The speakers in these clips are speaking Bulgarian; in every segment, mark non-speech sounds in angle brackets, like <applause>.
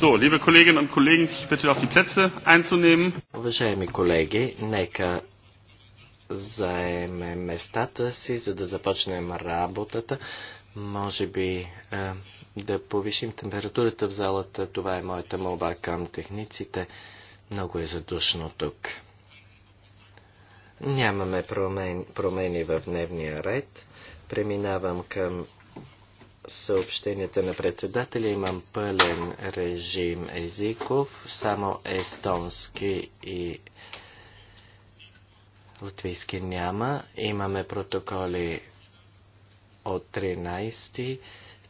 So, liebe Kolleginnen und Kollegen, ich bitte auf die Plätze einzunehmen. Уважаеми колеги, нека заемем местата си, за да започнем работата. Може би е, да повишим температурата в залата. Това е моята молба към техниците. Много е задушно тук. Нямаме промен, промени в дневния ред. Преминавам към съобщенията на председателя. Имам пълен режим езиков, само естонски и латвийски няма. Имаме протоколи от 13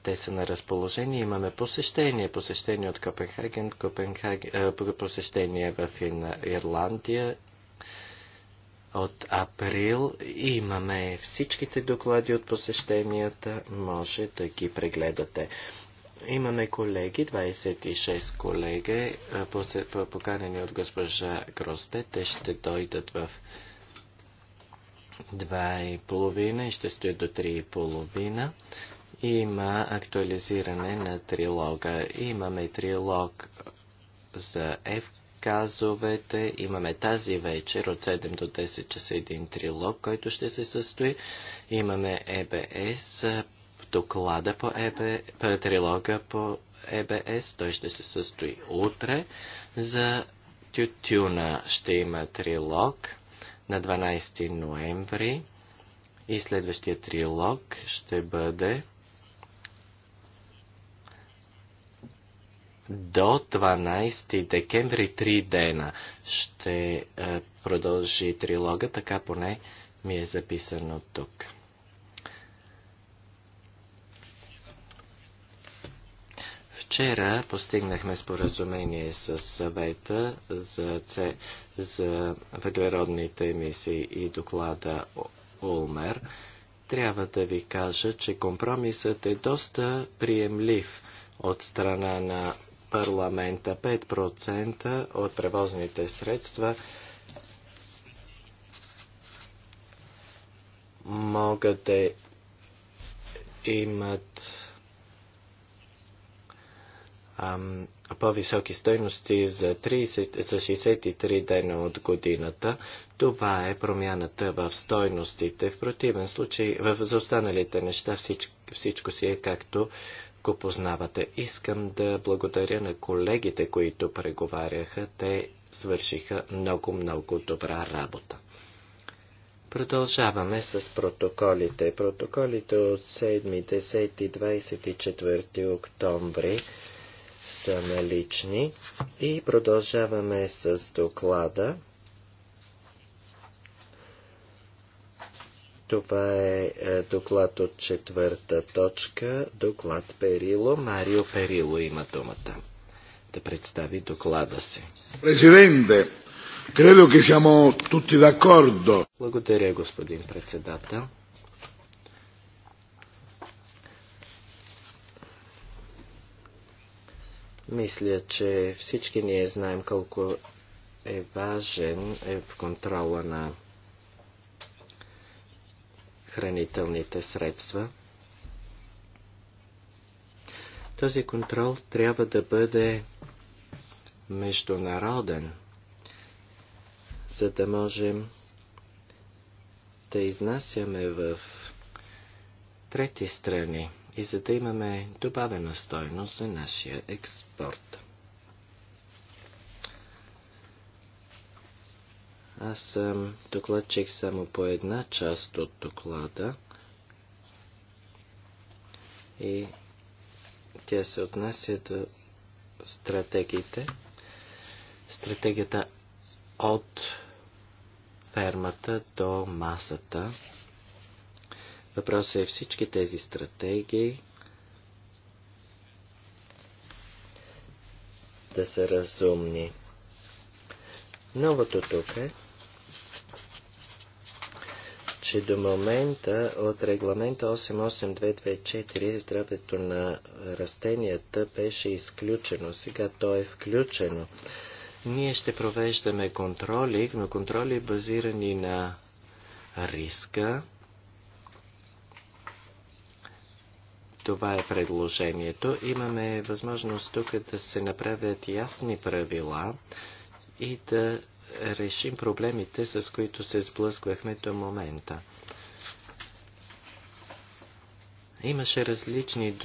те са на разположение. Имаме посещение, посещение от Копенхаген, Копенхаген е, посещение в Ирландия от април имаме всичките доклади от посещенията, може да ги прегледате. Имаме колеги, 26 колеги, поканени от госпожа Гросте. Те ще дойдат в 2,5 и ще стоят до 3,5. Има актуализиране на трилога. Имаме трилог за F казовете. Имаме тази вечер от 7 до 10 часа един трилог, който ще се състои. Имаме ЕБС, доклада по, ЕБС. по трилога по ЕБС. Той ще се състои утре. За тютюна ще има трилог на 12 ноември и следващия трилог ще бъде до 12 декември три дена ще е, продължи трилога, така поне ми е записано тук. Вчера постигнахме споразумение с съвета за, це, за въглеродните емисии и доклада Олмер. Трябва да ви кажа, че компромисът е доста приемлив от страна на парламента 5% от превозните средства могат да имат по-високи стойности за, 30, за 63 дена от годината. Това е промяната в стойностите. В противен случай, в, за останалите неща всичко, всичко си е както го познавате. Искам да благодаря на колегите, които преговаряха. Те свършиха много-много добра работа. Продължаваме с протоколите. Протоколите от 7, 10 и 24 октомври са налични и продължаваме с доклада Това е, е доклад от четвърта точка, доклад Перило. Марио Перило има думата да представи доклада си. Президенте, credo che siamo tutti d'accordo. Благодаря, господин председател. Мисля, че всички ние знаем колко е важен е в контрола на хранителните средства. Този контрол трябва да бъде международен, за да можем да изнасяме в трети страни и за да имаме добавена стойност за нашия експорт. Аз съм докладчик само по една част от доклада и тя се отнася до стратегиите. Стратегията от фермата до масата. Въпросът е всички тези стратегии да са разумни. Новото тук е, че до момента от регламента 88224 здравето на растенията беше изключено. Сега то е включено. Ние ще провеждаме контроли, но контроли базирани на риска. Това е предложението. Имаме възможност тук да се направят ясни правила и да решим проблемите, с които се сблъсквахме до момента. Имаше различни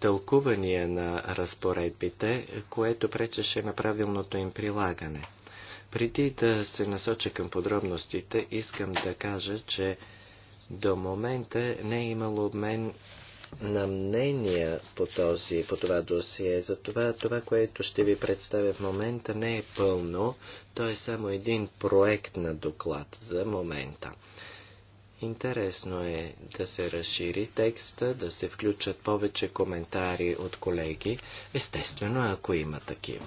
тълкувания на разпоредбите, което пречеше на правилното им прилагане. Преди да се насоча към подробностите, искам да кажа, че до момента не е имало обмен на мнения по, този, по това досие. Затова това, което ще ви представя в момента, не е пълно. То е само един проект на доклад за момента. Интересно е да се разшири текста, да се включат повече коментари от колеги, естествено, ако има такива.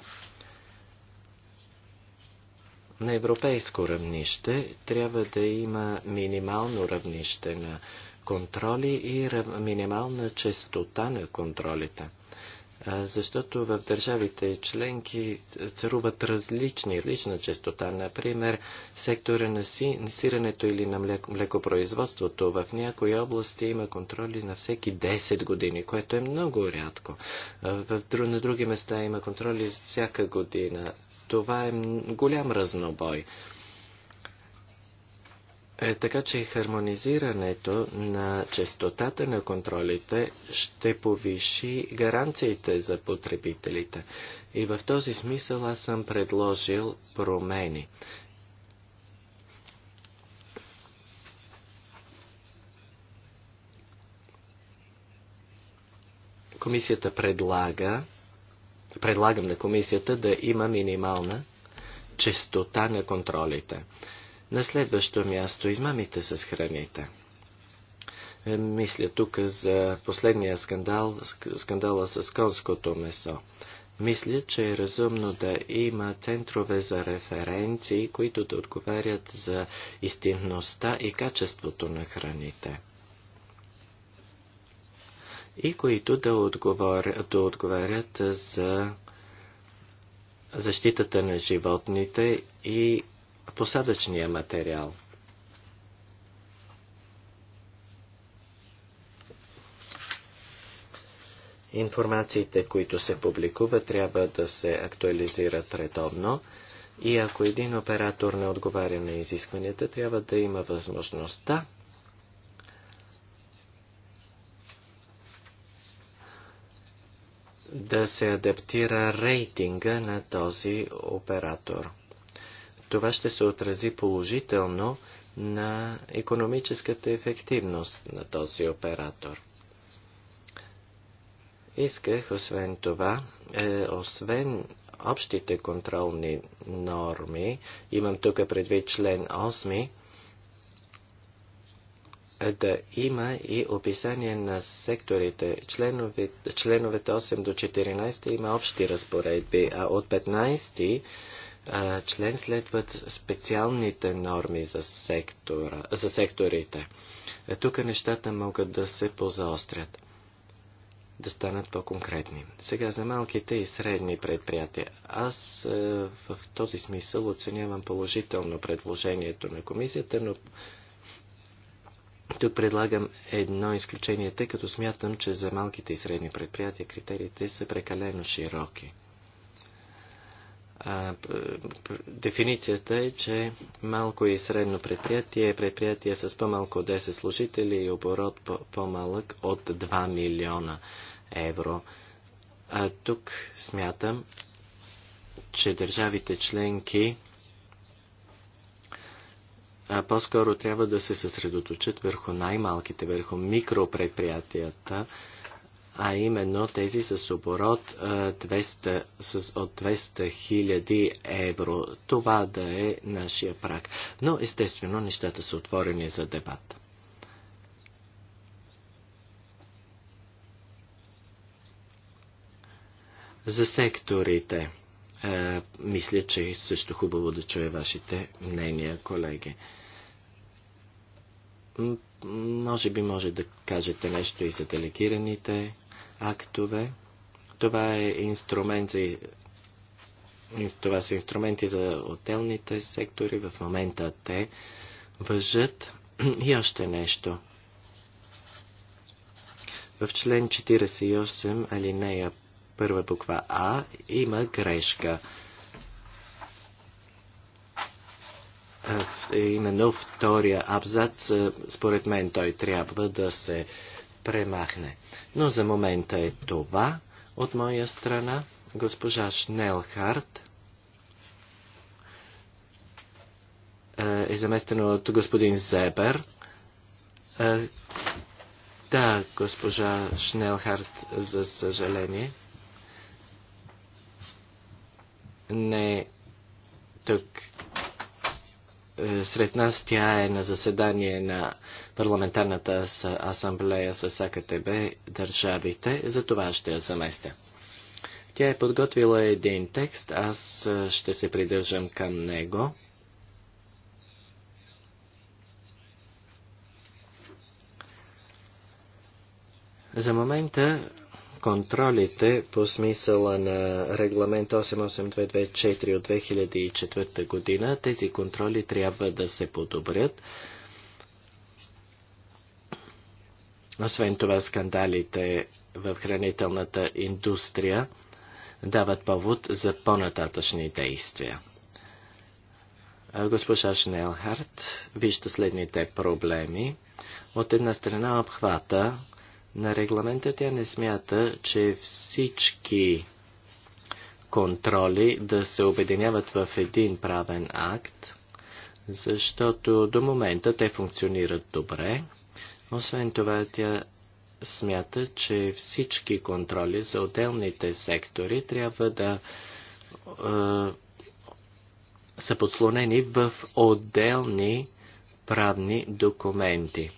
На европейско равнище трябва да има минимално равнище на контроли и минимална честота на контролите. Защото в държавите членки царуват различни, различна частота. Например, сектора на сирането или на млекопроизводството. В някои области има контроли на всеки 10 години, което е много рядко. В, на други места има контроли всяка година. Това е голям разнобой. Е, така че хармонизирането на частотата на контролите ще повиши гаранциите за потребителите. И в този смисъл аз съм предложил промени. Комисията предлага, предлагам на комисията да има минимална частота на контролите. На следващо място измамите с храните. Е, мисля тук за последния скандал, скандала с конското месо. Мисля, че е разумно да има центрове за референции, които да отговарят за истинността и качеството на храните. И които да, отговор... да отговарят за защитата на животните и посадъчния материал. Информациите, които се публикуват, трябва да се актуализират редовно и ако един оператор не отговаря на изискванията, трябва да има възможността да се адаптира рейтинга на този оператор това ще се отрази положително на економическата ефективност на този оператор. Исках, освен това, е, освен общите контролни норми, имам тук предвид член 8, да има и описание на секторите. Членовете, членовете 8 до 14 има общи разпоредби, а от 15 член следват специалните норми за, сектора, за секторите. Е, тук нещата могат да се позаострят, да станат по-конкретни. Сега за малките и средни предприятия. Аз е, в този смисъл оценявам положително предложението на комисията, но тук предлагам едно изключение, тъй като смятам, че за малките и средни предприятия критериите са прекалено широки а, дефиницията е, че малко и средно предприятие е предприятие с по-малко 10 служители и оборот по-малък -по от 2 милиона евро. А, тук смятам, че държавите членки по-скоро трябва да се съсредоточат върху най-малките, върху микропредприятията, а именно тези с оборот 200, с, от 200 000 евро. Това да е нашия прак. Но естествено нещата са отворени за дебат. За секторите. Е, мисля, че е също хубаво да чуя вашите мнения, колеги. Може би може да кажете нещо и за делегираните актове. Това е инструмент за това са инструменти за отделните сектори. В момента те въжат <clears throat> и още нещо. В член 48, алинея първа буква А, има грешка. Именно втория абзац, според мен той трябва да се премахне. Но за момента е това от моя страна. Госпожа Шнелхарт е, е заместено от господин Зебер. Е, да, госпожа Шнелхарт, за съжаление, не е тук е, сред нас тя е на заседание на парламентарната асамблея с АКТБ държавите, за това ще я заместя. Тя е подготвила един текст, аз е, ще се придържам към него. За момента контролите по смисъла на регламент 88224 от 2004 година. Тези контроли трябва да се подобрят. Освен това, скандалите в хранителната индустрия дават повод за по-нататъчни действия. Госпожа Шнелхарт вижда следните проблеми. От една страна обхвата на регламента, тя не смята, че всички контроли да се обединяват в един правен акт, защото до момента те функционират добре. Освен това, тя смята, че всички контроли за отделните сектори трябва да е, са подслонени в отделни правни документи.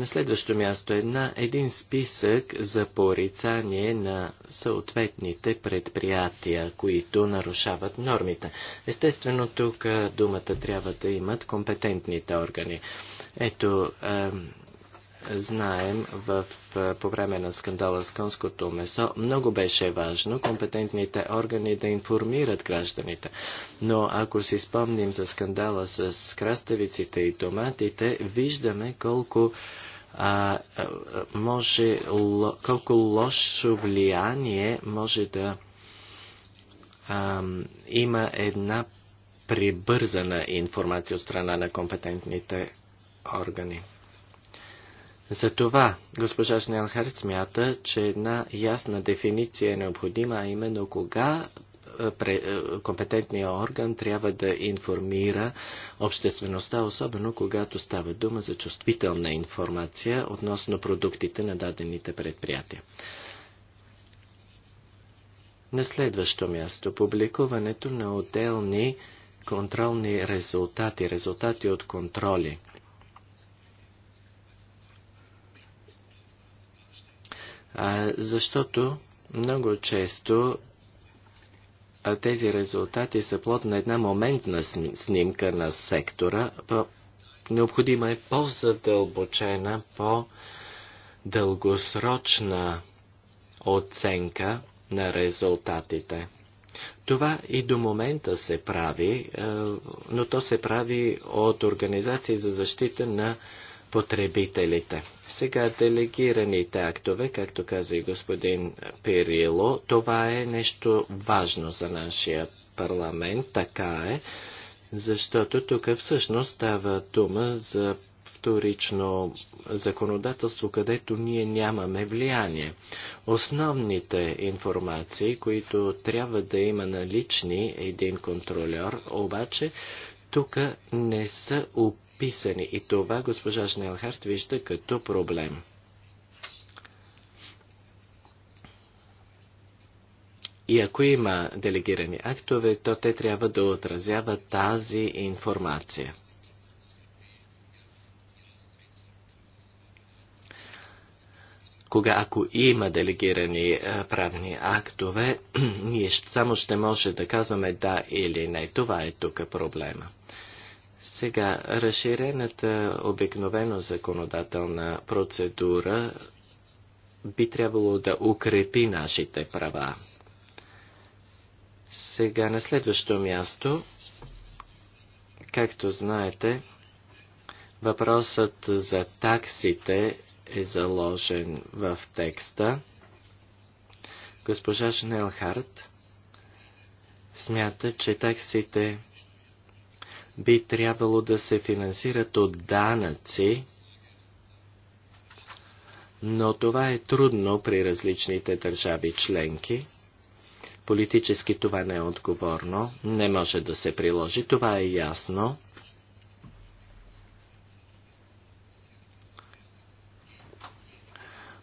На следващо място една, един списък за порицание на съответните предприятия, които нарушават нормите. Естествено, тук думата трябва да имат компетентните органи. Ето, е, знаем в, по време на скандала с конското месо, много беше важно компетентните органи да информират гражданите. Но ако си спомним за скандала с краставиците и томатите, виждаме колко а, може, колко лошо влияние може да а, има една прибързана информация от страна на компетентните органи. Затова госпожа Шнелхард смята, че една ясна дефиниция е необходима, а именно кога е, компетентния орган трябва да информира обществеността, особено когато става дума за чувствителна информация относно продуктите на дадените предприятия. На следващо място публикуването на отделни контролни резултати, резултати от контроли. А, защото много често а тези резултати са плод на една моментна снимка на сектора. Необходима е по-задълбочена, по-дългосрочна оценка на резултатите. Това и до момента се прави, е, но то се прави от Организации за защита на потребителите. Сега делегираните актове, както каза и господин Перило, това е нещо важно за нашия парламент, така е, защото тук всъщност става дума за вторично законодателство, където ние нямаме влияние. Основните информации, които трябва да има налични един контролер, обаче тук не са опитани подписани. И това госпожа Шнелхарт вижда като проблем. И ако има делегирани актове, то те трябва да отразяват тази информация. Кога ако има делегирани а, е, правни актове, <clears throat> ние само ще може да казваме да или не. Това е тук проблема. Сега, разширената обикновено законодателна процедура би трябвало да укрепи нашите права. Сега на следващо място, както знаете, въпросът за таксите е заложен в текста. Госпожа Шнелхарт смята, че таксите би трябвало да се финансират от данъци, но това е трудно при различните държави членки. Политически това не е отговорно, не може да се приложи, това е ясно.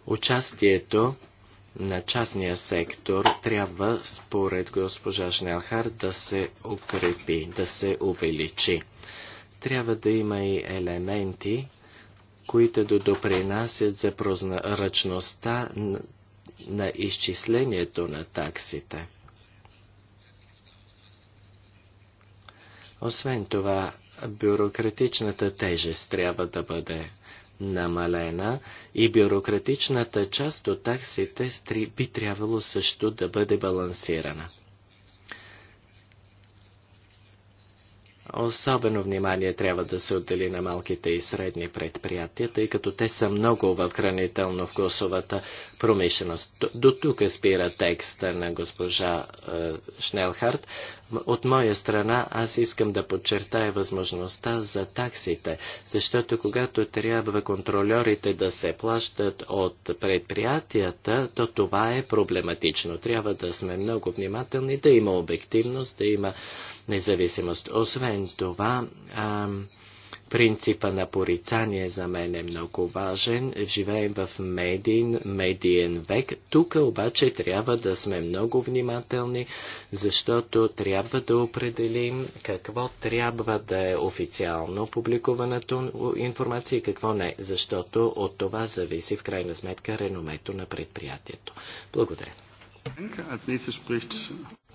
Участието на частния сектор трябва, според госпожа Шнелхар, да се укрепи, да се увеличи. Трябва да има и елементи, които да допринасят за прозрачността на изчислението на таксите. Освен това, бюрократичната тежест трябва да бъде намалена и бюрократичната част от таксите би трябвало също да бъде балансирана. Особено внимание трябва да се отдели на малките и средни предприятия, тъй като те са много в хранително-вкусовата промишленост. До тук спира текста на госпожа е, Шнелхарт. От моя страна аз искам да подчертая възможността за таксите, защото когато трябва контролерите да се плащат от предприятията, то това е проблематично. Трябва да сме много внимателни, да има обективност, да има независимост. Освен освен това, а, принципа на порицание за мен е много важен. Живеем в медиен, медиен век. Тук обаче трябва да сме много внимателни, защото трябва да определим какво трябва да е официално публикуването информация и какво не, защото от това зависи в крайна сметка реномето на предприятието. Благодаря.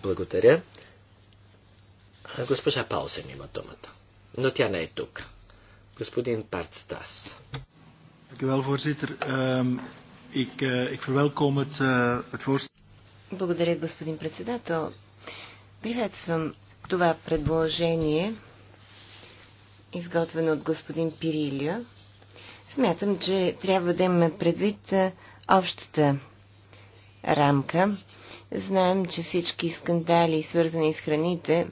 Благодаря. Госпожа Паузен има думата, но тя не е тук. Господин Парцтас. Ehm, eh, eh, Благодаря, господин председател. Приветствам това предложение, изготвено от господин Пирилио. Смятам, че трябва да имаме предвид е, общата рамка. Знаем, че всички скандали, свързани с храните,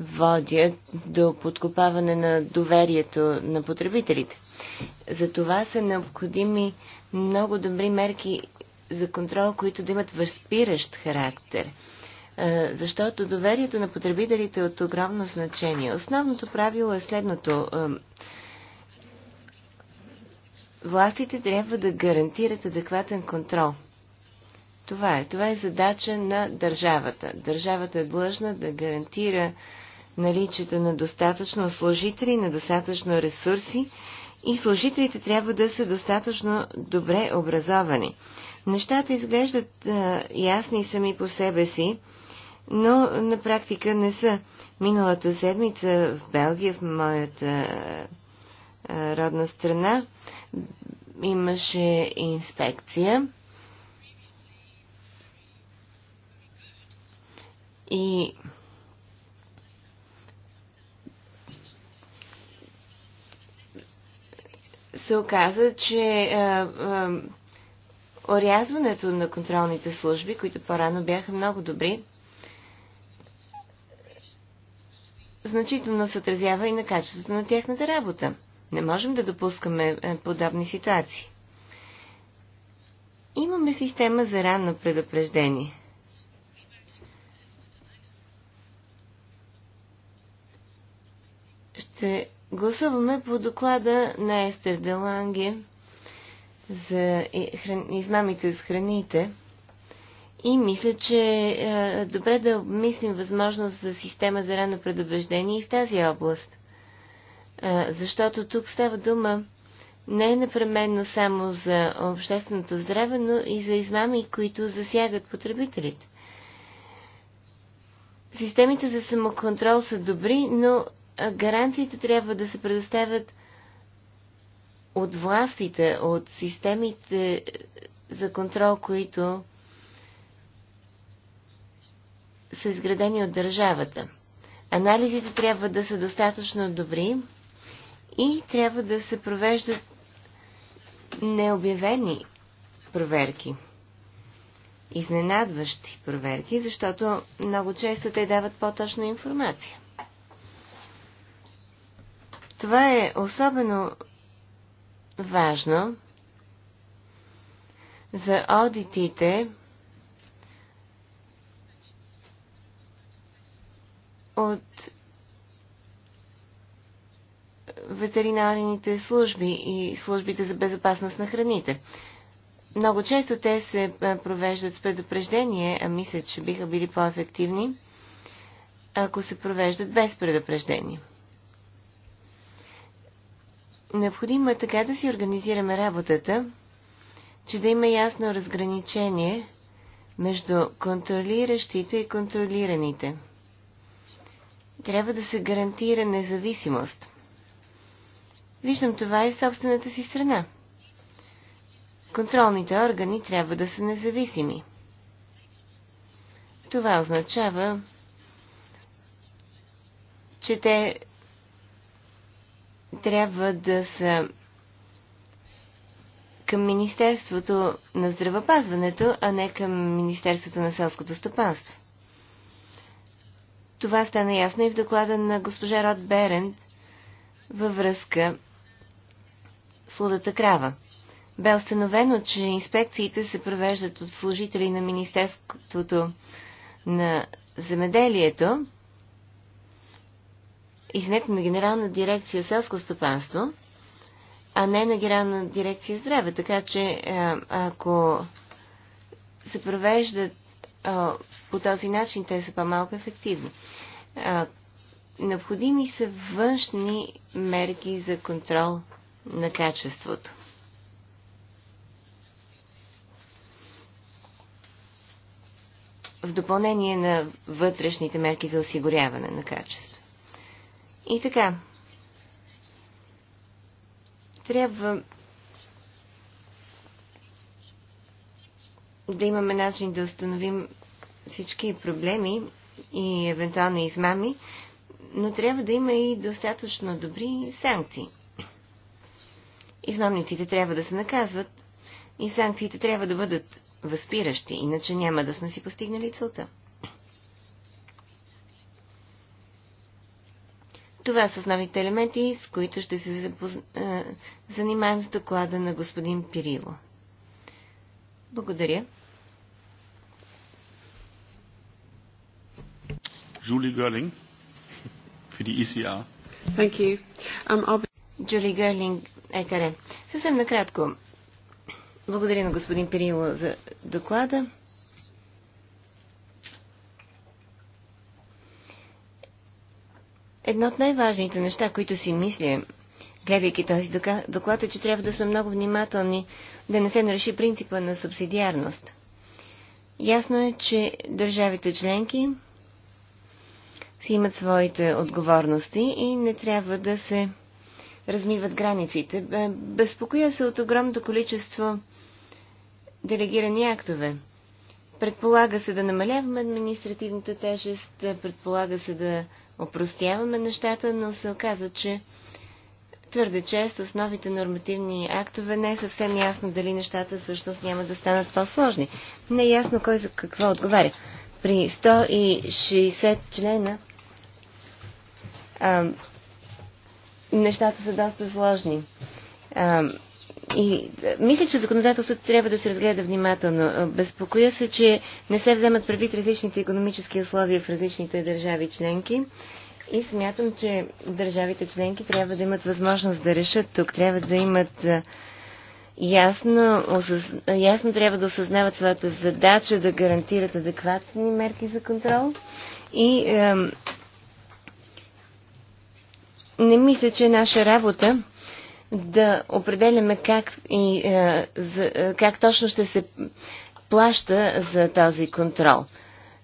водят до подкопаване на доверието на потребителите. За това са необходими много добри мерки за контрол, които да имат възпиращ характер. Е, защото доверието на потребителите е от огромно значение. Основното правило е следното. Е, властите трябва да гарантират адекватен контрол. Това е. Това е задача на държавата. Държавата е длъжна да гарантира наличието на достатъчно служители, на достатъчно ресурси и служителите трябва да са достатъчно добре образовани. Нещата изглеждат а, ясни сами по себе си, но на практика не са. Миналата седмица в Белгия, в моята а, родна страна, имаше инспекция. И се оказа, че а, а, орязването на контролните служби, които по-рано бяха много добри, значително се отразява и на качеството на тяхната работа. Не можем да допускаме подобни ситуации. Имаме система за ранно предупреждение. Ще Гласуваме по доклада на Естер Деланге за измамите с храните. И мисля, че е добре да обмислим възможност за система за рано предубеждение и в тази област. Е, защото тук става дума не е непременно само за общественото здраве, но и за измами, които засягат потребителите. Системите за самоконтрол са добри, но гаранциите трябва да се предоставят от властите, от системите за контрол, които са изградени от държавата. Анализите трябва да са достатъчно добри и трябва да се провеждат необявени проверки. Изненадващи проверки, защото много често те дават по-точна информация. Това е особено важно за одитите от ветеринарните служби и службите за безопасност на храните. Много често те се провеждат с предупреждение, а мисля, че биха били по-ефективни, ако се провеждат без предупреждение. Необходимо е така да си организираме работата, че да има ясно разграничение между контролиращите и контролираните. Трябва да се гарантира независимост. Виждам това и в собствената си страна. Контролните органи трябва да са независими. Това означава, че те трябва да са към Министерството на здравопазването, а не към Министерството на селското стопанство. Това стана ясно и в доклада на госпожа Род Беренд във връзка с лудата крава. Бе установено, че инспекциите се провеждат от служители на Министерството на земеделието, извинете, на Генерална дирекция селско стопанство, а не на Генерална дирекция здраве. Така че, е, ако се провеждат е, по този начин, те са по-малко ефективни. Е, необходими са външни мерки за контрол на качеството. В допълнение на вътрешните мерки за осигуряване на качество. И така. Трябва да имаме начин да установим всички проблеми и евентуални измами, но трябва да има и достатъчно добри санкции. Измамниците трябва да се наказват и санкциите трябва да бъдат възпиращи, иначе няма да сме си постигнали целта. Това са основните елементи, с които ще се запозна... занимаем с доклада на господин Пирило. Благодаря. Жули Гърлинг, für die ECR. Thank you. Um, Съвсем накратко. Благодаря на господин Перило за доклада. Едно от най-важните неща, които си мисля, гледайки този доклад, е, че трябва да сме много внимателни да не се нареши принципа на субсидиарност. Ясно е, че държавите членки си имат своите отговорности и не трябва да се размиват границите. Безпокоя се от огромното количество делегирани актове. Предполага се да намаляваме административната тежест, предполага се да опростяваме нещата, но се оказва, че твърде често с новите нормативни актове не е съвсем ясно дали нещата всъщност няма да станат по-сложни. Не е ясно кой за какво отговаря. При 160 члена а, нещата са доста сложни. А, и е, мисля, че законодателството трябва да се разгледа внимателно. Е, безпокоя се, че не се вземат предвид различните економически условия в различните държави членки. И смятам, че държавите членки трябва да имат възможност да решат тук. Трябва да имат е, ясно, осъз... ясно трябва да осъзнават своята задача да гарантират адекватни мерки за контрол. И ем, не мисля, че наша работа да определяме как, и, а, е, за, е, как точно ще се плаща за този контрол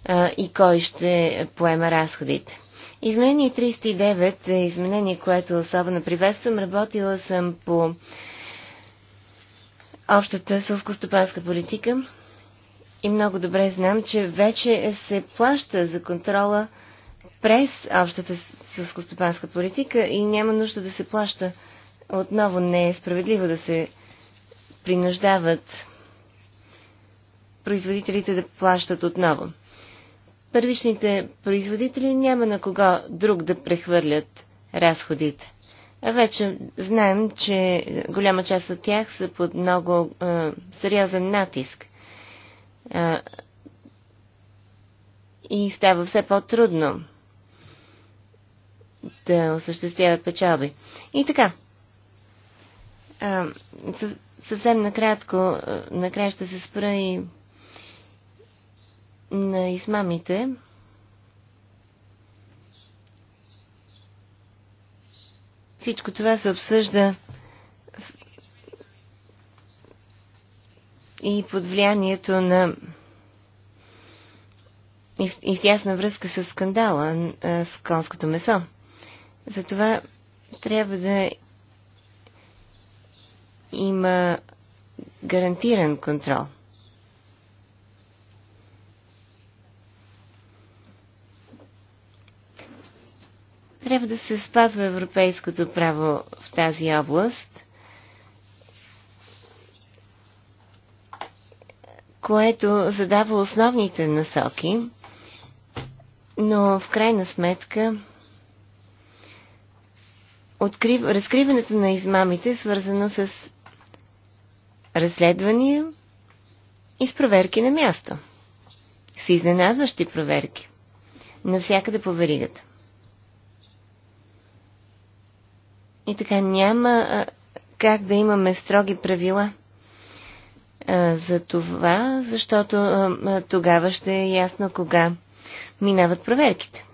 а, е, и кой ще поема разходите. Изменение 309 е изменение, което особено приветствам. Работила съм по общата сълскостопанска политика и много добре знам, че вече се плаща за контрола през общата сълскостопанска политика и няма нужда да се плаща отново не е справедливо да се принуждават производителите да плащат отново. Първичните производители няма на кого друг да прехвърлят разходите. А вече знаем, че голяма част от тях са под много е, сериозен натиск. Е, и става все по-трудно да осъществяват печалби. И така, съвсем накратко, накрая ще се спра и на измамите. Всичко това се обсъжда и под влиянието на и в, и в тясна връзка с скандала а, с конското месо. Затова трябва да има гарантиран контрол. Трябва да се спазва европейското право в тази област, което задава основните насоки, но в крайна сметка открив... разкриването на измамите е свързано с разследвания и с проверки на място. С изненадващи проверки. Навсякъде по веригата. И така няма а, как да имаме строги правила а, за това, защото а, тогава ще е ясно кога минават проверките.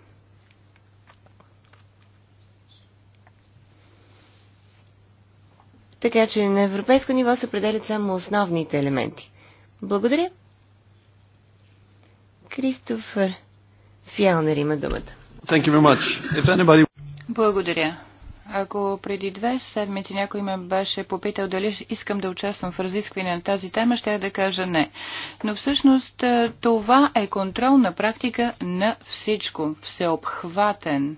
Така че на европейско ниво се определят само основните елементи. Благодаря. Кристофър Фялнер има думата. Anybody... Благодаря. Ако преди две седмици някой ме беше попитал дали искам да участвам в разискване на тази тема, ще я да кажа не. Но всъщност е, това е контролна практика на всичко. Всеобхватен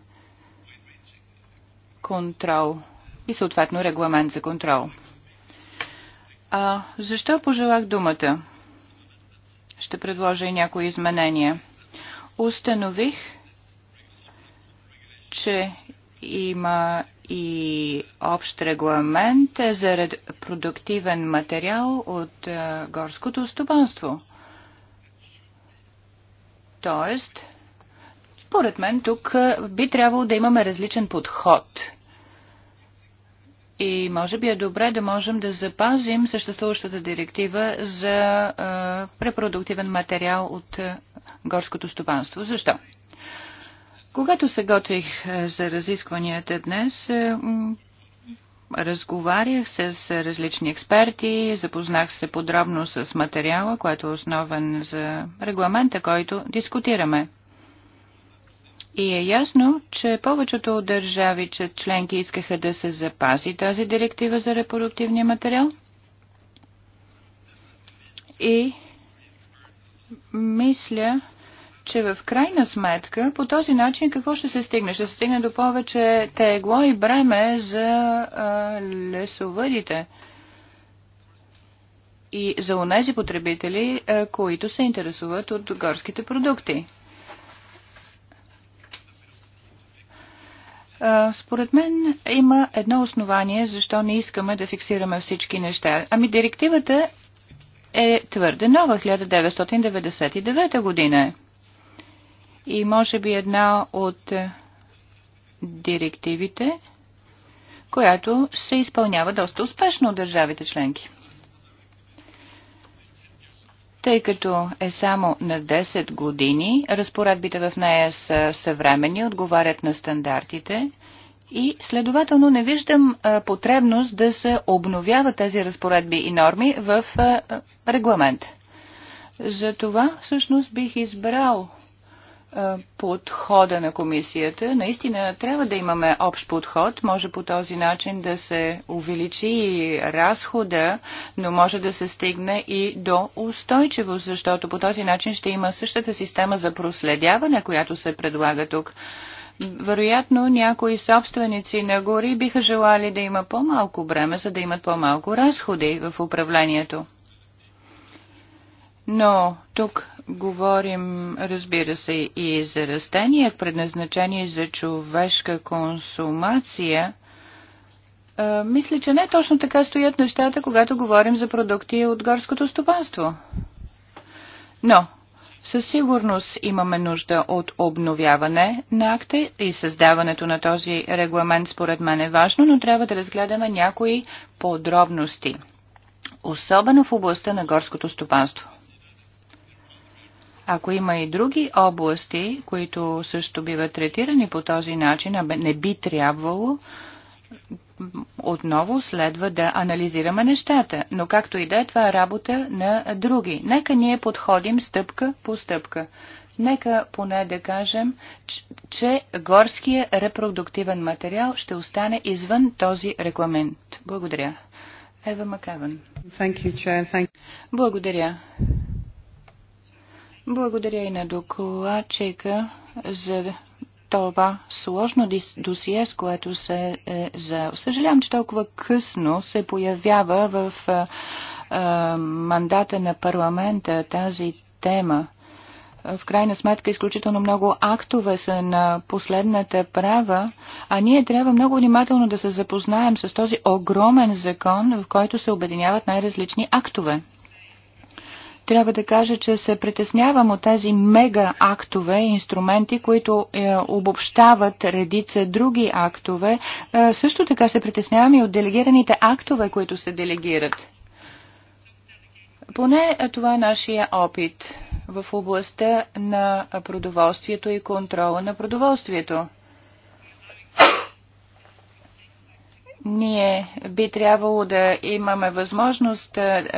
контрол и съответно регламент за контрол. А, защо пожелах думата? Ще предложа и някои изменения. Установих, че има и общ регламент за продуктивен материал от горското стопанство. Тоест, според мен тук би трябвало да имаме различен подход – и може би е добре да можем да запазим съществуващата директива за а, препродуктивен материал от горското стопанство. Защо? Когато се готвих за разискванията днес, разговарях с различни експерти, запознах се подробно с материала, който е основен за регламента, който дискутираме. И е ясно, че повечето от държави че членки искаха да се запази тази директива за репродуктивния материал. И мисля, че в крайна сметка по този начин какво ще се стигне? Ще се стигне до повече тегло и бреме за а, лесовъдите и за онези потребители, а, които се интересуват от горските продукти. Според мен има едно основание, защо не искаме да фиксираме всички неща. Ами директивата е твърде нова, 1999 година е. И може би една от директивите, която се изпълнява доста успешно от държавите членки. Тъй като е само на 10 години, разпоредбите в нея са съвремени, отговарят на стандартите и следователно не виждам потребност да се обновяват тези разпоредби и норми в регламент. регламент. Затова всъщност бих избрал подхода на комисията. Наистина трябва да имаме общ подход. Може по този начин да се увеличи и разхода, но може да се стигне и до устойчивост, защото по този начин ще има същата система за проследяване, която се предлага тук. Вероятно, някои собственици на гори биха желали да има по-малко бреме, за да имат по-малко разходи в управлението. Но тук говорим, разбира се, и за растения, предназначени за човешка консумация. А, мисля, че не точно така стоят нещата, когато говорим за продукти от горското стопанство. Но със сигурност имаме нужда от обновяване на акта и създаването на този регламент според мен е важно, но трябва да разгледаме някои подробности, особено в областта на горското стопанство. Ако има и други области, които също биват третирани по този начин, а не би трябвало, отново следва да анализираме нещата. Но както и да е, това е работа на други. Нека ние подходим стъпка по стъпка. Нека поне да кажем, че горския репродуктивен материал ще остане извън този регламент. Благодаря. Ева Макаван. Благодаря. Благодаря и на докладчика за това сложно досие, с което се е за... Съжалявам, че толкова късно се появява в а, а, мандата на парламента тази тема. В крайна сметка изключително много актове са на последната права, а ние трябва много внимателно да се запознаем с този огромен закон, в който се обединяват най-различни актове трябва да кажа, че се притеснявам от тези мега актове, инструменти, които е, обобщават редица други актове. Е, също така се притеснявам и от делегираните актове, които се делегират. Поне е, това е нашия опит в областта на продоволствието и контрола на продоволствието. ние би трябвало да имаме възможност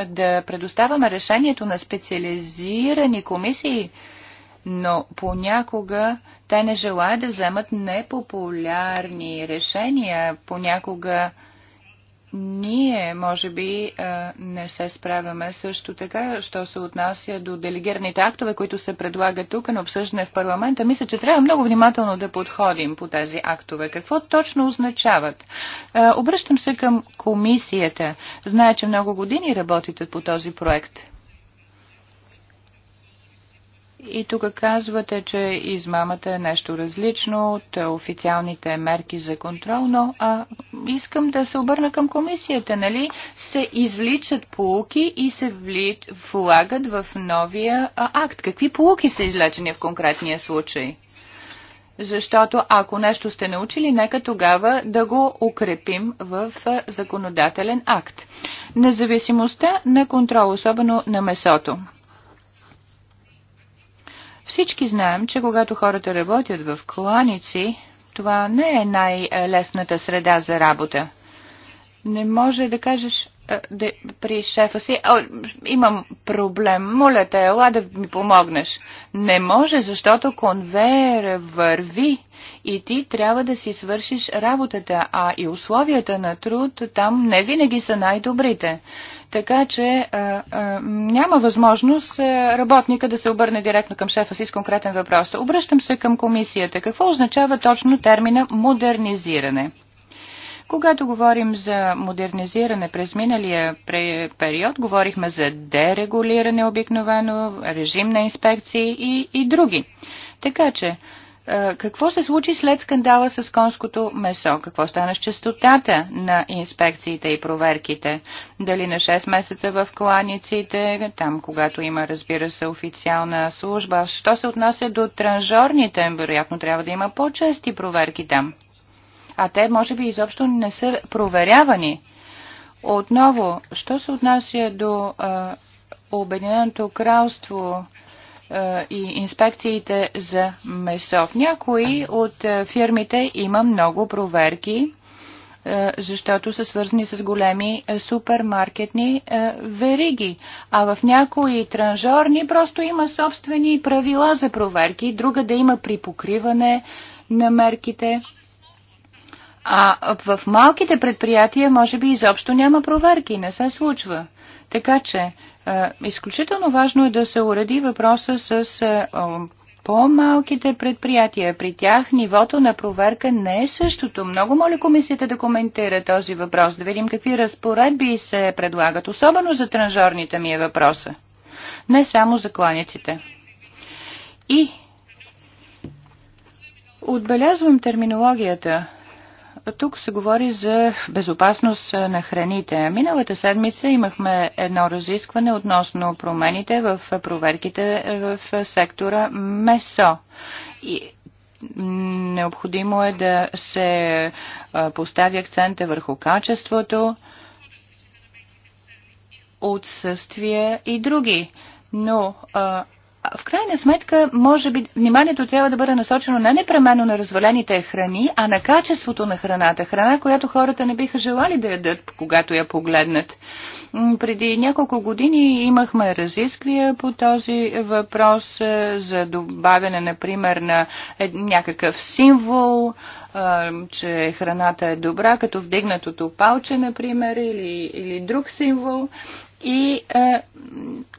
да предоставяме решението на специализирани комисии, но понякога те не желаят да вземат непопулярни решения, понякога ние, може би, не се справяме също така, що се отнася до делегираните актове, които се предлагат тук на обсъждане в парламента. Мисля, че трябва много внимателно да подходим по тези актове. Какво точно означават? Обръщам се към комисията. Зная, че много години работите по този проект. И тук казвате, че измамата е нещо различно от официалните мерки за контрол, но а, искам да се обърна към комисията, нали? Се извличат полуки и се влит, влагат в новия а, акт. Какви полуки са извлечени в конкретния случай? Защото ако нещо сте научили, нека тогава да го укрепим в законодателен акт. Независимостта на контрол, особено на месото. Всички знаем, че когато хората работят в кланици, това не е най-лесната среда за работа. Не може да кажеш а, да, при шефа си, О, имам проблем, моля те, ела да ми помогнеш. Не може, защото конвейер върви и ти трябва да си свършиш работата, а и условията на труд там не винаги са най-добрите. Така че а, а, няма възможност а, работника да се обърне директно към шефа си с конкретен въпрос. Обръщам се към комисията. Какво означава точно термина модернизиране? Когато говорим за модернизиране през миналия период, говорихме за дерегулиране обикновено, режим на инспекции и, и други. Така че какво се случи след скандала с конското месо? Какво стана с частотата на инспекциите и проверките? Дали на 6 месеца в кланиците, там когато има, разбира се, официална служба? Що се отнася до транжорните? Вероятно трябва да има по-чести проверки там. А те, може би, изобщо не са проверявани. Отново, що се отнася до а, Обединеното кралство? Е, и инспекциите за месо. В някои от е, фирмите има много проверки, е, защото са свързани с големи супермаркетни вериги. А в някои транжорни просто има собствени правила за проверки, друга да има припокриване на мерките. А в малките предприятия може би изобщо няма проверки, не се случва. Така че е, изключително важно е да се уреди въпроса с е, по-малките предприятия. При тях нивото на проверка не е същото. Много моля комисията да коментира този въпрос, да видим какви разпоредби се предлагат. Особено за транжорните ми е въпроса. Не само за кланиците. И отбелязвам терминологията тук се говори за безопасност на храните. Миналата седмица имахме едно разискване относно промените в проверките в сектора месо. И необходимо е да се постави акцента върху качеството, отсъствие и други. Но в крайна сметка, може би, вниманието трябва да бъде насочено не непременно на развалените храни, а на качеството на храната. Храна, която хората не биха желали да ядат, когато я погледнат. Преди няколко години имахме разисквия по този въпрос е, за добавяне, например, на някакъв символ, е, че храната е добра, като вдигнатото палче, например, или, или друг символ. И е,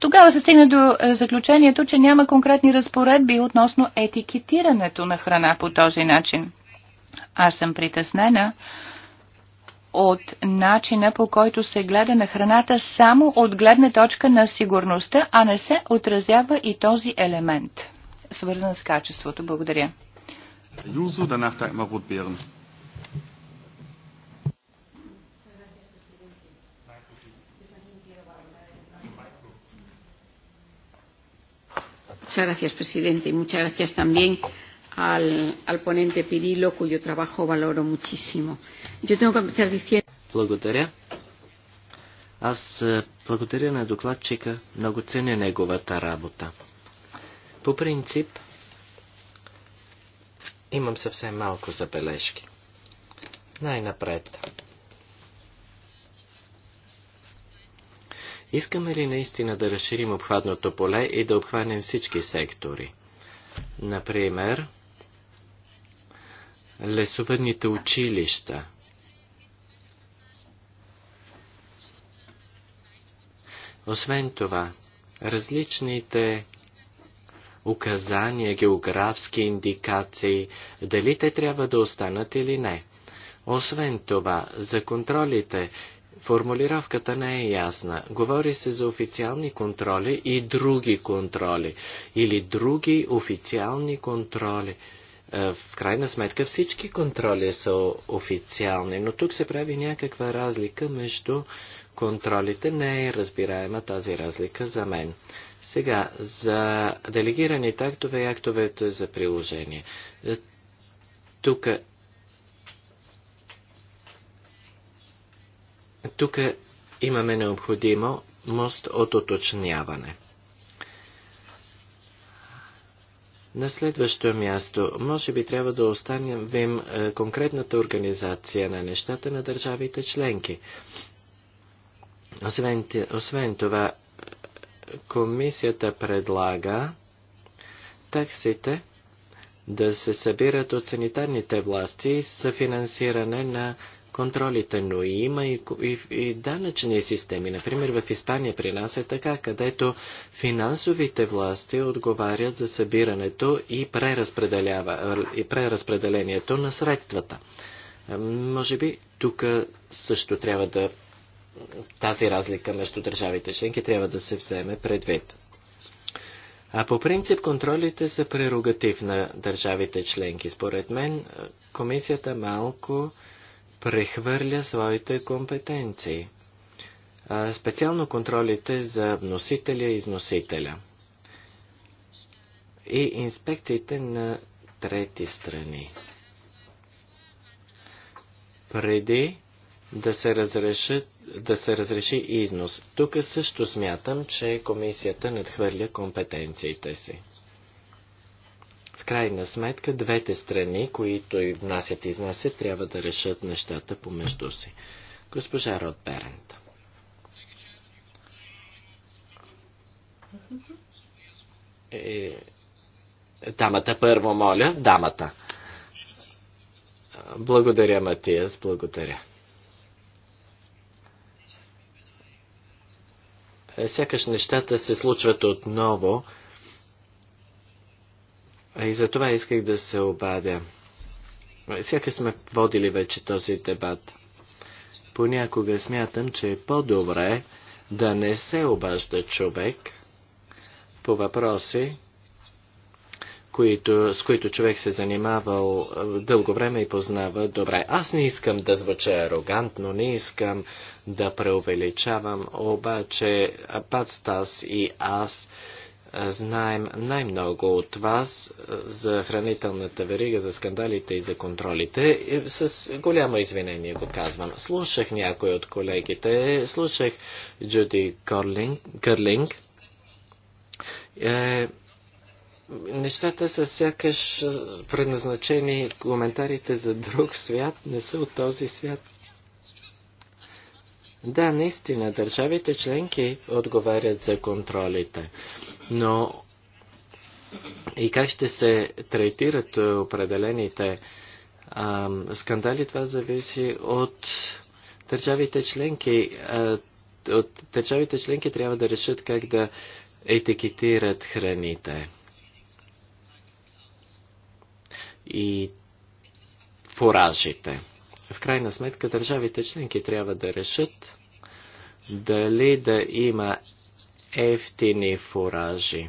тогава се стигна до е, заключението, че няма конкретни разпоредби относно етикетирането на храна по този начин. Аз съм притеснена от начина по който се гледа на храната само от гледна точка на сигурността, а не се отразява и този елемент, свързан с качеството. Благодаря. Muchas gracias, presidente, y muchas gracias también al, al ponente Pirilo, cuyo trabajo valoro muchísimo. Yo tengo que empezar diciendo... Благодаря. Аз благодаря на докладчика, много ценя неговата работа. По принцип, имам съвсем малко забележки. Най-напред. Искаме ли наистина да разширим обхватното поле и да обхванем всички сектори? Например, лесовърните училища. Освен това, различните указания, географски индикации, дали те трябва да останат или не. Освен това, за контролите Формулировката не е ясна. Говори се за официални контроли и други контроли. Или други официални контроли. Е, в крайна сметка всички контроли са официални, но тук се прави някаква разлика между контролите. Не е разбираема тази разлика за мен. Сега, за делегираните актове и актовете за приложение. Е, тук Тук имаме необходимо мост от уточняване. На следващо място, може би трябва да оставим е, конкретната организация на нещата на държавите членки. Освен, освен това, е, комисията предлага таксите да се събират от санитарните власти с финансиране на контролите, но има и, и, и данъчни системи. Например, в Испания при нас е така, където финансовите власти отговарят за събирането и, и преразпределението на средствата. Може би тук също трябва да тази разлика между държавите членки трябва да се вземе предвид. А по принцип контролите са прерогатив на държавите членки. Според мен е, комисията малко прехвърля своите компетенции. Специално контролите за носителя и износителя. И инспекциите на трети страни. Преди да се, разрешат, да се разреши износ. Тук също смятам, че комисията надхвърля компетенциите си. В крайна сметка, двете страни, които и внасят и изнасят, трябва да решат нещата помежду си. Госпожа Род Берент. Е, дамата първо, моля. Дамата. Благодаря, Матиас, благодаря. Е, сякаш нещата се случват отново и за това исках да се обадя. Всяка сме водили вече този дебат. Понякога смятам, че е по-добре да не се обажда човек по въпроси, които, с които човек се занимавал дълго време и познава добре. Аз не искам да звуча арогантно, не искам да преувеличавам, обаче Пат и аз знаем най-много от вас за хранителната верига, за скандалите и за контролите. С голямо извинение го казвам. Слушах някой от колегите, слушах Джуди Кърлинг. Е, нещата са сякаш предназначени коментарите за друг свят, не са от този свят. Да, наистина, държавите членки отговарят за контролите, но и как ще се третират е, определените а, скандали, това зависи от държавите членки. А, от държавите членки трябва да решат как да етикетират храните. И фуражите в крайна сметка държавите членки трябва да решат дали да има ефтини фуражи.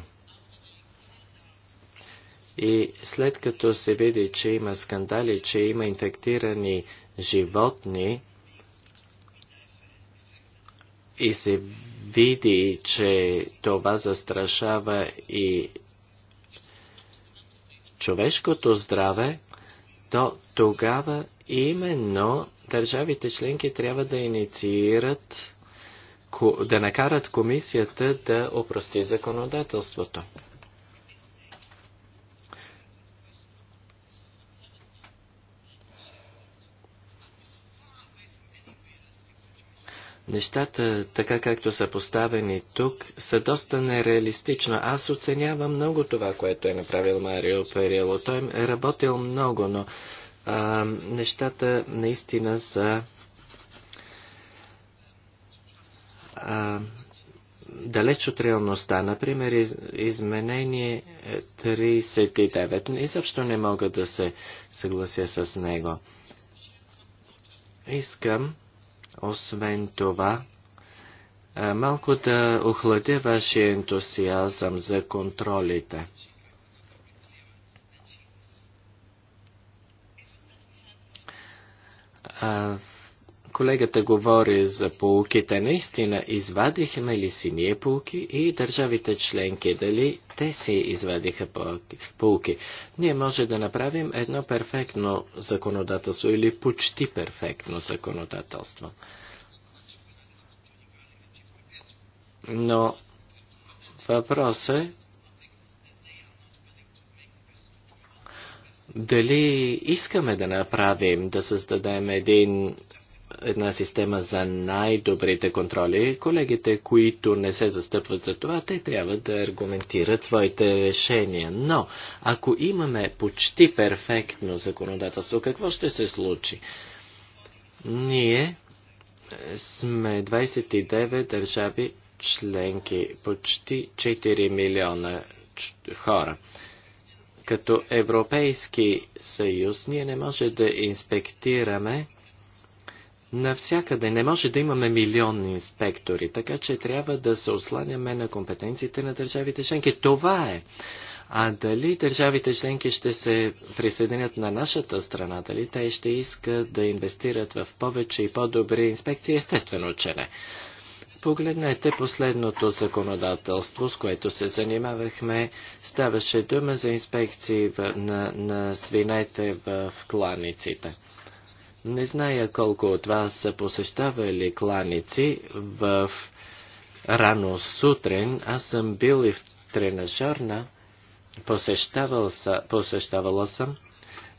И след като се види, че има скандали, че има инфектирани животни и се види, че това застрашава и човешкото здраве, то тогава Именно държавите членки трябва да инициират, да накарат комисията да опрости законодателството. Нещата, така както са поставени тук, са доста нереалистично. Аз оценявам много това, което е направил Марио Перило. Той е работил много, но а, нещата наистина са а, далеч от реалността. Например, из, изменение 39. Изобщо не мога да се съглася с него. Искам, освен това, малко да охладя вашия ентусиазъм за контролите. А, колегата говори за полуките. Наистина, извадихме ли си ние полуки и държавите членки, дали те си извадиха полуки? Ние може да направим едно перфектно законодателство или почти перфектно законодателство. Но въпрос е дали искаме да направим, да създадем един, една система за най-добрите контроли. Колегите, които не се застъпват за това, те трябва да аргументират своите решения. Но, ако имаме почти перфектно законодателство, какво ще се случи? Ние е, сме 29 държави членки, почти 4 милиона хора. Като Европейски съюз ние не може да инспектираме навсякъде. Не може да имаме милионни инспектори, така че трябва да се осланяме на компетенциите на държавите членки. Това е. А дали държавите членки ще се присъединят на нашата страна, дали те ще искат да инвестират в повече и по-добри инспекции, естествено, че не. Погледнете последното законодателство, с което се занимавахме. Ставаше дума за инспекции на, на свинете в кланиците. Не зная колко от вас са посещавали кланици в рано сутрин. Аз съм бил и в тренажерна. Посещавал са, посещавала съм.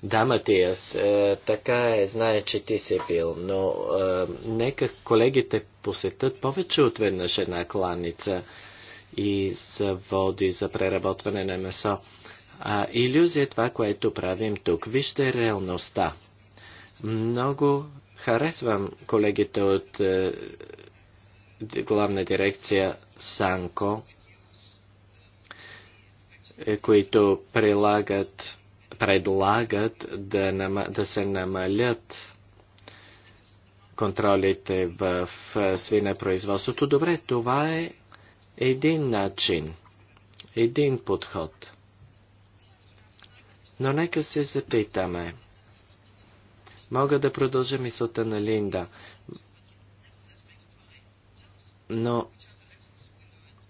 Да, Матиас, е, така е, знае, че ти си бил, но е, нека колегите посетят повече от веднъж една кланица и води за преработване на месо. А иллюзия е това, което правим тук. Вижте реалността. Много харесвам колегите от е, главна дирекция Санко, е, които прилагат предлагат да, нама, да се намалят контролите в свинепроизводството. Добре, това е един начин, един подход. Но нека се запитаме. Мога да продължа мисълта на Линда. Но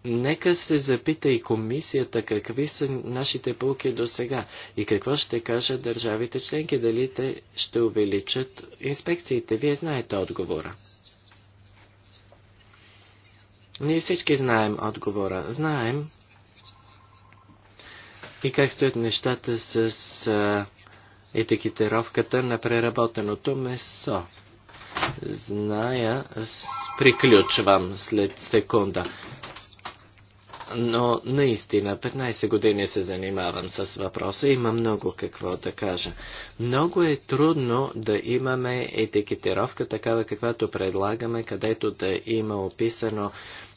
Нека се запита и комисията какви са нашите полки до сега и какво ще кажат държавите членки, дали те ще увеличат инспекциите. Вие знаете отговора. Ние всички знаем отговора. Знаем и как стоят нещата с етикетировката на преработеното месо. Зная, приключвам след секунда но наистина 15 години се занимавам с въпроса, има много какво да кажа. Много е трудно да имаме етикетировка такава, каквато предлагаме, където да има описано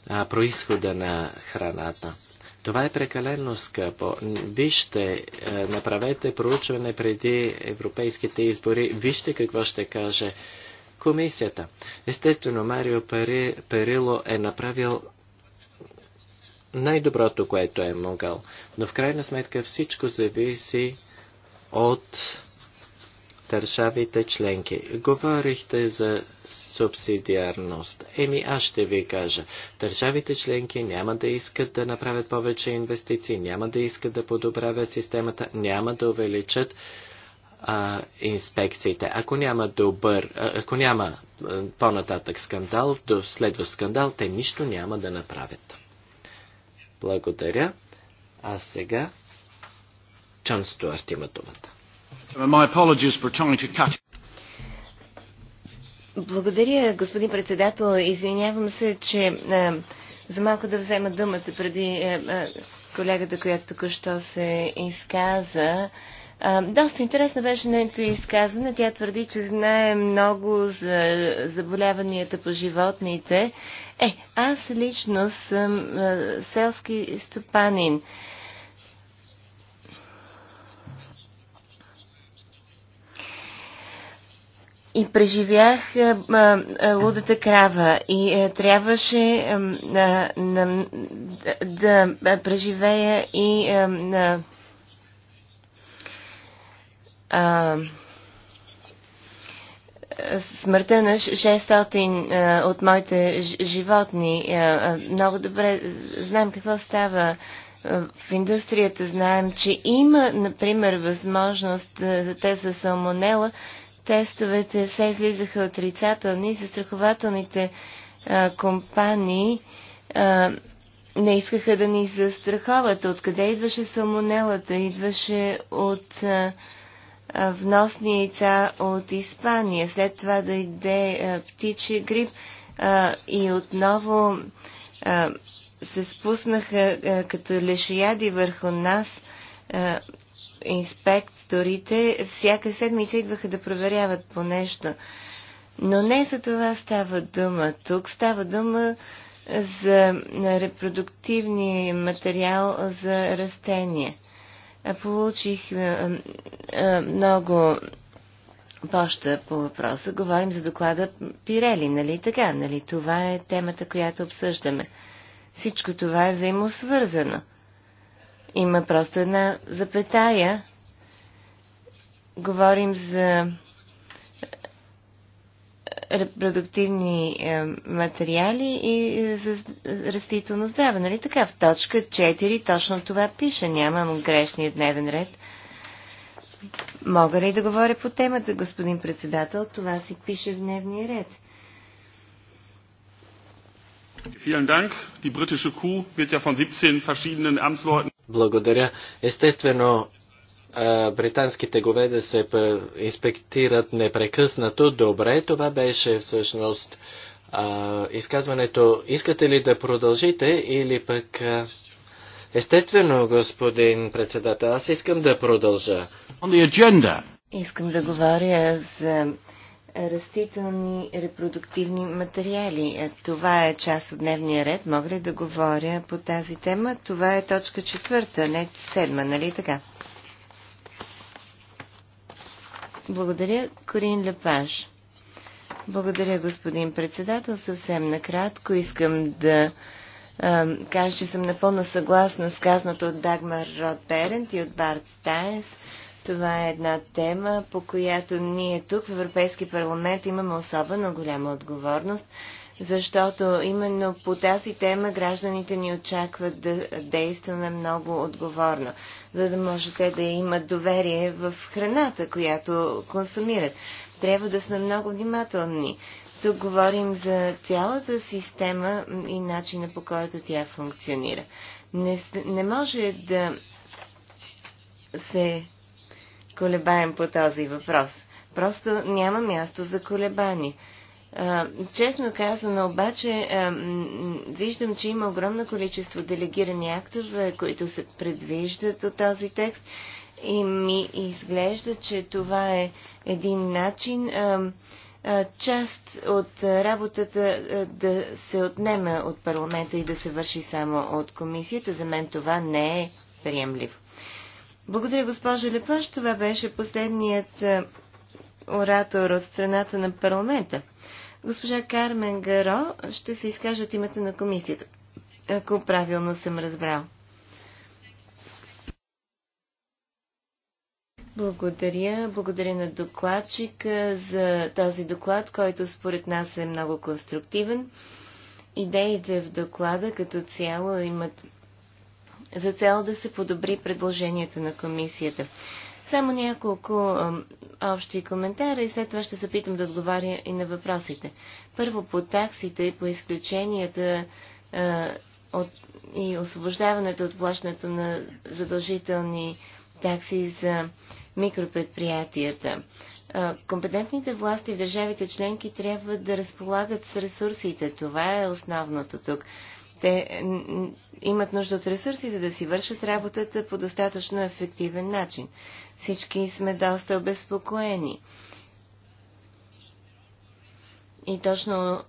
а, происхода на храната. Това е прекалено скъпо. Вижте, е, направете проучване преди европейските избори. Вижте какво ще каже комисията. Естествено, Марио Перило е направил най-доброто, което е могъл. Но в крайна сметка всичко зависи от държавите членки. Говорихте за субсидиарност. Еми, аз ще ви кажа. Държавите членки няма да искат да направят повече инвестиции, няма да искат да подобравят системата, няма да увеличат а, инспекциите. Ако няма добър, ако няма по-нататък скандал, до следва скандал, те нищо няма да направят. Благодаря. А сега Чан Стюарт има думата. Благодаря, господин председател. Извинявам се, че е, за малко да взема думата преди е, е, колегата, която току-що се изказа. А, доста интересно беше нейното изказване. Тя твърди, че знае много за заболяванията по животните. Е, аз лично съм а, селски стопанин. И преживях а, а, лудата крава и а, трябваше а, на, на, да, да преживея и а, на а, смъртта на 600 а, от моите животни. А, много добре знаем какво става в индустрията. Знаем, че има, например, възможност за те за салмонела. Тестовете се излизаха отрицателни. Застрахователните а, компании а, не искаха да ни застраховат. Откъде идваше салмонелата? Идваше от а, вносни яйца от Испания. След това дойде птичи грип и отново се спуснаха като лешияди върху нас инспекторите. Всяка седмица идваха да проверяват по нещо. Но не за това става дума. Тук става дума за репродуктивния материал за растения. Е, получих е, е, много поща по въпроса. Говорим за доклада Пирели, нали така? Нали това е темата, която обсъждаме. Всичко това е взаимосвързано. Има просто една запетая. Говорим за репродуктивни е, материали и е, за растително здраве. Нали така? В точка 4 точно това пише. Нямам грешния дневен ред. Мога ли да говоря по темата, господин председател? Това си пише в дневния ред. Благодаря. Естествено, британските гове да се инспектират непрекъснато. Добре, това беше всъщност а, изказването. Искате ли да продължите или пък... А... Естествено, господин председател, аз искам да продължа. Искам да говоря за растителни репродуктивни материали. Е, това е част от дневния ред. Мога ли да говоря по тази тема? Това е точка четвърта, не седма, нали така? Благодаря, Корин Лепаш. Благодаря, господин председател. Съвсем накратко искам да а, кажа, че съм напълно съгласна с казаното от Дагмар Род Перент и от Барт Стайнс. Това е една тема, по която ние тук в Европейски парламент имаме особено голяма отговорност – защото именно по тази тема гражданите ни очакват да действаме много отговорно, за да можете да имат доверие в храната, която консумират. Трябва да сме много внимателни. Тук говорим за цялата система и начина по който тя функционира. Не, не може да се колебаем по този въпрос. Просто няма място за колебание. Честно казано, обаче, виждам, че има огромно количество делегирани актове, които се предвиждат от този текст и ми изглежда, че това е един начин част от работата да се отнеме от парламента и да се върши само от комисията. За мен това не е приемливо. Благодаря, госпожо Лепаш. Това беше последният оратор от страната на парламента. Госпожа Кармен Гаро ще се изкаже от името на комисията, ако правилно съм разбрал. Благодаря. Благодаря на докладчика за този доклад, който според нас е много конструктивен. Идеите в доклада като цяло имат за цел да се подобри предложението на комисията. Само няколко а, общи коментара и след това ще се опитам да отговаря и на въпросите. Първо по таксите и по изключенията а, от, и освобождаването от плащането на задължителни такси за микропредприятията. А, компетентните власти в държавите членки трябва да разполагат с ресурсите. Това е основното тук. А, те имат нужда от ресурси, за да си вършат работата по достатъчно ефективен начин. Всички сме доста обезпокоени. И точно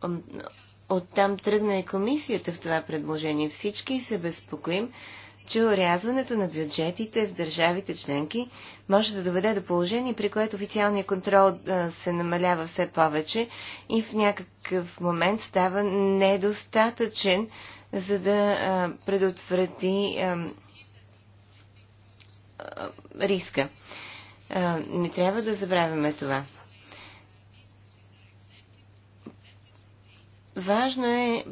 оттам тръгна и комисията в това предложение. Всички се безпокоим че орязването на бюджетите в държавите членки може да доведе до положение, при което официалният контрол се намалява все повече и в някакъв момент става недостатъчен, за да предотврати риска. Не трябва да забравяме това. Важно е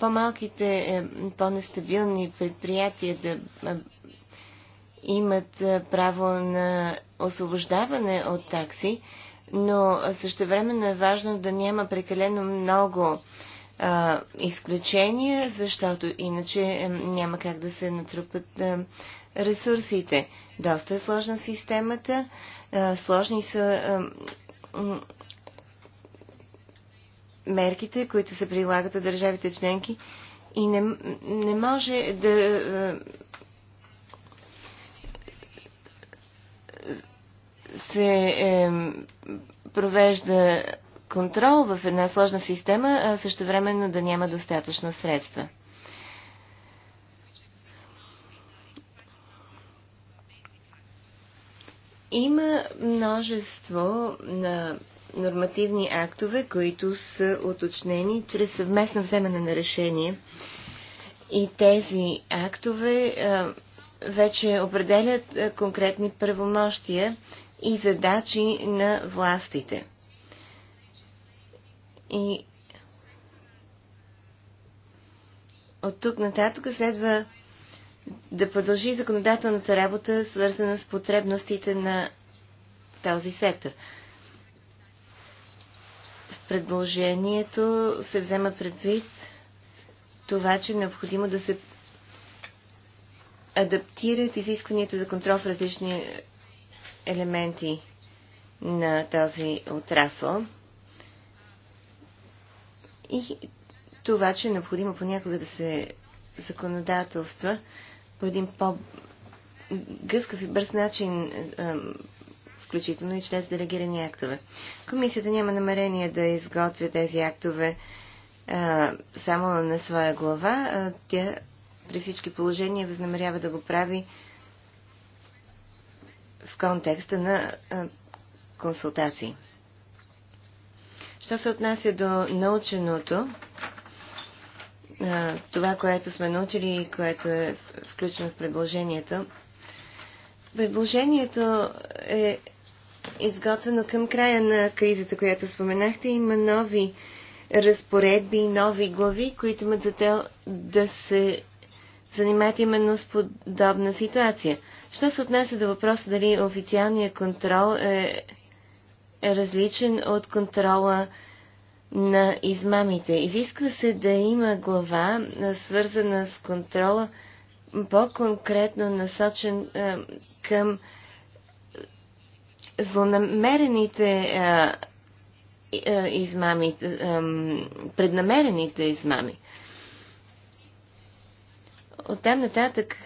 по-малките, е, по-нестабилни предприятия да имат право на освобождаване от такси, но времено е важно да няма прекалено много а, изключения, защото иначе е, няма как да се натрупат а, ресурсите. Доста е сложна системата, а, сложни са а, мерките, които се прилагат от държавите членки и не, не може да е, се е, провежда контрол в една сложна система, а също времено да няма достатъчно средства. Има множество на нормативни актове, които са уточнени чрез съвместно вземане на решение. И тези актове вече определят конкретни правомощия и задачи на властите. И от тук нататък следва да продължи законодателната работа, свързана с потребностите на този сектор предложението се взема предвид това, че е необходимо да се адаптират изискванията за контрол в различни елементи на този отрасъл и това, че е необходимо понякога да се законодателства по един по-гъвкав и бърз начин включително и чрез делегирани актове. Комисията няма намерение да изготвя тези актове а, само на своя глава. А, тя при всички положения възнамерява да го прави в контекста на а, консултации. Що се отнася до наученото, това, което сме научили и което е включено в предложението. Предложението е изготвено към края на кризата, която споменахте. Има нови разпоредби нови глави, които имат за цел да се занимават именно с подобна ситуация. Що се отнася до въпроса дали официалният контрол е, е различен от контрола на измамите. Изисква се да има глава, свързана с контрола, по-конкретно насочен е, към злонамерените измами, преднамерените измами. От там нататък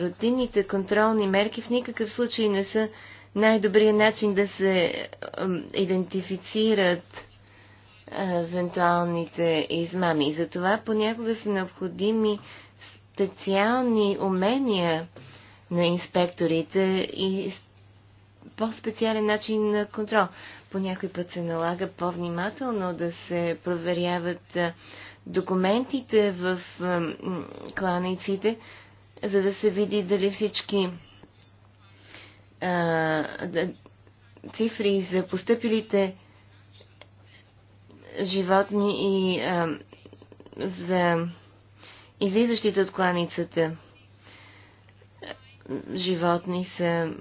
рутинните контролни мерки в никакъв случай не са най-добрият начин да се идентифицират евентуалните измами. Затова понякога са необходими специални умения на инспекторите и по-специален начин на контрол. По някой път се налага по-внимателно да се проверяват документите в кланиците, за да се види дали всички цифри за поступилите животни и а, за излизащите от кланицата животни са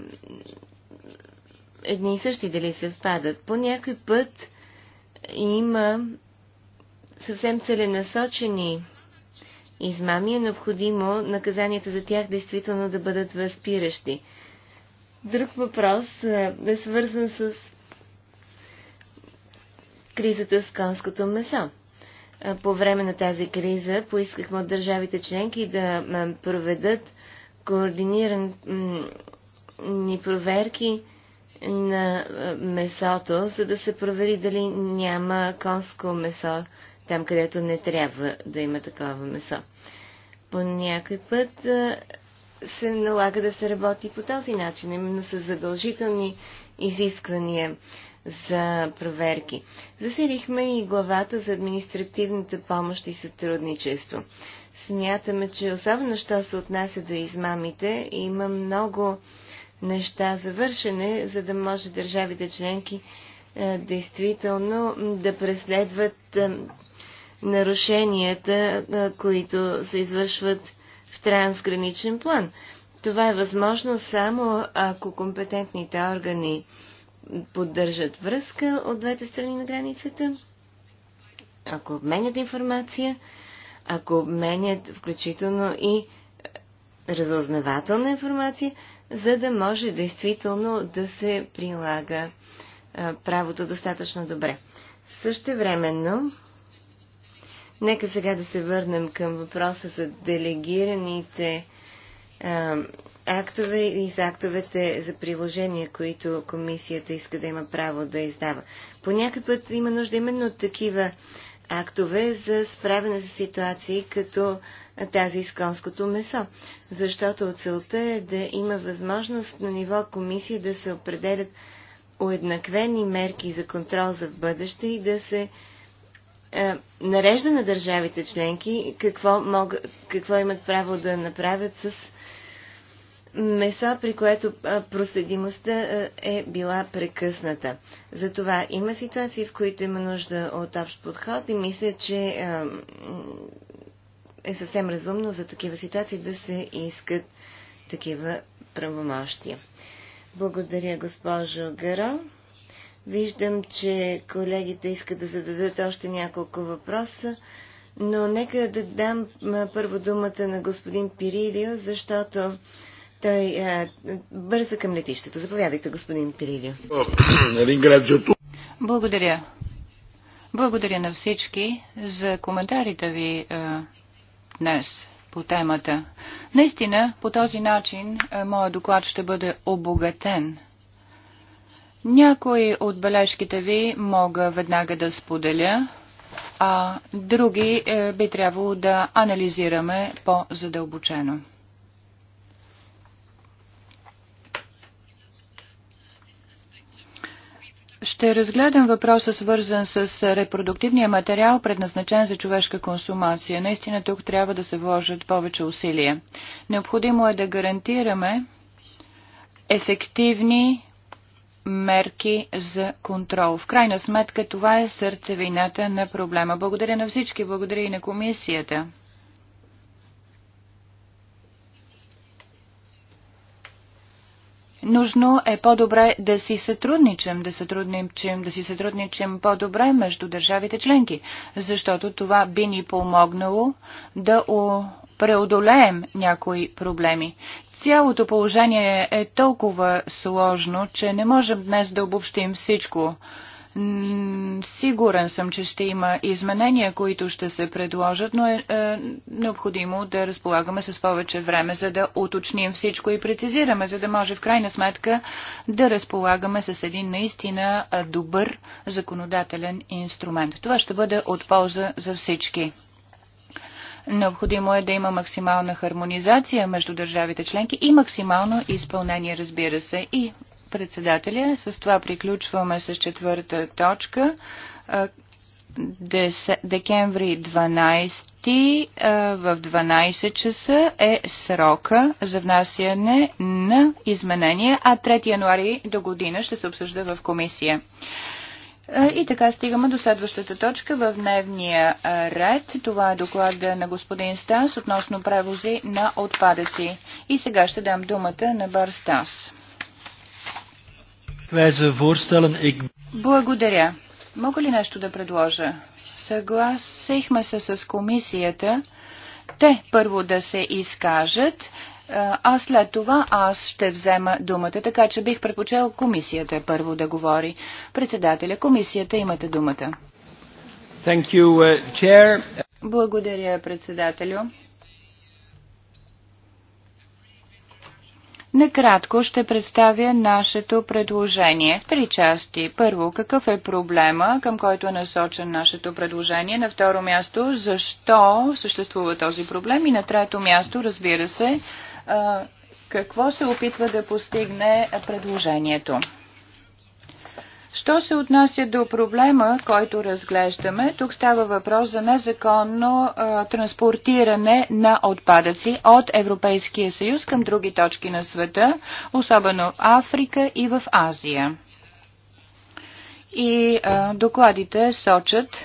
едни и същи, дали съвпадат. По някой път има съвсем целенасочени измами, е необходимо наказанията за тях действително да бъдат възпиращи. Друг въпрос е, е свързан с кризата с конското месо. Е, по време на тази криза поискахме от държавите членки да е, проведат координирани проверки на месото, за да се провери дали няма конско месо там, където не трябва да има такова месо. По някой път се налага да се работи по този начин, именно с задължителни изисквания за проверки. Засилихме и главата за административната помощ и сътрудничество. Смятаме, че особено що се отнася до измамите, има много неща за вършене, за да може държавите членки е, действително да преследват е, нарушенията, е, които се извършват в трансграничен план. Това е възможно само ако компетентните органи поддържат връзка от двете страни на границата, ако обменят информация, ако обменят включително и разузнавателна информация, за да може действително да се прилага правото достатъчно добре. Същевременно, нека сега да се върнем към въпроса за делегираните актове и за актовете за приложения, които комисията иска да има право да издава. По някакъв път има нужда именно от такива актове за справяне с ситуации като тази изконското месо, защото целта е да има възможност на ниво комисия да се определят уеднаквени мерки за контрол за в бъдеще и да се е, нарежда на държавите членки какво, мог, какво имат право да направят с Меса, при което проследимостта е била прекъсната. Затова има ситуации, в които има нужда от общ подход и мисля, че е съвсем разумно за такива ситуации да се искат такива правомощия. Благодаря, госпожо Гаро. Виждам, че колегите искат да зададат още няколко въпроса, но нека да дам първо думата на господин Пирилио, защото той а, е, бърза към летището. Заповядайте, господин Пирилио. Благодаря. Благодаря на всички за коментарите ви а, е, днес по темата. Наистина, по този начин а, е, моят доклад ще бъде обогатен. Някои от бележките ви мога веднага да споделя, а други би трябвало да анализираме по-задълбочено. Ще разгледам въпроса, свързан с репродуктивния материал, предназначен за човешка консумация. Наистина тук трябва да се вложат повече усилия. Необходимо е да гарантираме ефективни мерки за контрол. В крайна сметка това е сърцевината на проблема. Благодаря на всички, благодаря и на комисията. Нужно е по-добре да си сътрудничим, да сътрудничим, да си сътрудничим по-добре между държавите членки, защото това би ни помогнало да преодолеем някои проблеми. Цялото положение е толкова сложно, че не можем днес да обобщим всичко. Сигурен съм, че ще има изменения, които ще се предложат, но е, е необходимо да разполагаме с повече време, за да уточним всичко и прецизираме, за да може в крайна сметка да разполагаме с един наистина добър законодателен инструмент. Това ще бъде от полза за всички. Необходимо е да има максимална хармонизация между държавите членки и максимално изпълнение, разбира се. И председателя. С това приключваме с четвърта точка. Дес, декември 12 в 12 часа е срока за внасяне на изменения, а 3 януари до година ще се обсъжда в комисия. И така стигаме до следващата точка в дневния ред. Това е доклада на господин Стас относно превози на отпадъци. И сега ще дам думата на Бар Стас. Благодаря. Мога ли нещо да предложа? Съгласихме се с комисията. Те първо да се изкажат, а след това аз ще взема думата, така че бих предпочел комисията първо да говори. Председателя, комисията, имате думата. Thank you, uh, chair. Благодаря, председателю. Накратко ще представя нашето предложение в три части. Първо, какъв е проблема, към който е насочен нашето предложение? На второ място, защо съществува този проблем? И на трето място, разбира се, какво се опитва да постигне предложението. Що се отнася до проблема, който разглеждаме, тук става въпрос за незаконно а, транспортиране на отпадъци от Европейския съюз към други точки на света, особено в Африка и в Азия. И а, докладите сочат,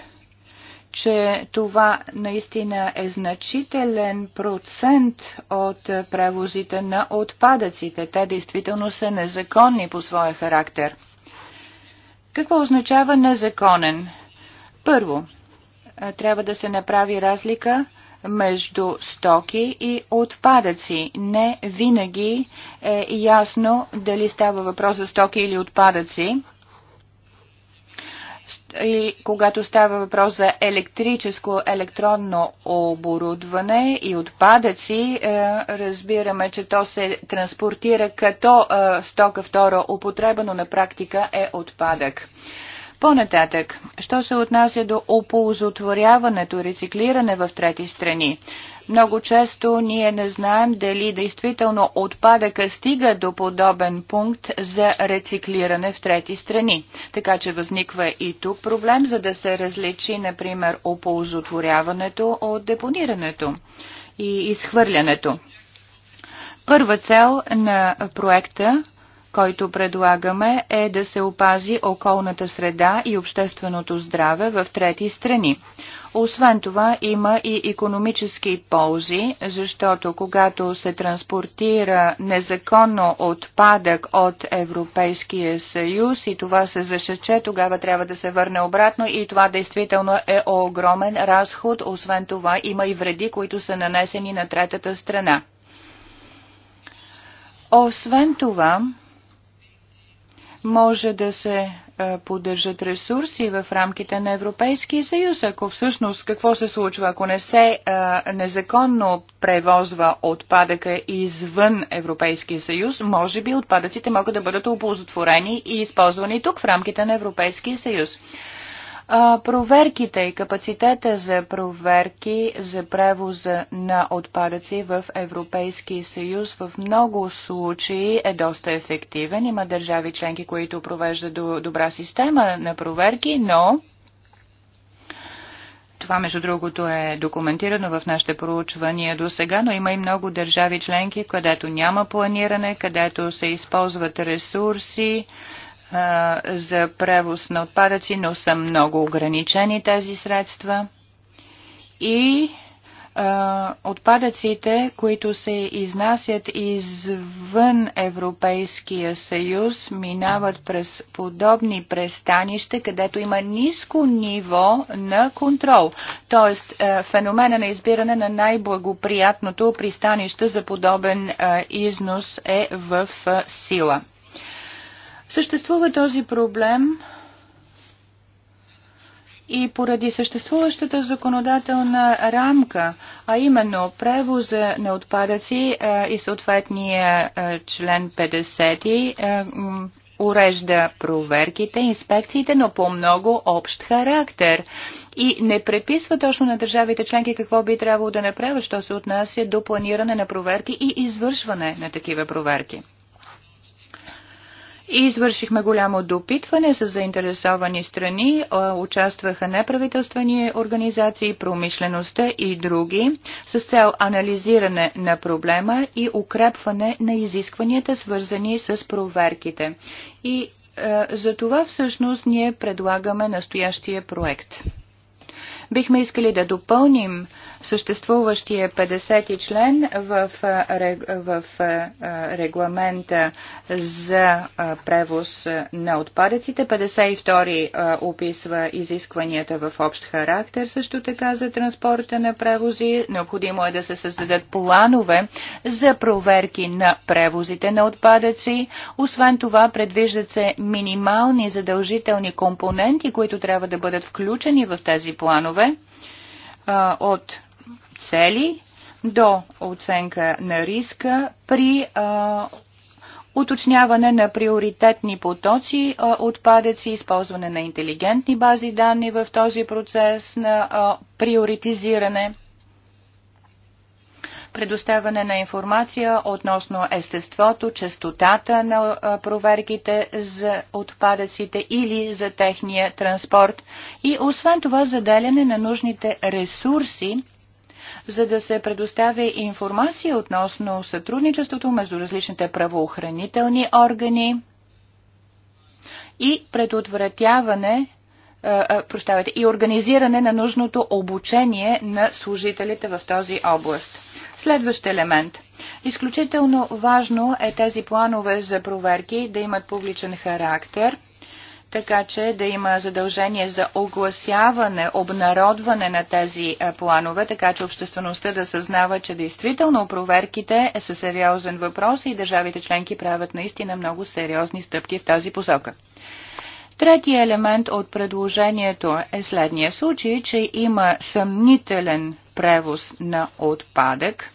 че това наистина е значителен процент от превозите на отпадъците. Те действително са незаконни по своя характер. Какво означава незаконен? Първо, е, трябва да се направи разлика между стоки и отпадъци. Не винаги е ясно дали става въпрос за стоки или отпадъци и когато става въпрос за електрическо електронно оборудване и отпадъци, е, разбираме, че то се транспортира като е, стока втора употреба, но на практика е отпадък. По-нататък, що се отнася до оползотворяването рециклиране в трети страни, много често ние не знаем дали действително отпадъка стига до подобен пункт за рециклиране в трети страни. Така че възниква и тук проблем, за да се различи, например, оползотворяването от депонирането и изхвърлянето. Първа цел на проекта който предлагаме, е да се опази околната среда и общественото здраве в трети страни. Освен това има и економически ползи, защото когато се транспортира незаконно отпадък от Европейския съюз и това се зашече, тогава трябва да се върне обратно и това действително е огромен разход. Освен това има и вреди, които са нанесени на третата страна. Освен това, може да се е, поддържат ресурси в рамките на Европейския съюз. Ако всъщност какво се случва, ако не се а, е, незаконно превозва отпадъка извън Европейския съюз, може би отпадъците могат да бъдат оползотворени и използвани тук в рамките на Европейския съюз проверките и капацитета за проверки за превоза на отпадъци в Европейския съюз в много случаи е доста ефективен. Има държави членки, които провеждат добра система на проверки, но това, между другото, е документирано в нашите проучвания до сега, но има и много държави членки, където няма планиране, където се използват ресурси, за превоз на отпадъци, но са много ограничени тези средства. И а, отпадъците, които се изнасят извън Европейския съюз, минават през подобни престанища, където има ниско ниво на контрол. Тоест а, феномена на избиране на най-благоприятното пристанище за подобен а, износ е в а, сила. Съществува този проблем и поради съществуващата законодателна рамка, а именно превоза на отпадъци е, и съответния е, член 50 е, урежда проверките, инспекциите, но по много общ характер и не предписва точно на държавите членки какво би трябвало да направят, що се отнася до планиране на проверки и извършване на такива проверки. И извършихме голямо допитване с заинтересовани страни, участваха неправителствени организации, промишлеността и други, с цел анализиране на проблема и укрепване на изискванията, свързани с проверките. И е, за това всъщност ние предлагаме настоящия проект. Бихме искали да допълним съществуващия 50 ти член в, в регламента за превоз на отпадъците. 52 описва изискванията в общ характер също така за транспорта на превози. Необходимо е да се създадат планове за проверки на превозите на отпадъци. Освен това, предвиждат се минимални задължителни компоненти, които трябва да бъдат включени в тези планове от цели до оценка на риска при а, уточняване на приоритетни потоци а, отпадъци, използване на интелигентни бази данни в този процес на а, приоритизиране предоставяне на информация относно естеството, частотата на проверките за отпадъците или за техния транспорт и освен това заделяне на нужните ресурси за да се предоставя информация относно сътрудничеството между различните правоохранителни органи и предотвратяване е, е, прощавайте, и организиране на нужното обучение на служителите в този област. Следващ елемент. Изключително важно е тези планове за проверки да имат публичен характер така че да има задължение за огласяване, обнародване на тези е, планове, така че обществеността да съзнава, че действително проверките е със сериозен въпрос и държавите членки правят наистина много сериозни стъпки в тази посока. Третия елемент от предложението е следния случай, че има съмнителен превоз на отпадък.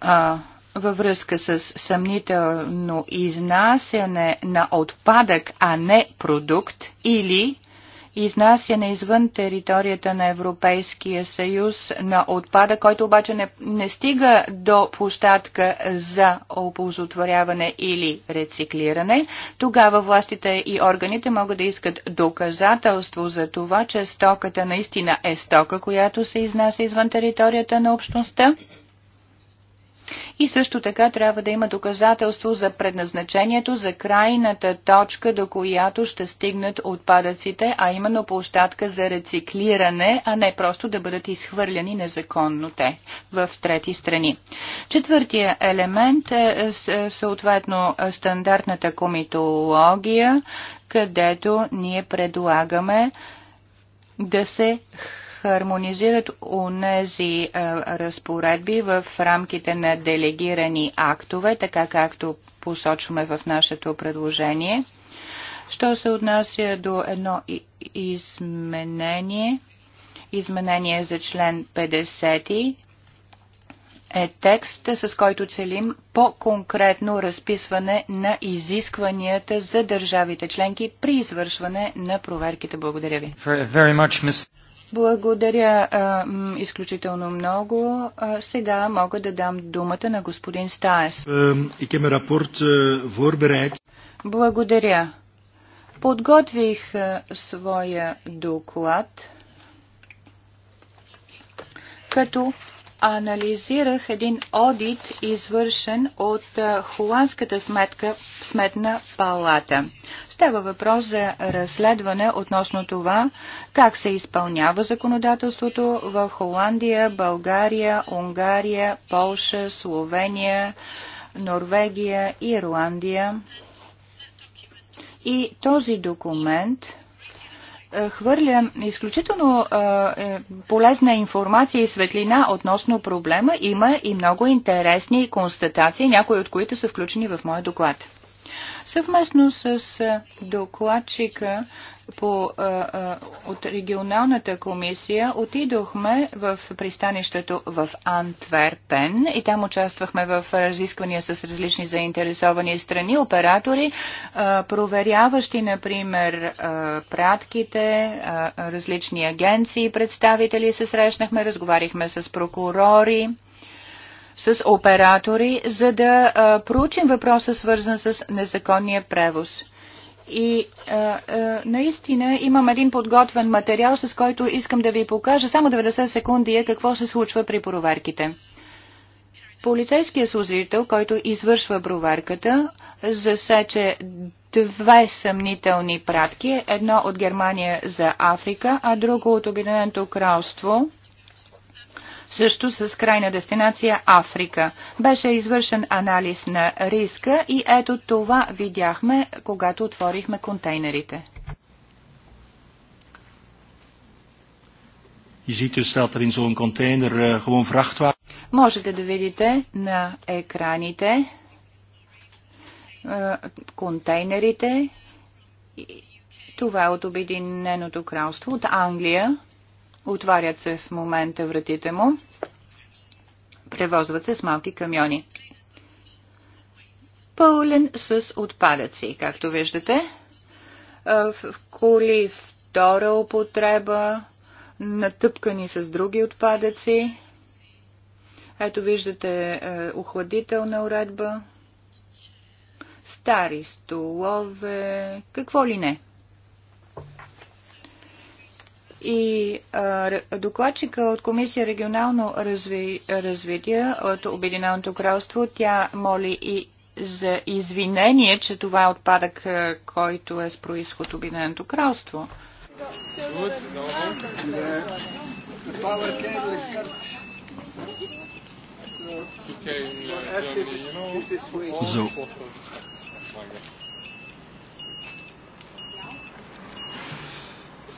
А, във връзка с съмнително изнасяне на отпадък, а не продукт или изнасяне извън територията на Европейския съюз на отпадък, който обаче не, не стига до площадка за оползотворяване или рециклиране, тогава властите и органите могат да искат доказателство за това, че стоката наистина е стока, която се изнася извън територията на общността и също така трябва да има доказателство за предназначението, за крайната точка, до която ще стигнат отпадъците, а именно площадка за рециклиране, а не просто да бъдат изхвърляни незаконно те в трети страни. Четвъртия елемент е, е, е съответно е, стандартната комитология, където ние предлагаме да се хармонизират унези е, разпоредби в рамките на делегирани актове, така както посочваме в нашето предложение. Що се отнася до едно изменение, изменение за член 50 е текст, с който целим по-конкретно разписване на изискванията за държавите членки при извършване на проверките. Благодаря ви. Благодаря а, изключително много. А, сега мога да дам думата на господин Стаес. Е, е, Благодаря. Подготвих а, е, своя доклад, като анализирах един одит, извършен от холандската сметка, сметна палата. Става въпрос за разследване относно това, как се изпълнява законодателството в Холандия, България, Унгария, Полша, Словения, Норвегия, Ирландия. И този документ е, хвърля изключително е, е, полезна информация и светлина относно проблема. Има и много интересни констатации, някои от които са включени в моя доклад. Съвместно с докладчика по, а, а, от регионалната комисия отидохме в пристанището в Антверпен и там участвахме в разисквания с различни заинтересовани страни, оператори, а, проверяващи, например, а, пратките, а, различни агенции, представители се срещнахме, разговарихме с прокурори с оператори, за да а, проучим въпроса, свързан с незаконния превоз. И а, е, а, е, наистина имам един подготвен материал, с който искам да ви покажа само 90 секунди е какво се случва при проверките. Полицейският служител, който извършва проверката, засече две съмнителни пратки, едно от Германия за Африка, а друго от Обединеното кралство – също с крайна дестинация Африка. Беше извършен анализ на риска и ето това видяхме, когато отворихме контейнерите. Er eh, Можете да видите на екраните е, контейнерите. Това е от Обединеното кралство, от Англия. Отварят се в момента вратите му. Превозват се с малки камиони. Пълен с отпадъци, както виждате. В коли втора употреба, натъпкани с други отпадъци. Ето виждате охладителна уредба, стари столове, какво ли не и докладчика от Комисия регионално разви... развитие от Обединеното кралство. Тя моли и за извинение, че това е отпадък, който е с происход Обединеното кралство. So, е,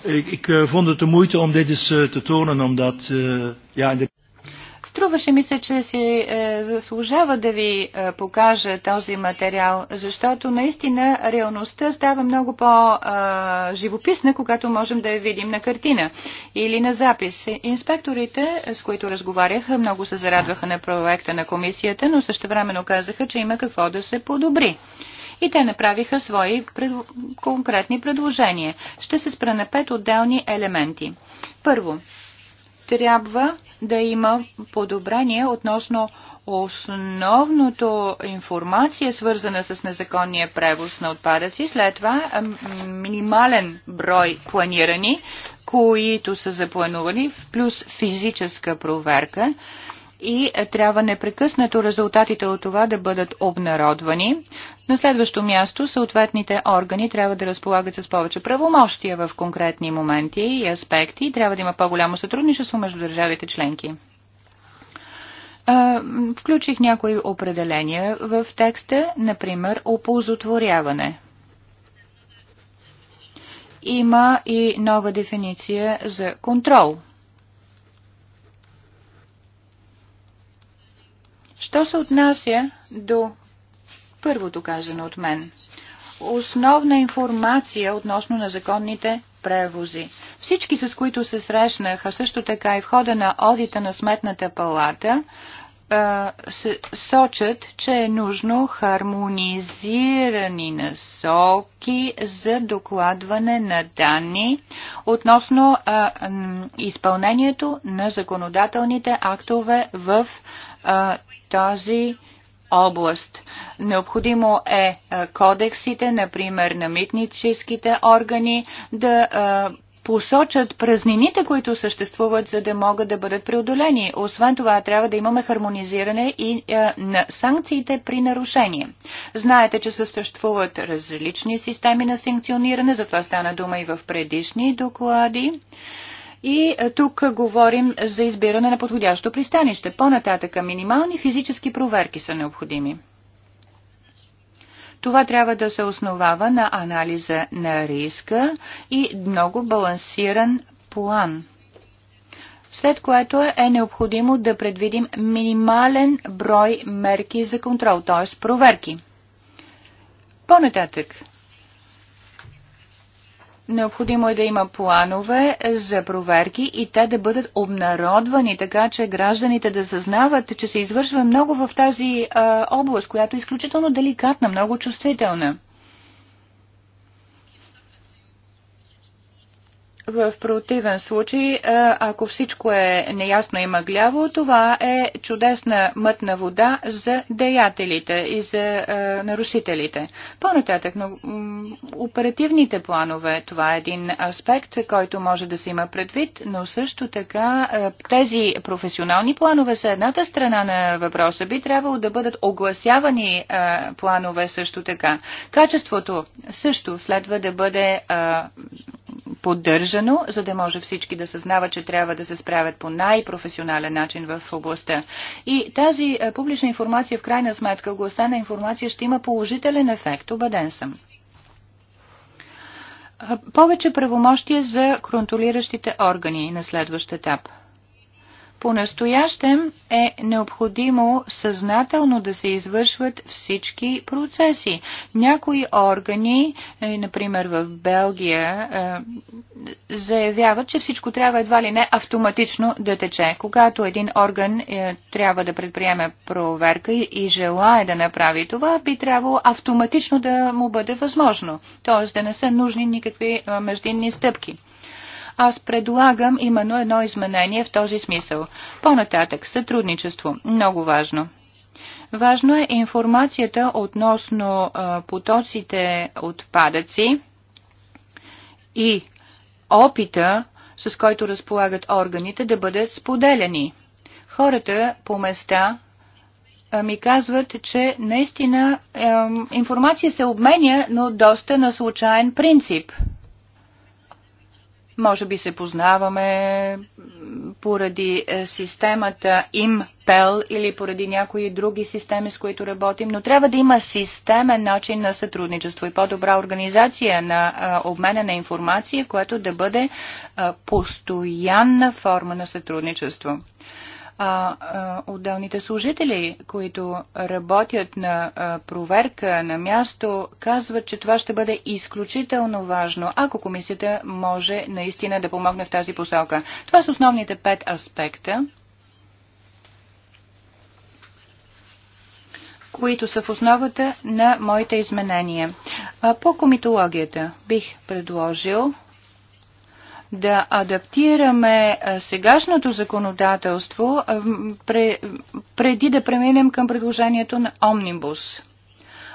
Ik, ik uh, vond het de moeite om dit eens uh, te tonen, omdat... Uh, ja, in de... Струваше ми се, че си е, заслужава да ви е, покажа този материал, защото наистина реалността става много по-живописна, е, когато можем да я видим на картина или на запис. Инспекторите, с които разговарях, много се зарадваха на проекта на комисията, но също времено казаха, че има какво да се подобри и те направиха свои пред... конкретни предложения. Ще се спра на пет отделни елементи. Първо, трябва да има подобрение относно основното информация, свързана с незаконния превоз на отпадъци, след това минимален брой планирани, които са запланували, плюс физическа проверка и трябва непрекъснато резултатите от това да бъдат обнародвани. На следващо място съответните органи трябва да разполагат с повече правомощия в конкретни моменти и аспекти и трябва да има по-голямо сътрудничество между държавите членки. Включих някои определения в текста, например оползотворяване. Има и нова дефиниция за контрол – Що се отнася до първото казано от мен? Основна информация относно на законните превози. Всички, с които се срещнаха, също така и в хода на одита на Сметната палата, се сочат, че е нужно хармонизирани насоки за докладване на данни относно а, изпълнението на законодателните актове в а, област. Необходимо е кодексите, например на митническите органи, да а, посочат празнините, които съществуват, за да могат да бъдат преодолени. Освен това, трябва да имаме хармонизиране и е, на санкциите при нарушение. Знаете, че съществуват различни системи на санкциониране, затова стана дума и в предишни доклади. Е, и е, тук говорим за избиране на подходящо пристанище. По-нататъка минимални физически проверки са необходими. Това трябва да се основава на анализа на риска и много балансиран план след което е необходимо да предвидим минимален брой мерки за контрол, т.е. проверки. По-нататък, Необходимо е да има планове за проверки и те да бъдат обнародвани, така че гражданите да съзнават, че се извършва много в тази а, област, която е изключително деликатна, много чувствителна. В противен случай, ако всичко е неясно и мъгляво, това е чудесна мътна вода за деятелите и за нарушителите. По-нататък, но оперативните планове, това е един аспект, който може да се има предвид, но също така тези професионални планове са едната страна на въпроса. Би трябвало да бъдат огласявани планове също така. Качеството също следва да бъде поддържано, за да може всички да съзнават, че трябва да се справят по най-професионален начин в областта. И тази е, публична информация, в крайна сметка, гласа на информация ще има положителен ефект, убеден съм. Е, повече правомощия за контролиращите органи на следващ етап – по-настоящем е необходимо съзнателно да се извършват всички процеси. Някои органи, е, например в Белгия, е, заявяват, че всичко трябва едва ли не автоматично да тече. Когато един орган е, трябва да предприеме проверка и желая да направи това, би трябвало автоматично да му бъде възможно. Т.е. да не са нужни никакви междинни стъпки. Аз предлагам именно едно изменение в този смисъл. По-нататък, сътрудничество. Много важно. Важно е информацията относно потоците отпадъци и опита, с който разполагат органите, да бъде споделени. Хората по места ми казват, че наистина информация се обменя, но доста на случайен принцип – може би се познаваме поради е, системата ПЕЛ или поради някои други системи, с които работим, но трябва да има системен начин на сътрудничество и по-добра организация на е, обмена на информация, което да бъде е, постоянна форма на сътрудничество а, а, отделните служители, които работят на а, проверка на място, казват, че това ще бъде изключително важно, ако комисията може наистина да помогне в тази посока. Това са основните пет аспекта. които са в основата на моите изменения. По комитологията бих предложил да адаптираме сегашното законодателство преди да преминем към предложението на Омнибус.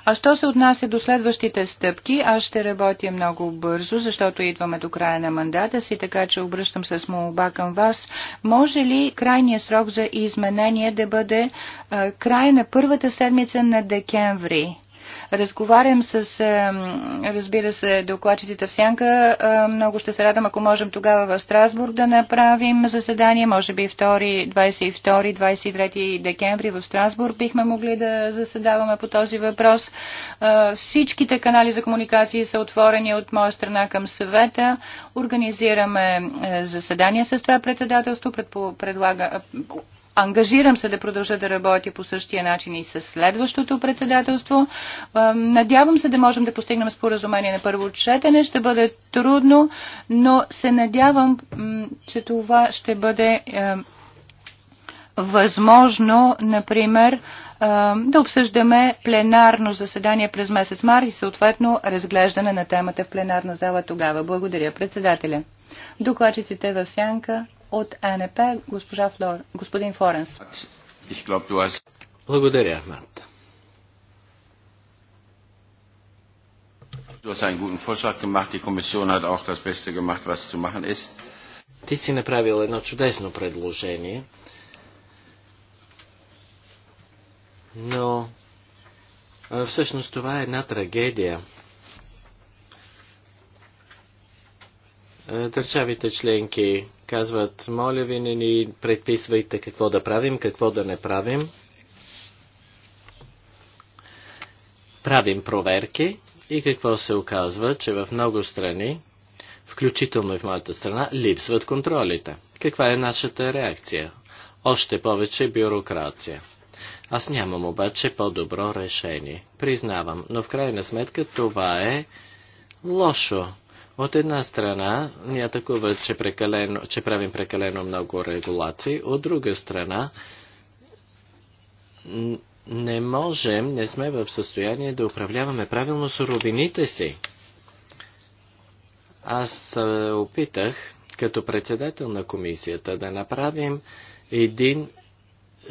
А що се отнася до следващите стъпки, аз ще работя много бързо, защото идваме до края на мандата си, така че обръщам се с молба към вас. Може ли крайният срок за изменение да бъде а, края на първата седмица на декември? разговарям с, разбира се, докладчиците в Сянка. Много ще се радвам, ако можем тогава в Страсбург да направим заседание. Може би 22, 23 декември в Страсбург бихме могли да заседаваме по този въпрос. Е, всичките канали за комуникации са отворени от моя страна към съвета. Организираме е, заседание с това председателство. Предполага, Ангажирам се да продължа да работя по същия начин и с следващото председателство. Надявам се да можем да постигнем споразумение на първо четене. Ще бъде трудно, но се надявам, че това ще бъде възможно, например, да обсъждаме пленарно заседание през месец март и съответно разглеждане на темата в пленарна зала тогава. Благодаря председателя. Докладчиците в сянка от АНП госпожа Флор, господин Форенс. Благодаря, Марта. Ти си направил едно чудесно предложение, но всъщност това е една трагедия. Държавите членки Казват, моля ви, не ни предписвайте какво да правим, какво да не правим. Правим проверки и какво се оказва, че в много страни, включително и в моята страна, липсват контролите. Каква е нашата реакция? Още повече бюрокрация. Аз нямам обаче по-добро решение. Признавам, но в крайна сметка това е лошо от една страна е такова, че, прекалено, че правим прекалено много регулации, от друга страна не можем, не сме в състояние да управляваме правилно суровините си. Аз опитах, като председател на комисията, да направим един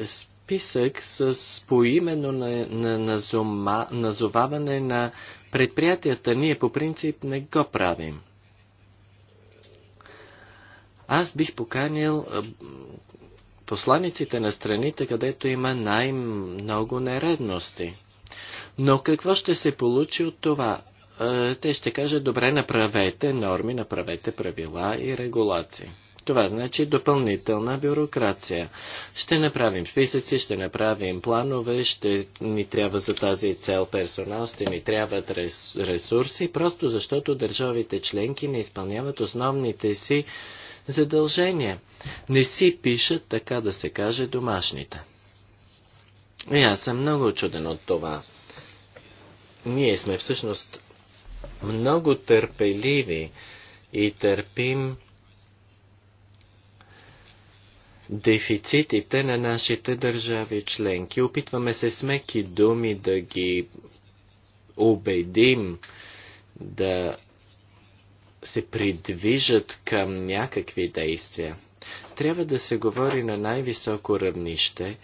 списък с поименно на, на, назома, назоваване на предприятията ние по принцип не го правим. Аз бих поканил посланиците на страните, където има най-много нередности. Но какво ще се получи от това? Те ще кажат, добре, направете норми, направете правила и регулации. Това значи допълнителна бюрокрация. Ще направим списъци, ще направим планове, ще ни трябва за тази цел персонал, ще ни трябват ресурси, просто защото държавите членки не изпълняват основните си задължения. Не си пишат, така да се каже, домашните. И аз съм много очуден от това. Ние сме всъщност много търпеливи и търпим дефицитите на нашите държави членки. Опитваме се с меки думи да ги убедим да се придвижат към някакви действия. Трябва да се говори на най-високо равнище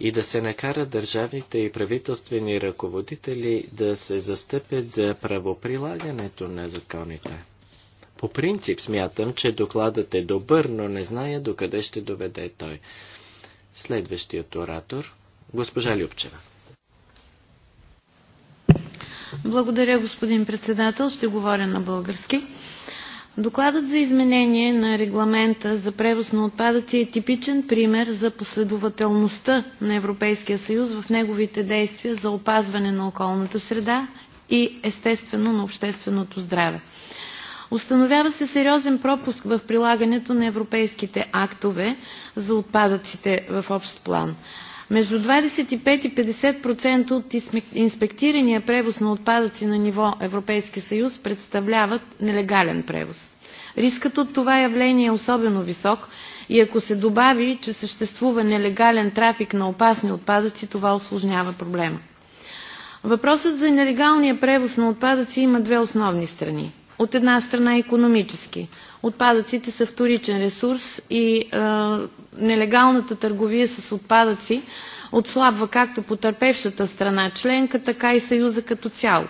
и да се накара държавните и правителствени ръководители да се застъпят за правоприлагането на законите. По принцип смятам, че докладът е добър, но не зная докъде ще доведе той. Следващият оратор – госпожа Любчева. Благодаря, господин председател. Ще говоря на български. Докладът за изменение на регламента за превоз на отпадъци е типичен пример за последователността на Европейския съюз в неговите действия за опазване на околната среда и естествено на общественото здраве. Установява се сериозен пропуск в прилагането на европейските актове за отпадъците в общ план. Между 25 и 50% от инспектирания превоз на отпадъци на ниво Европейски съюз представляват нелегален превоз. Рискът от това явление е особено висок и ако се добави, че съществува нелегален трафик на опасни отпадъци, това осложнява проблема. Въпросът за нелегалния превоз на отпадъци има две основни страни. От една страна економически. Отпадъците са вторичен ресурс и е, нелегалната търговия с отпадъци отслабва както потърпевшата страна членка, така и Съюза като цяло.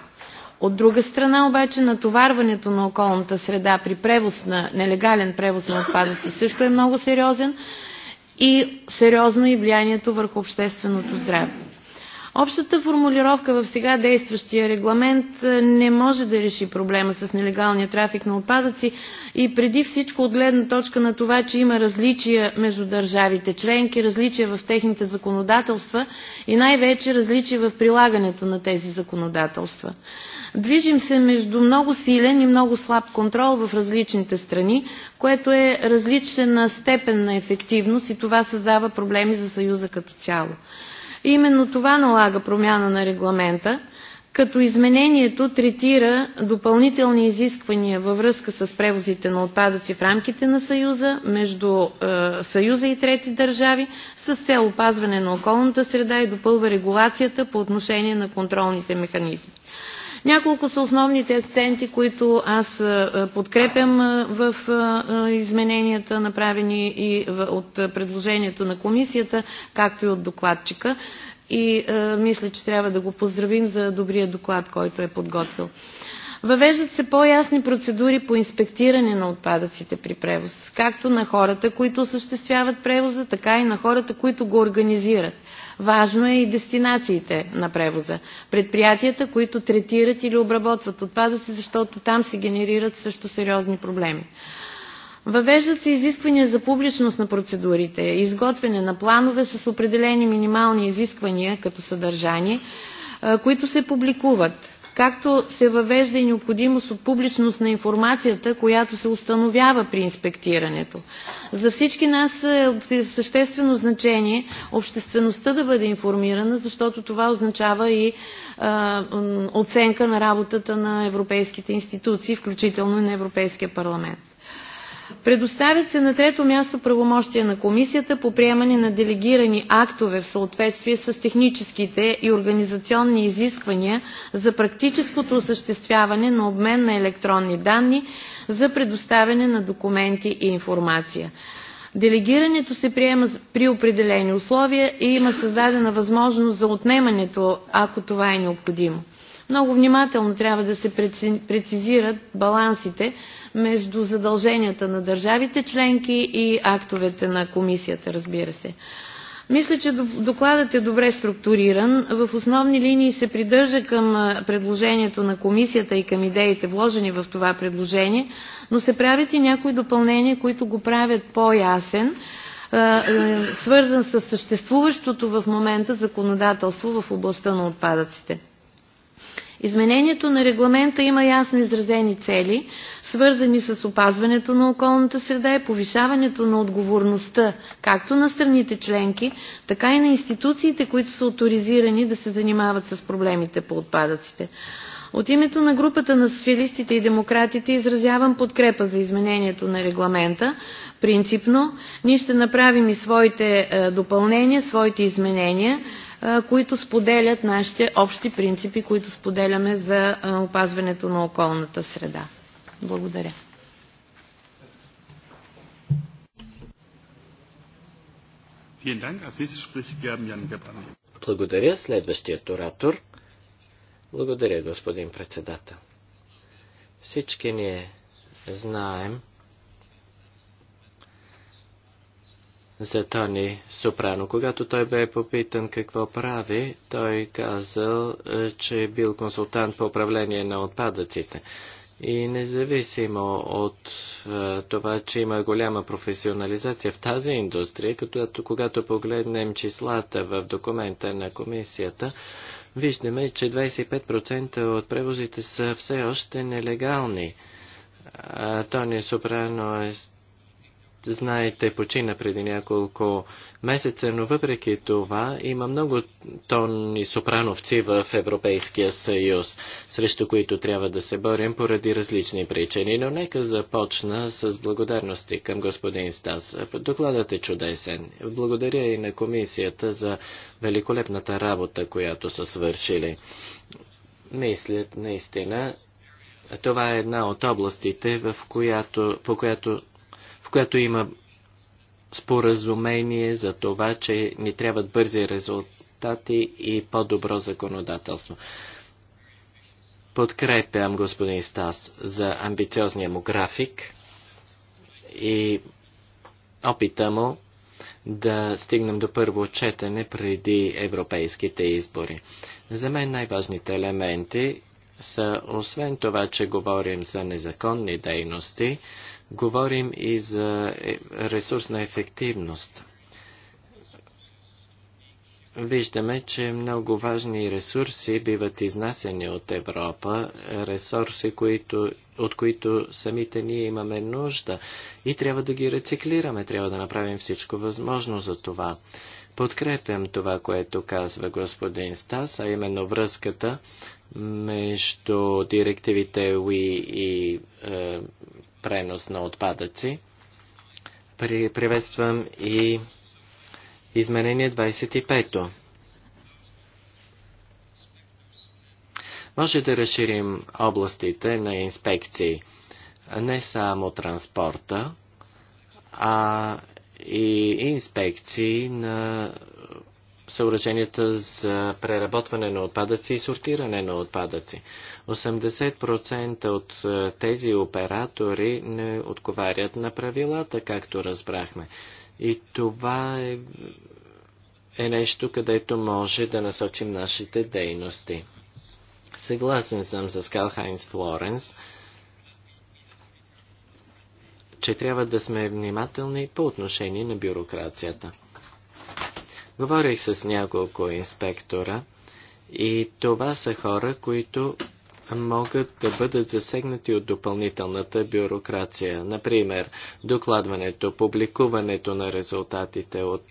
От друга страна обаче натоварването на околната среда при превоз на нелегален превоз на отпадъци също е много сериозен и сериозно и влиянието върху общественото здраве. Общата формулировка в сега действащия регламент е, не може да реши проблема с нелегалния трафик на отпадъци и преди всичко от гледна точка на това, че има различия между държавите членки, различия в техните законодателства и най-вече различия в прилагането на тези законодателства. Движим се между много силен и много слаб контрол в различните страни, което е различен на степен на ефективност и това създава проблеми за Съюза като цяло. Именно това налага промяна на регламента, като изменението третира допълнителни изисквания във връзка с превозите на отпадъци в рамките на Съюза, между е, Съюза и трети държави, с цел опазване на околната среда и допълва регулацията по отношение на контролните механизми. Няколко са основните акценти, които аз е, е, подкрепям е, в измененията, направени и от предложението на комисията, както и от докладчика. И мисля, че трябва да го поздравим за добрия доклад, който е подготвил. Въвеждат се по-ясни процедури по инспектиране на отпадъците при превоз, както на хората, които осъществяват превоза, така и на хората, които го организират. Важно е и дестинациите на превоза. Предприятията, които третират или обработват отпадъци, защото там се генерират също сериозни проблеми. Въвеждат се изисквания за публичност на процедурите, изготвяне на планове с определени минимални изисквания като съдържание, които се публикуват както се въвежда и необходимост от публичност на информацията, която се установява при инспектирането. За всички нас е от съществено значение обществеността да бъде информирана, защото това означава и а, оценка на работата на европейските институции, включително и на Европейския парламент. Предоставят се на трето място правомощия на Комисията по приемане на делегирани актове в съответствие с техническите и организационни изисквания за практическото осъществяване на обмен на електронни данни за предоставяне на документи и информация. Делегирането се приема при определени условия и има създадена възможност за отнемането, ако това е необходимо. Много внимателно трябва да се прецизират балансите между задълженията на държавите членки и актовете на комисията, разбира се. Мисля, че докладът е добре структуриран. В основни линии се придържа към предложението на комисията и към идеите вложени в това предложение, но се правят и някои допълнения, които го правят по-ясен, свързан с съществуващото в момента законодателство в областта на отпадъците. Изменението на регламента има ясно изразени цели, свързани с опазването на околната среда и повишаването на отговорността както на страните членки, така и на институциите, които са авторизирани да се занимават с проблемите по отпадъците. От името на групата на социалистите и демократите изразявам подкрепа за изменението на регламента. Принципно ние ще направим и своите е, допълнения, своите изменения които споделят нашите общи принципи, които споделяме за опазването на околната среда. Благодаря. Благодаря. Следващият оратор. Благодаря, господин председател. Всички ние знаем, за Тони Сопрано. Когато той бе попитан какво прави, той казал, е, че е бил консултант по управление на отпадъците. И независимо от е, това, че има голяма професионализация в тази индустрия, като, когато погледнем числата в документа на комисията, виждаме, че 25% от превозите са все още нелегални. А, Тони Сопрано е знаете, почина преди няколко месеца, но въпреки това има много тонни сопрановци в Европейския съюз, срещу които трябва да се борим поради различни причини. Но нека започна с благодарности към господин Стас. Докладът е чудесен. Благодаря и на комисията за великолепната работа, която са свършили. Мисля, наистина, това е една от областите, в която, по която която има споразумение за това, че ни трябват бързи резултати и по-добро законодателство. Подкрепям господин Стас за амбициозния му график и опита му да стигнем до първо четене преди европейските избори. За мен най-важните елементи са, освен това, че говорим за незаконни дейности, Говорим и за е, ресурсна ефективност. Виждаме, че много важни ресурси биват изнасяни от Европа, ресурси, които, от които самите ние имаме нужда и трябва да ги рециклираме, трябва да направим всичко възможно за това. Подкрепям това, което казва господин Стас, а именно връзката между директивите УИ и е, пренос на отпадъци. При, приветствам и изменение 25-то. Може да разширим областите на инспекции, не само транспорта, а и инспекции на съоръженията за преработване на отпадъци и сортиране на отпадъци. 80% от е, тези оператори не отговарят на правилата, както разбрахме. И това е, е нещо, където може да насочим нашите дейности. Съгласен съм с Калхайнс Флоренс, че трябва да сме внимателни по отношение на бюрокрацията. Говорих с няколко инспектора и това са хора, които могат да бъдат засегнати от допълнителната бюрокрация. Например, докладването, публикуването на резултатите от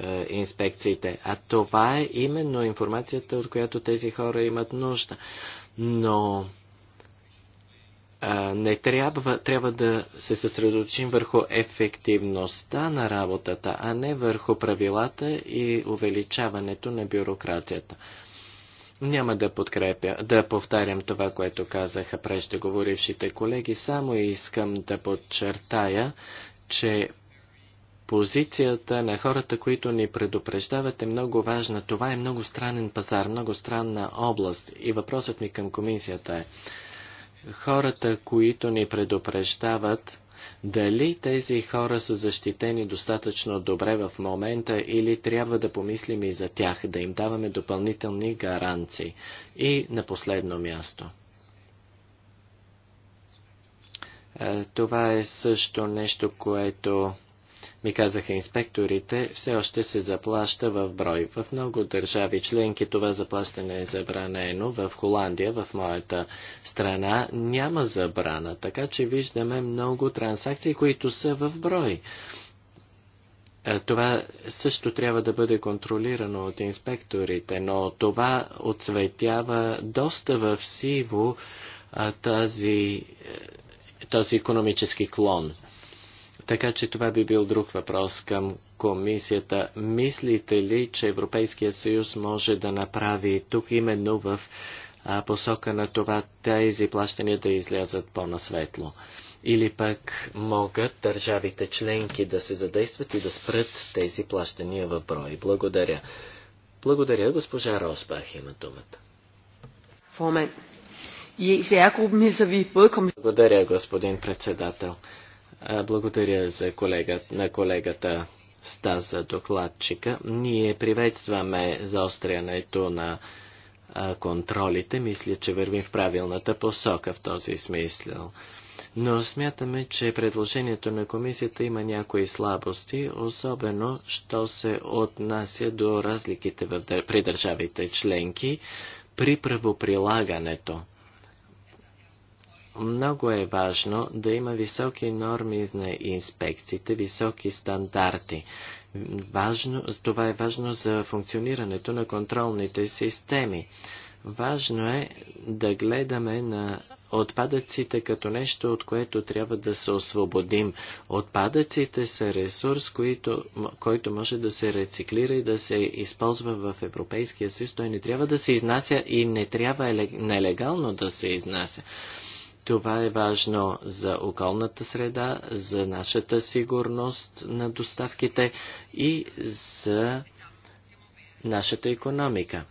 е, инспекциите. А това е именно информацията, от която тези хора имат нужда. Но не трябва, трябва да се съсредоточим върху ефективността на работата, а не върху правилата и увеличаването на бюрокрацията. Няма да подкрепя, да повтарям това, което казаха преждеговорившите колеги, само искам да подчертая, че позицията на хората, които ни предупреждават е много важна. Това е много странен пазар, много странна област и въпросът ми към комисията е хората, които ни предупреждават, дали тези хора са защитени достатъчно добре в момента или трябва да помислим и за тях, да им даваме допълнителни гаранции. И на последно място. Е, това е също нещо, което ми казаха инспекторите, все още се заплаща в брой. В много държави членки това заплащане е забранено. В Холандия, в моята страна, няма забрана. Така че виждаме много транзакции, които са в брой. Е, това също трябва да бъде контролирано от инспекторите, но това отсветява доста в сиво тази, е, този економически клон. Така че това би бил друг въпрос към комисията. Мислите ли, че Европейския съюз може да направи тук именно в посока на това тези плащания да излязат по-насветло? Или пък могат държавите членки да се задействат и да спрат тези плащания в брой? Благодаря. Благодаря, госпожа Росбах има думата. Формен. Благодаря, господин председател. Благодаря за колега, на колегата Стас за докладчика. Ние приветстваме заострянето на контролите. Мисля, че вървим в правилната посока в този смисъл. Но смятаме, че предложението на комисията има някои слабости, особено, що се отнася до разликите при държавите членки при правоприлагането. Много е важно да има високи норми на инспекциите, високи стандарти. Важно, това е важно за функционирането на контролните системи. Важно е да гледаме на отпадъците като нещо, от което трябва да се освободим. Отпадъците са ресурс, който, който може да се рециклира и да се използва в Европейския съюз. Той не трябва да се изнася и не трябва нелегално да се изнася. Това е важно за околната среда, за нашата сигурност на доставките и за нашата економика.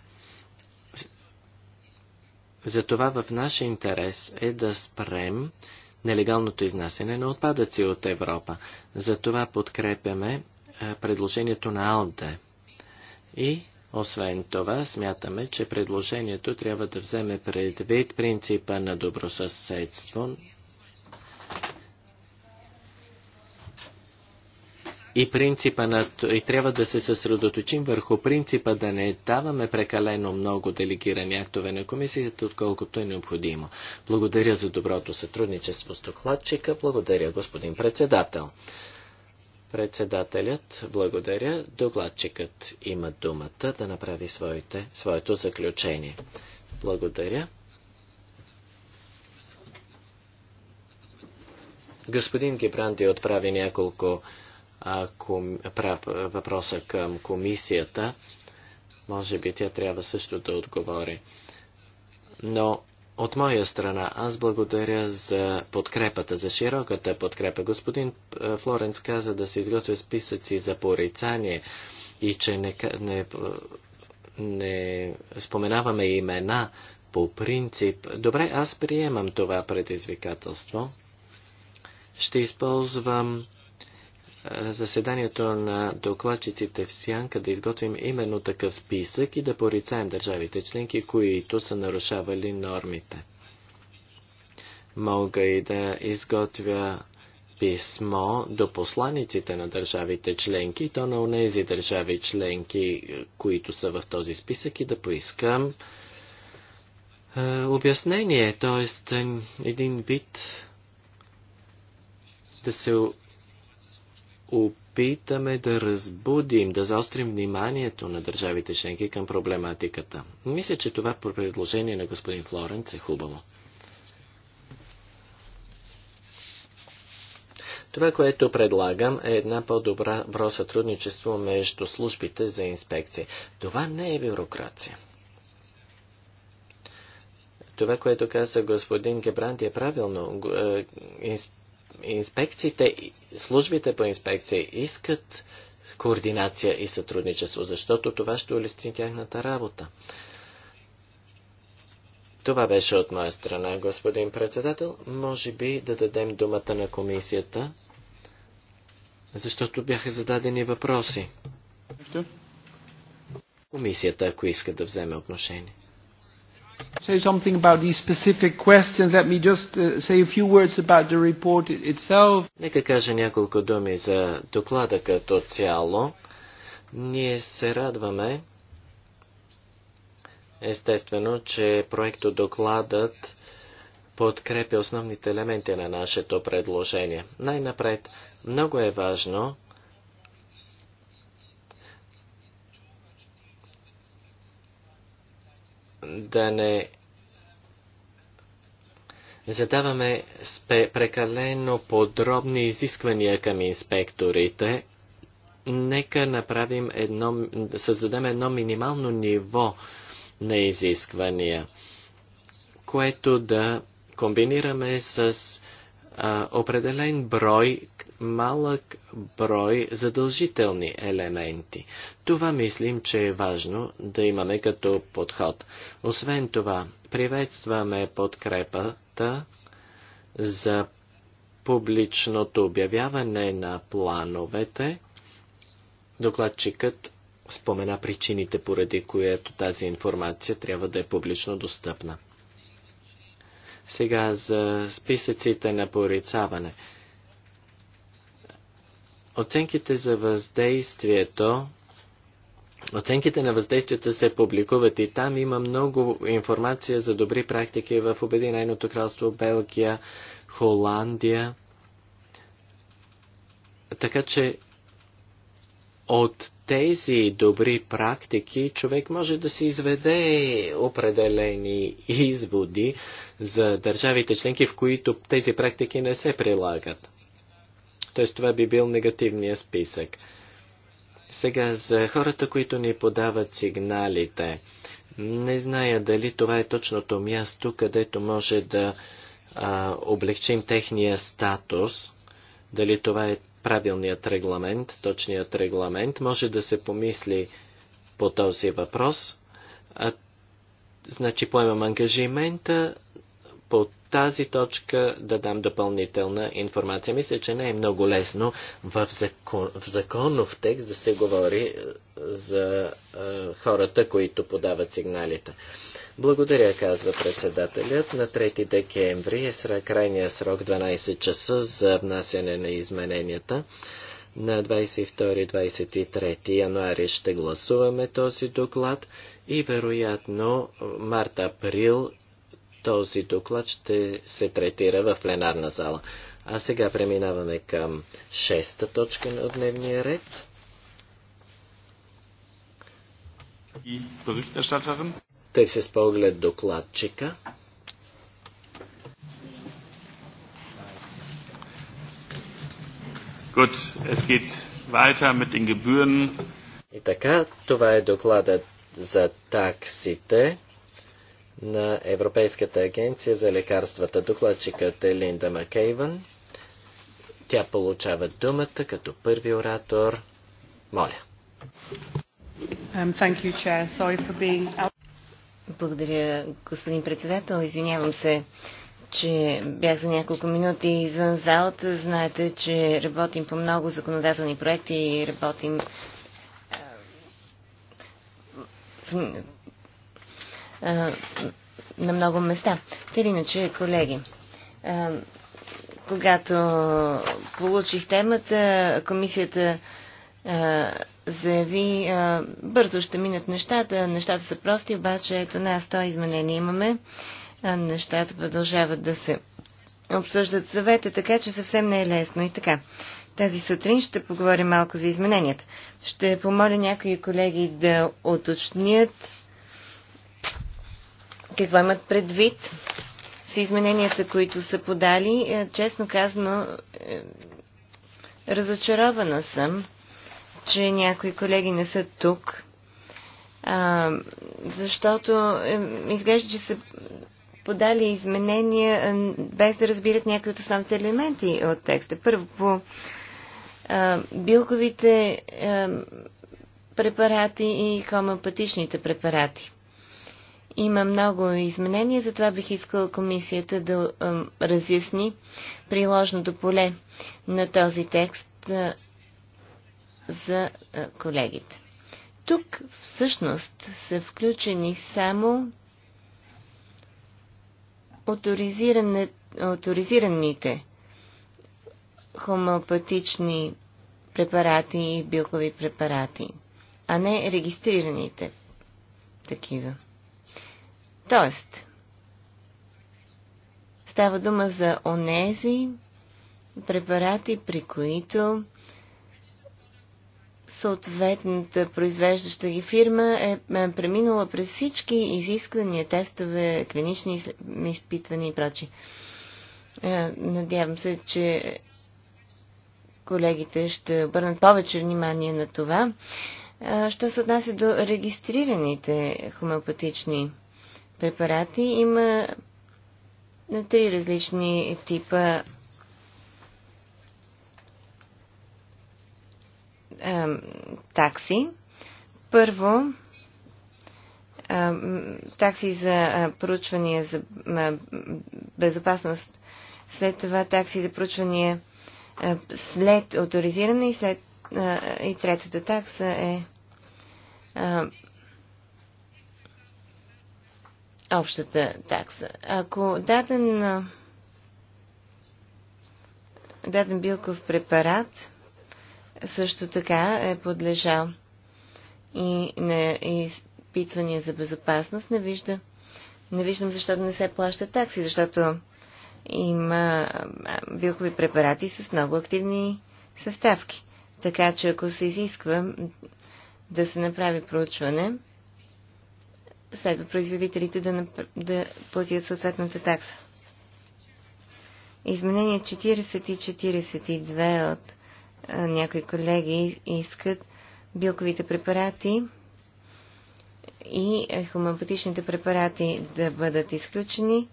Затова в наш интерес е да спрем нелегалното изнасяне на отпадъци от Европа. Затова подкрепяме предложението на АЛДЕ. И освен това, смятаме, че предложението трябва да вземе предвид принципа на добросъседство и принципа на... и трябва да се съсредоточим върху принципа да не даваме прекалено много делегирани актове на комисията, отколкото е необходимо. Благодаря за доброто сътрудничество с докладчика. Благодаря, господин председател. Председателят, благодаря. Докладчикът има думата да направи своите, своето заключение. Благодаря. Господин Гибранди отправи няколко а, ком, прав, въпроса към комисията. Може би тя трябва също да отговори. Но от моя страна, аз благодаря за подкрепата, за широката подкрепа. Господин е, Флоренц каза да се изготвя списъци за порицание и че не, не, е, не споменаваме имена по принцип. Добре, аз приемам това предизвикателство. Ще използвам заседанието на докладчиците в Сянка да изготвим именно такъв списък и да порицаем държавите членки, които са нарушавали нормите. Мога и да изготвя писмо до посланиците на държавите членки, то на унези държави членки, които са в този списък и да поискам е, обяснение, т.е. един вид да се опитаме да разбудим, да заострим вниманието на държавите членки към проблематиката. Мисля, че това предложение на господин Флоренц е хубаво. Това, което предлагам, е една по-добро сътрудничество между службите за инспекция. Това не е бюрокрация. Това, което каза господин Гебранти, е правилно. Е, инспекция инспекциите, службите по инспекция искат координация и сътрудничество, защото това ще улесни тяхната работа. Това беше от моя страна, господин председател. Може би да дадем думата на комисията, защото бяха зададени въпроси. Комисията, ако иска да вземе отношение say something about these specific questions, let me just uh, say a few words about the report itself. Нека кажа няколко думи за доклада като цяло. Ние се радваме, естествено, че проекто докладът подкрепя основните елементи на нашето предложение. Най-напред, много е важно да не задаваме прекалено подробни изисквания към инспекторите. Нека направим едно, създадем едно минимално ниво на изисквания, което да комбинираме с а, определен брой малък брой задължителни елементи. Това мислим, че е важно да имаме като подход. Освен това, приветстваме подкрепата за публичното обявяване на плановете. Докладчикът спомена причините, поради което тази информация трябва да е публично достъпна. Сега за списъците на порицаване. Оценките за въздействието Оценките на въздействията се публикуват и там има много информация за добри практики в Обединеното кралство, Белгия, Холандия. Така че от тези добри практики човек може да си изведе определени изводи за държавите членки, в които тези практики не се прилагат. Т.е. това би бил негативния списък. Сега за хората, които ни подават сигналите. Не зная дали това е точното място, където може да а, облегчим техния статус. Дали това е правилният регламент, точният регламент. Може да се помисли по този въпрос. А, значи поемам ангажимента по тази точка да дам допълнителна информация. Мисля, че не е много лесно в, закон, в законов текст да се говори е, за е, хората, които подават сигналите. Благодаря, казва председателят. На 3 декември е крайния срок 12 часа за внасяне на измененията. На 22-23 януари ще гласуваме този доклад и вероятно март-април този доклад ще се третира в пленарна зала. А сега преминаваме към шеста точка на дневния ред. И Тъй се споглед поглед докладчика. es geht weiter mit den Gebühren. И така, това е докладът за таксите на Европейската агенция за лекарствата. Докладчикът е Линда Макейвън. Тя получава думата като първи оратор. Моля. Um, Благодаря, господин председател. Извинявам се, че бях за няколко минути извън залата. Знаете, че работим по много законодателни проекти и работим на много места. Те иначе, колеги, когато получих темата, комисията заяви, бързо ще минат нещата, нещата са прости, обаче ето нас 100 изменения имаме, нещата продължават да се обсъждат съвета, така че съвсем не е лесно и така. Тази сутрин ще поговорим малко за измененията. Ще помоля някои колеги да оточнят какво имат предвид с измененията, които са подали. Е, честно казано, е, разочарована съм, че някои колеги не са тук, защото е, изглежда, че са подали изменения без да разбират някои от основните елементи от текста. Първо, по билковите препарати и хомеопатичните препарати. Има много изменения, затова бих искала комисията да разясни приложното поле на този текст за колегите. Тук всъщност са включени само авторизираните хомеопатични препарати и билкови препарати, а не регистрираните такива. Тоест, става дума за онези препарати, при които съответната произвеждаща ги фирма е, е преминала през всички изисквания, тестове, клинични изпитвания и прочи. Е, надявам се, че колегите ще обърнат повече внимание на това. Е, що се отнася до регистрираните хомеопатични препарати. Има на три различни типа а, такси. Първо, а, такси за а, проучвания за а, безопасност, след това такси за проучвания а, след авторизиране и, след, а, и третата такса е общата такса. Ако даден, даден билков препарат също така е подлежал и на изпитвания за безопасност, не, вижда, не виждам защо да не се плаща такси, защото има билкови препарати с много активни съставки. Така че ако се изисква да се направи проучване, следва производителите да, напр... да платят съответната такса. Изменения 40 и 42 от а, някои колеги искат билковите препарати и хомеопатичните препарати да бъдат изключени.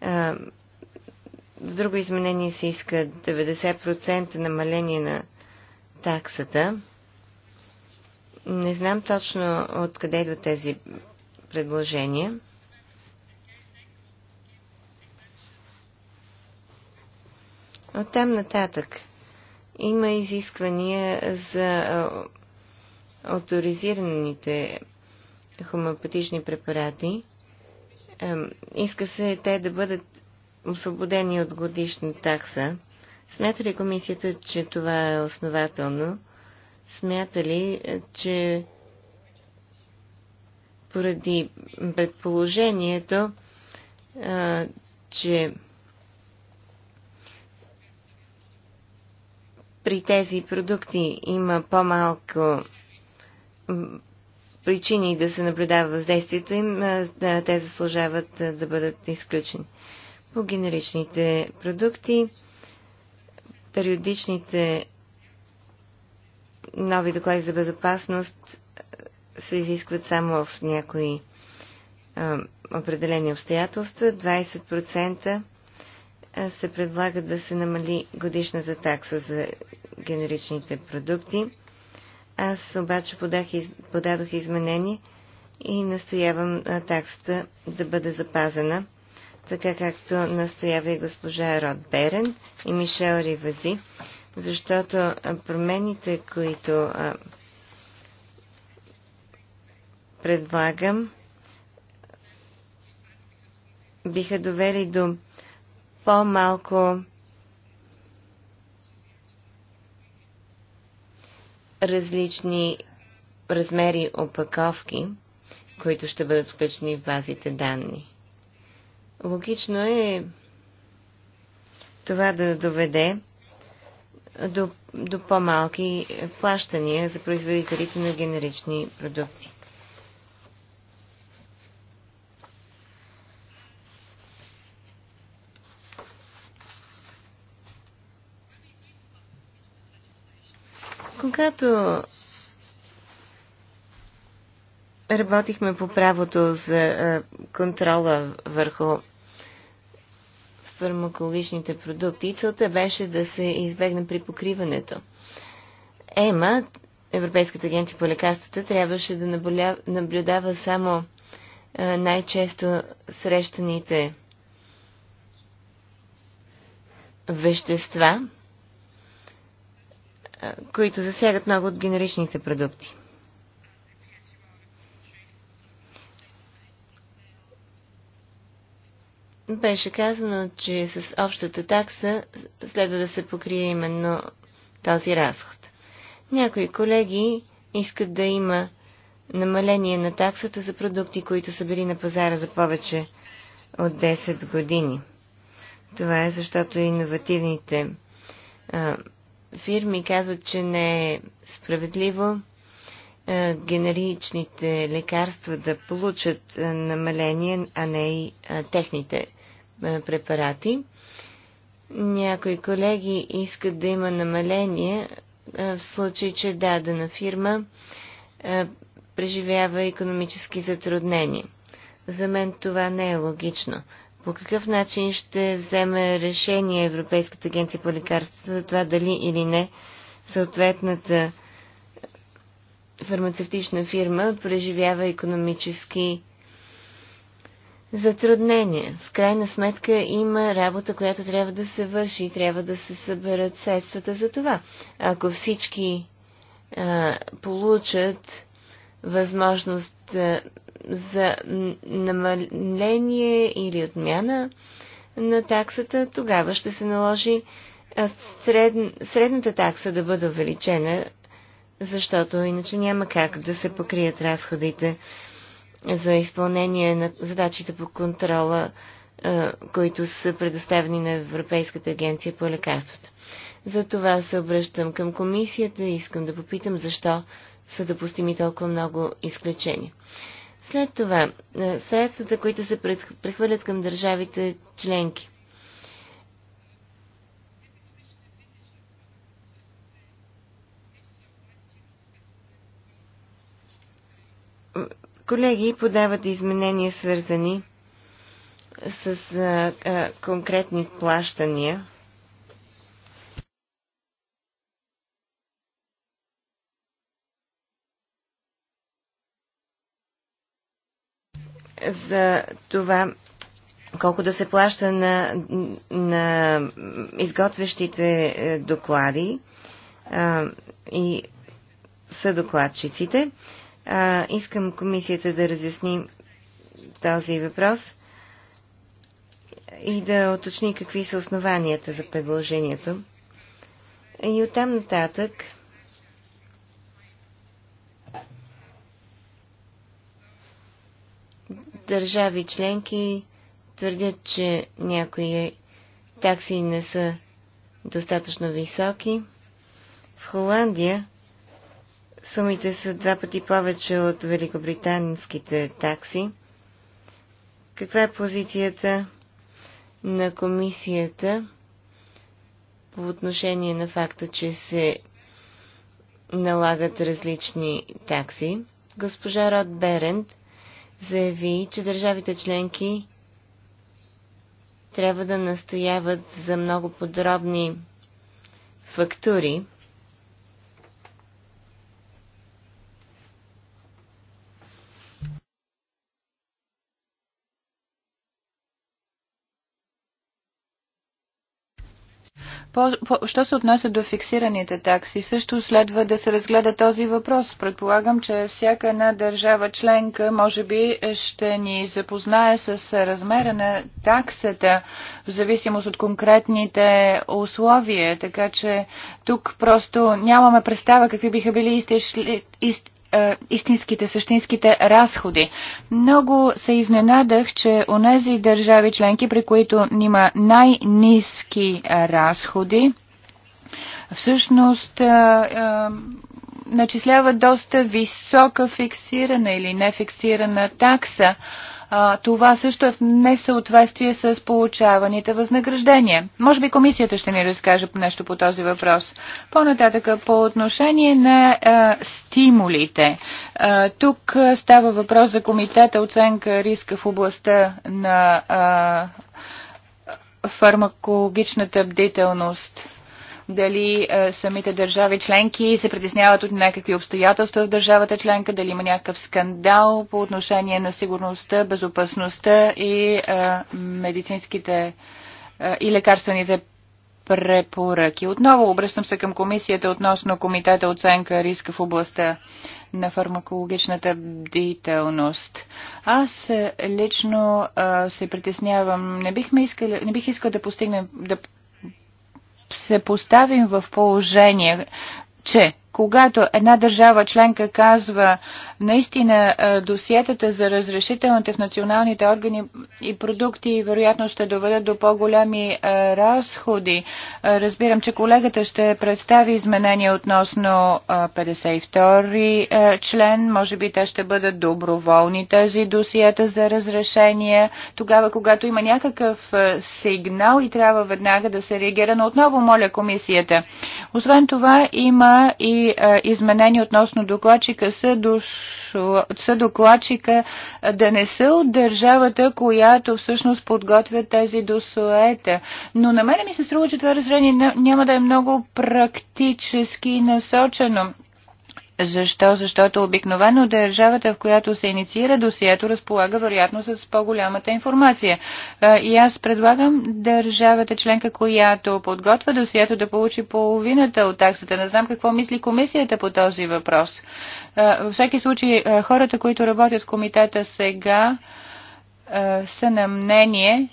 А, в друго изменение се иска 90% намаление на таксата. Не знам точно откъде до тези предложение. От там нататък има изисквания за авторизираните хомеопатични препарати. Иска се те да бъдат освободени от годишна такса. Смята ли комисията, че това е основателно? Смята ли, че поради предположението, че при тези продукти има по-малко причини да се наблюдава въздействието им, да, те заслужават да бъдат изключени. По генеричните продукти, периодичните нови доклади за безопасност се изискват само в някои а, определени обстоятелства. 20% се предлага да се намали годишната такса за генеричните продукти. Аз обаче подах, подадох изменение и настоявам таксата да бъде запазена, така както настоява и госпожа Род Берен и Мишел Ривази, защото промените, които предлагам, биха довели до по-малко различни размери опаковки, които ще бъдат включени в базите данни. Логично е това да доведе до, до по-малки плащания за производителите на генерични продукти. Когато работихме по правото за контрола върху фармакологичните продукти, целта беше да се избегне при покриването. ЕМА, Европейската агенция по лекарствата, трябваше да наблюдава само най-често срещаните вещества, които засягат много от генеричните продукти. Беше казано, че с общата такса следва да се покрие именно този разход. Някои колеги искат да има намаление на таксата за продукти, които са били на пазара за повече от 10 години. Това е защото иновативните фирми казват, че не е справедливо е, генеричните лекарства да получат е, намаление, а не и е, техните препарати. Някои колеги искат да има намаление в случай, че дадена фирма преживява економически затруднения. За мен това не е логично по какъв начин ще вземе решение Европейската агенция по лекарствата за това дали или не съответната фармацевтична фирма преживява економически затруднения. В крайна сметка има работа, която трябва да се върши и трябва да се съберат средствата за това. Ако всички а, получат възможност е, за намаление или отмяна на таксата, тогава ще се наложи е, сред, средната такса да бъде увеличена, защото иначе няма как да се покрият разходите за изпълнение на задачите по контрола, е, които са предоставени на Европейската агенция по лекарствата. За това се обръщам към комисията и искам да попитам защо са допустими толкова много изключения. След това, е, средствата, които се прехвърлят към държавите членки. Колеги подават изменения, свързани с а, е, а, е, конкретни плащания – за това колко да се плаща на, на изготвящите е, доклади а, и съдокладчиците. А, искам комисията да разясни този въпрос и да уточни какви са основанията за предложението. И оттам нататък държави членки твърдят, че някои такси не са достатъчно високи. В Холандия сумите са два пъти повече от великобританските такси. Каква е позицията на комисията по отношение на факта, че се налагат различни такси? Госпожа Род Берент заяви, че държавите членки трябва да настояват за много подробни фактури По, по, що се отнася до фиксираните такси, също следва да се разгледа този въпрос. Предполагам, че всяка една държава членка може би ще ни запознае с размера на таксата в зависимост от конкретните условия, така че тук просто нямаме представа какви биха били истишли, ист, е, истинските, същинските разходи. Много се изненадах, че у нези държави членки, при които има най-низки е, разходи, всъщност е, начисляват доста висока фиксирана или нефиксирана такса а, това също е в несъответствие с получаваните възнаграждения. Може би комисията ще ни разкаже нещо по този въпрос. по нататък по отношение на а, стимулите. А, тук става въпрос за комитета оценка риска в областта на а, фармакологичната бдителност дали е, самите държави членки се притесняват от някакви обстоятелства в държавата членка, дали има някакъв скандал по отношение на сигурността, безопасността и е, медицинските е, и лекарствените препоръки. Отново обръщам се към комисията относно комитета оценка риска в областта на фармакологичната бдителност. Аз е, лично а, е, се притеснявам. Не, бихме искали, не бих искал да постигнем, да се поставим в положение, че когато една държава членка казва наистина досиетата за разрешителните в националните органи и продукти вероятно ще доведат до по-голями разходи. Разбирам, че колегата ще представи изменения относно 52 член. Може би те ще бъдат доброволни тези досиета за разрешение. Тогава, когато има някакъв сигнал и трябва веднага да се реагира, но отново моля комисията. Освен това има и е, изменения относно докладчика са, дошла, са докладчика е, да не са от държавата, която всъщност подготвя тези досуета. Но на мен ми се струва, че това разрешение няма да е много практически насочено. Защо? Защото обикновено държавата, в която се инициира досието, разполага вероятно с по-голямата информация. И аз предлагам държавата членка, която подготвя досието, да получи половината от таксата. Не знам какво мисли комисията по този въпрос. Във всеки случай, хората, които работят в комитета сега, са на мнение,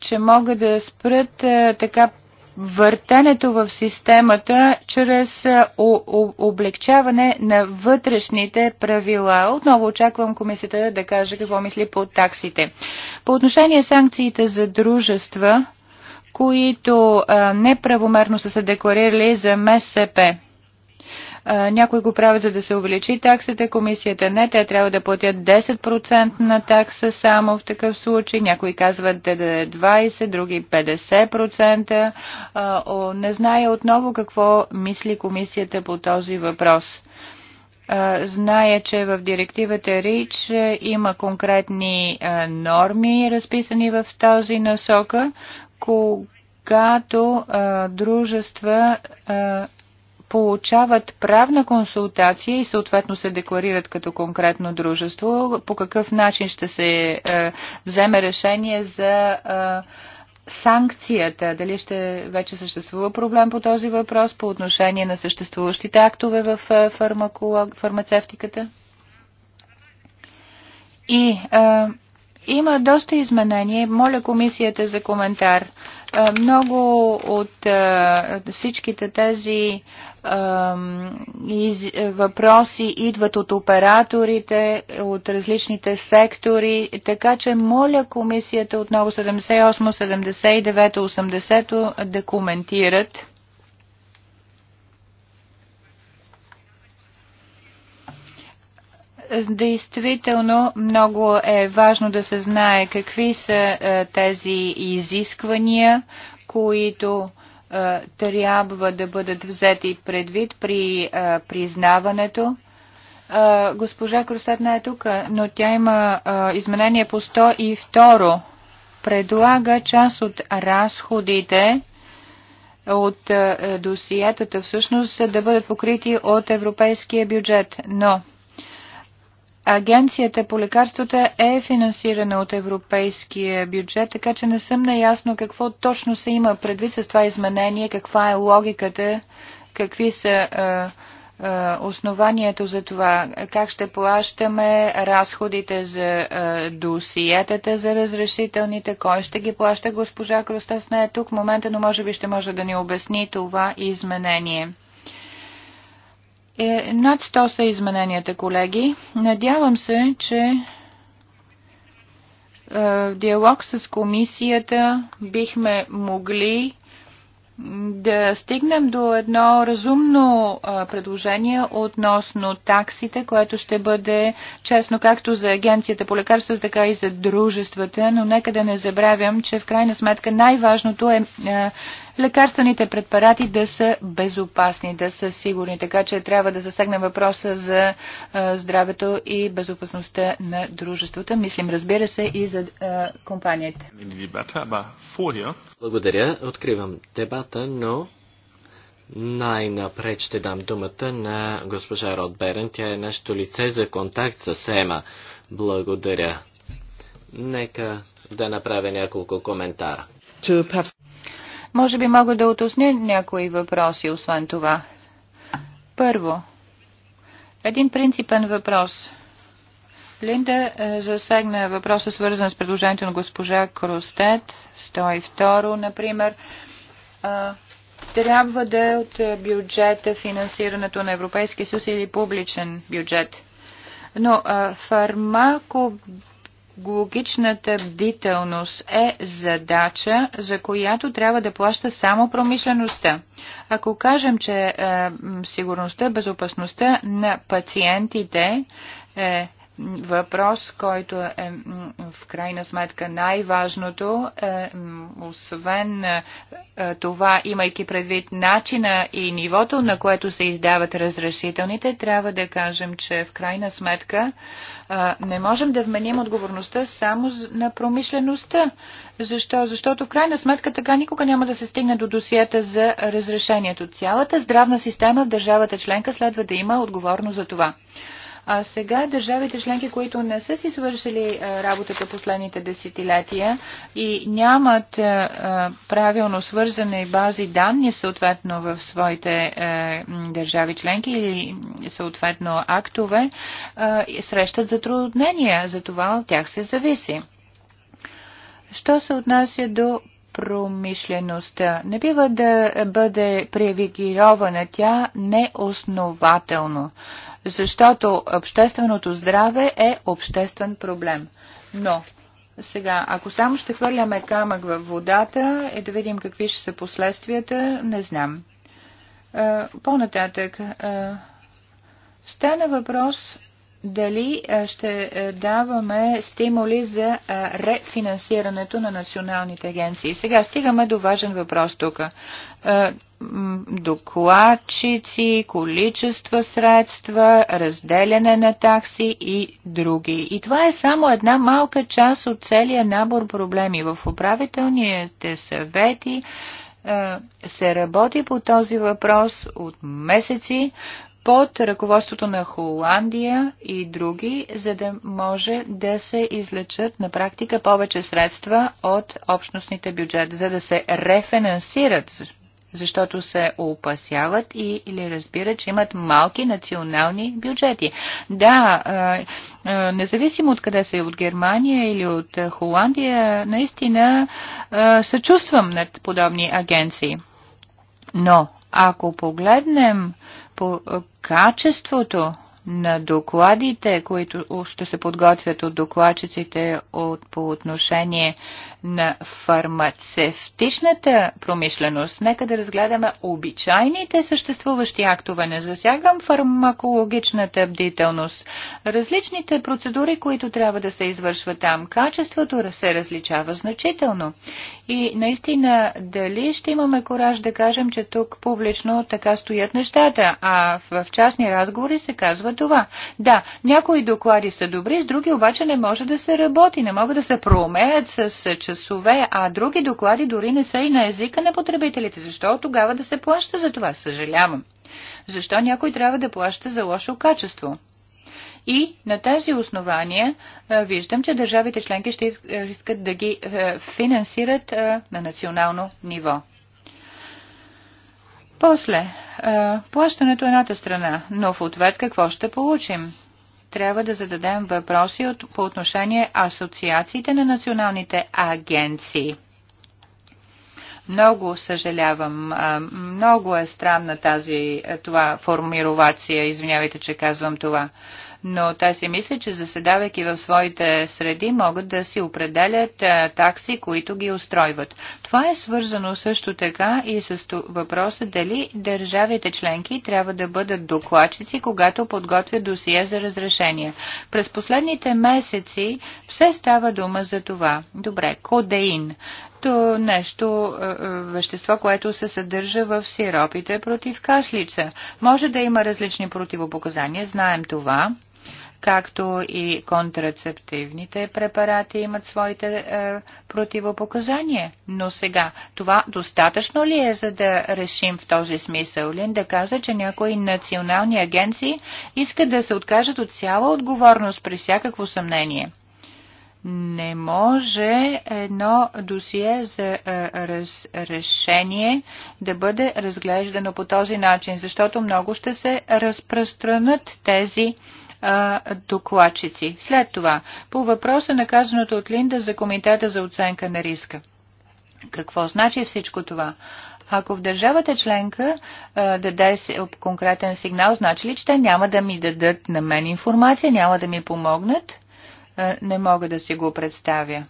че могат да спрат така въртенето в системата чрез облегчаване на вътрешните правила. Отново очаквам комисията да каже какво мисли по таксите. По отношение санкциите за дружества, които неправомерно са се декларирали за МСП. Някои го правят за да се увеличи таксата, комисията не. Те трябва да платят 10% на такса само в такъв случай. Някои казват да е 20, други 50%. Не зная отново какво мисли комисията по този въпрос. Зная, че в директивата РИЧ има конкретни норми, разписани в този насока, когато дружества получават правна консултация и съответно се декларират като конкретно дружество, по какъв начин ще се е, вземе решение за е, санкцията, дали ще вече съществува проблем по този въпрос по отношение на съществуващите актове в е, фармаколог, фармацевтиката? И е, има доста изменения. Моля комисията за коментар. Е, много от е, всичките тези въпроси идват от операторите, от различните сектори, така че моля комисията отново 78, 79, 80 да коментират Действително много е важно да се знае какви са е, тези изисквания, които е, трябва да бъдат взети предвид при е, признаването. Госпожа Кросетна е тук, но тя има изменение по 102. Предлага част от разходите от досиетата всъщност да бъдат покрити от европейския бюджет. Но Агенцията по лекарствата е финансирана от европейския бюджет, така че не съм наясно какво точно се има предвид с това изменение, каква е логиката, какви са а, а, основанието за това, как ще плащаме разходите за а, досиетата, за разрешителните, кой ще ги плаща. Госпожа Кростас не е тук в момента, но може би ще може да ни обясни това изменение. Е, над 100 са измененията, колеги. Надявам се, че е, в диалог с комисията бихме могли да стигнем до едно разумно е, предложение относно таксите, което ще бъде честно както за Агенцията по лекарство, така и за дружествата, но нека да не забравям, че в крайна сметка най-важното е, е лекарствените препарати да са безопасни, да са сигурни. Така че трябва да засегнем въпроса за е, здравето и безопасността на дружествата. Мислим, разбира се, и за е, компаниите. Благодаря. Откривам дебата, но най-напред ще дам думата на госпожа Род Берен. Тя е нашето лице за контакт с ЕМА. Благодаря. Нека да направя няколко коментара. Може би мога да уточня някои въпроси, освен това. Първо, един принципен въпрос. Линда е, засегна въпроса, свързан с предложението на госпожа Кростет, 102, например. Трябва да е от бюджета финансирането на Европейския съюз или публичен бюджет. Но фармако екологичната бдителност е задача, за която трябва да плаща само промишлеността. Ако кажем, че е, сигурността, безопасността на пациентите е въпрос, който е в крайна сметка най-важното, е, освен е, е, това, имайки предвид начина и нивото, на което се издават разрешителните, трябва да кажем, че в крайна сметка е, не можем да вменим отговорността само на промишлеността. Защо? Защото в крайна сметка така никога няма да се стигне до досията за разрешението. Цялата здравна система в държавата членка следва да има отговорност за това. А сега държавите членки, които не са си свършили работата последните десетилетия и нямат правилно свързани бази данни съответно в своите държави членки или съответно актове, срещат затруднения. Затова от тях се зависи. Що се отнася до промишлеността. Не бива да бъде привигирована тя неоснователно защото общественото здраве е обществен проблем. Но сега, ако само ще хвърляме камък във водата, и да видим какви ще са последствията, не знам. Е, по-нататък, е, стана въпрос дали ще е, даваме стимули за рефинансирането на националните агенции. Сега стигаме до важен въпрос тук. Докладчици, количества средства, разделяне на такси и други. И това е само една малка част от целия набор проблеми в управителните съвети се работи по този въпрос от месеци под ръководството на Холандия и други, за да може да се излечат на практика повече средства от общностните бюджета, за да се рефинансират, защото се опасяват и, или разбират, че имат малки национални бюджети. Да, независимо от къде са, от Германия или от Холандия, наистина съчувствам над подобни агенции. Но ако погледнем по качеството на докладите, които ще се подготвят от докладчиците от, по отношение на фармацевтичната промишленост, нека да разгледаме обичайните съществуващи актове. Не засягам фармакологичната бдителност. Различните процедури, които трябва да се извършват там, качеството се различава значително. И наистина, дали ще имаме кораж да кажем, че тук публично така стоят нещата, а в частни разговори се казва това. Да, някои доклади са добри, с други обаче не може да се работи, не могат да се проумеят с часове, а други доклади дори не са и на езика на потребителите. Защо тогава да се плаща за това? Съжалявам. Защо някой трябва да плаща за лошо качество? И на тези основания виждам, че държавите членки ще искат да ги финансират на национално ниво. После, плащането е едната страна, но в ответ какво ще получим? трябва да зададем въпроси от, по отношение асоциациите на националните агенции. Много съжалявам. Много е странна тази, това формировация. Извинявайте, че казвам това но те си мислят, че заседавайки в своите среди могат да си определят такси, които ги устройват. Това е свързано също така и с въпроса дали държавите членки трябва да бъдат докладчици, когато подготвят досие за разрешение. През последните месеци все става дума за това. Добре, кодеин нещо, вещество, което се съдържа в сиропите против кашлица. Може да има различни противопоказания, знаем това, както и контрацептивните препарати имат своите е, противопоказания. Но сега, това достатъчно ли е, за да решим в този смисъл? Лин да каза, че някои национални агенции искат да се откажат от цяла отговорност при всякакво съмнение. Не може едно досие за е, решение да бъде разглеждано по този начин, защото много ще се разпространят тези а, докладчици. След това, по въпроса на казаното от Линда за Комитета за оценка на риска. Какво значи всичко това? Ако в държавата членка а, даде конкретен сигнал, значи ли, че те няма да ми дадат на мен информация, няма да ми помогнат? А, не мога да си го представя.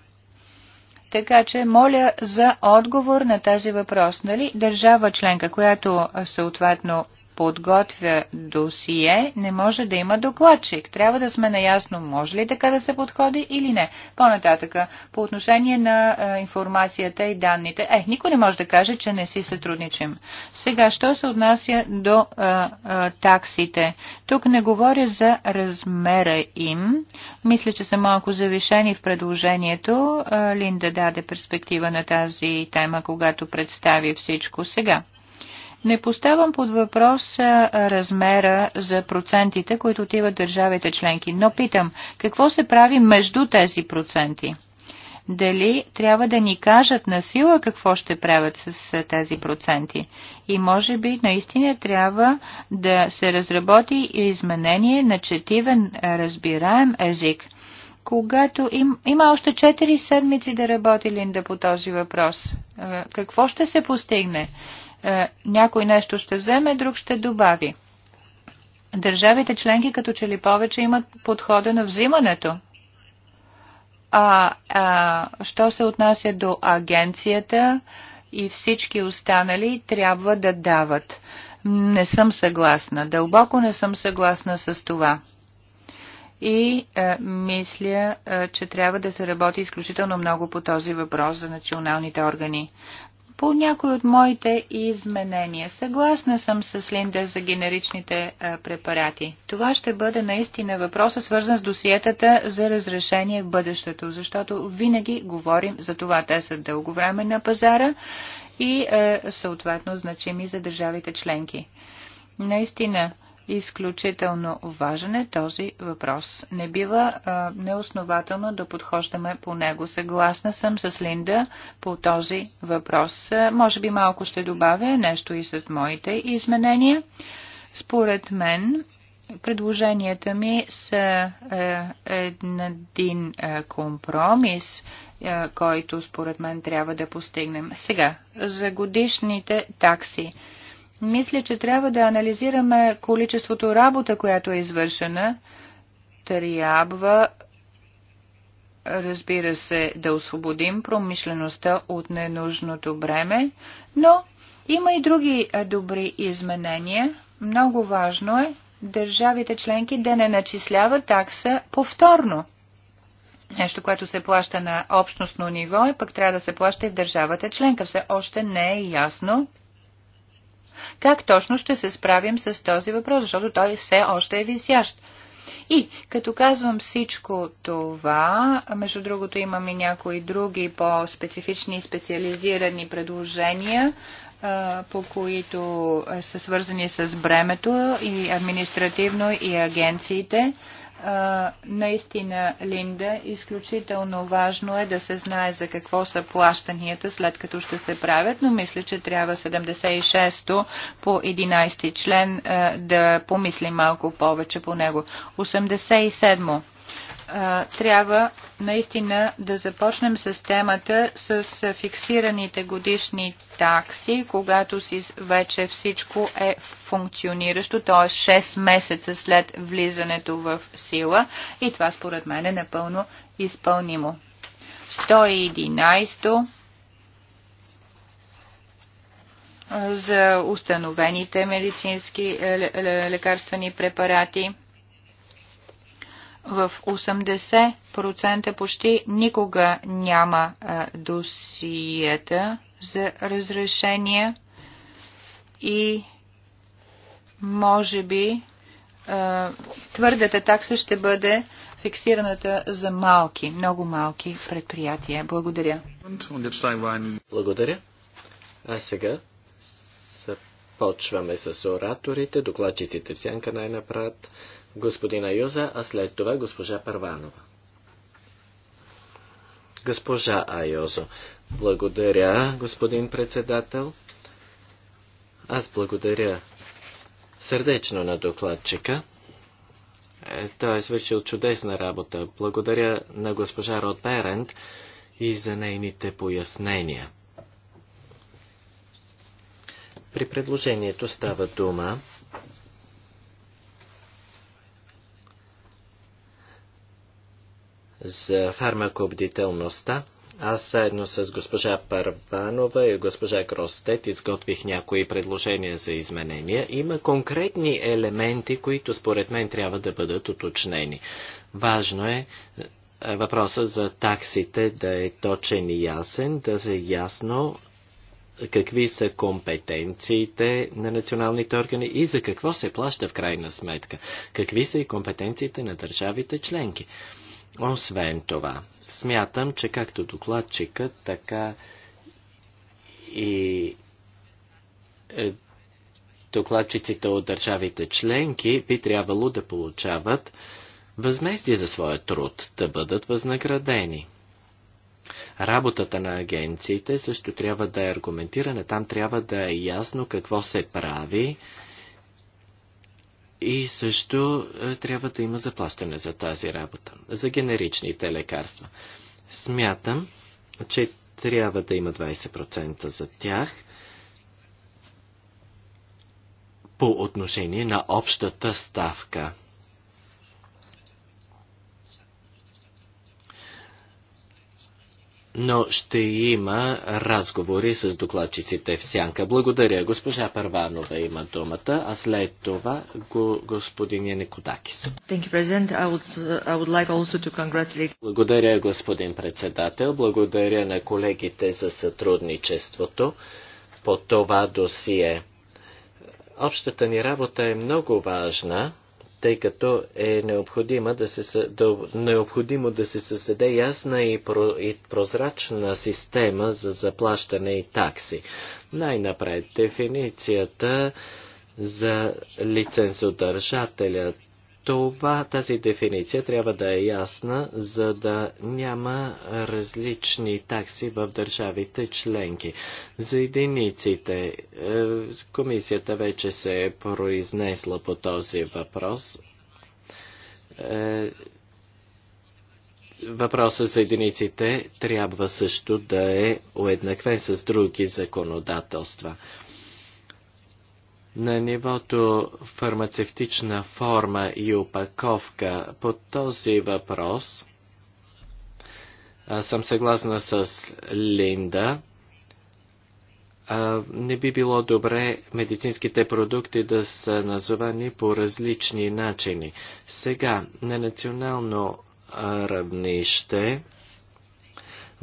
Така че моля за отговор на този въпрос. Нали държава членка, която съответно подготвя досие, не може да има докладчик. Трябва да сме наясно, може ли така да се подходи или не. По-нататъка, по отношение на е, информацията и данните, е, никой не може да каже, че не си сътрудничим. Сега, що се отнася до а, е, а, е, таксите? Тук не говоря за размера им. Мисля, че са малко завишени в предложението. А, Линда даде перспектива на тази тема, когато представи всичко сега. Не поставам под въпрос размера за процентите, които отиват държавите членки, но питам, какво се прави между тези проценти? дали трябва да ни кажат на сила какво ще правят с тези проценти. И може би наистина трябва да се разработи изменение на четивен разбираем език. Когато им, има още 4 седмици да работи Линда по този въпрос, какво ще се постигне? Е, някой нещо ще вземе, друг ще добави. Държавите членки като че ли повече имат подхода на взимането. А, а що се отнася до агенцията и всички останали трябва да дават. Не съм съгласна. Дълбоко не съм съгласна с това и е, мисля, е, че трябва да се работи изключително много по този въпрос за националните органи по някои от моите изменения. Съгласна съм с Линда за генеричните е, препарати. Това ще бъде наистина въпроса, свързан с досиетата за разрешение в бъдещето, защото винаги говорим за това. Те са дълго време на пазара и е, съответно значими за държавите членки. Наистина, изключително важен е този въпрос. Не бива а, неоснователно да подхождаме по него. Съгласна съм с Линда по този въпрос. А, може би малко ще добавя нещо и след моите изменения. Според мен, предложенията ми са е, един е, компромис, е, който според мен трябва да постигнем. Сега, за годишните такси. Мисля, че трябва да анализираме количеството работа, която е извършена. Трябва, разбира се, да освободим промишлеността от ненужното бреме, но има и други добри изменения. Много важно е държавите членки да не начисляват такса повторно. Нещо, което се плаща на общностно ниво и пък трябва да се плаща и в държавата членка. Все още не е ясно как точно ще се справим с този въпрос, защото той все още е висящ. И като казвам всичко това, между другото имам и някои други по-специфични и специализирани предложения, по които са свързани с бремето и административно и агенциите наистина, Линда, изключително важно е да се знае за какво са плащанията след като ще се правят, но мисля, че трябва 76-то по 11 член да помисли малко повече по него. 87-мо трябва наистина да започнем с темата с фиксираните годишни такси, когато си вече всичко е функциониращо, т.е. 6 месеца след влизането в сила и това според мен е напълно изпълнимо. 111 за установените медицински лекарствени препарати – в 80% почти никога няма досиета за разрешение и може би твърдата такса ще бъде фиксираната за малки, много малки предприятия. Благодаря. Благодаря. А сега започваме с ораторите, докладчиците в сянка най-напред господин Йоза, а след това госпожа Първанова. Госпожа Айозо, благодаря, господин председател. Аз благодаря сърдечно на докладчика. Е, той е свършил чудесна работа. Благодаря на госпожа Род Берент и за нейните пояснения. При предложението става дума за фармакобдителността. Аз заедно с госпожа Парванова и госпожа Кростет изготвих някои предложения за изменения. Има конкретни елементи, които според мен трябва да бъдат уточнени. Важно е, е въпросът за таксите да е точен и ясен, да се ясно какви са компетенциите на националните органи и за какво се плаща в крайна сметка, какви са и компетенциите на държавите членки. Освен това, смятам, че както докладчикът, така и е, докладчиците от държавите членки би трябвало да получават възмездие за своя труд, да бъдат възнаградени. Работата на агенциите също трябва да е аргументирана, там трябва да е ясно какво се прави и също е, трябва да има заплащане за тази работа, за генеричните лекарства. Смятам, че трябва да има 20% за тях по отношение на общата ставка. но ще има разговори с докладчиците в сянка. Благодаря. Госпожа Първанова има думата, а след това го, господин Яникодакис. Like Благодаря, господин председател. Благодаря на колегите за сътрудничеството по това досие. Общата ни работа е много важна тъй като е необходимо да се, да, необходимо да се създаде ясна и, про, и прозрачна система за заплащане и такси. Най-напред дефиницията за лицензодържателят. Това, тази дефиниция трябва да е ясна, за да няма различни такси в държавите членки. За единиците е, комисията вече се е произнесла по този въпрос. Е, въпросът за единиците трябва също да е уеднаквен с други законодателства на нивото фармацевтична форма и опаковка. По този въпрос съм съгласна с Линда. Не би било добре медицинските продукти да са назовани по различни начини. Сега на национално равнище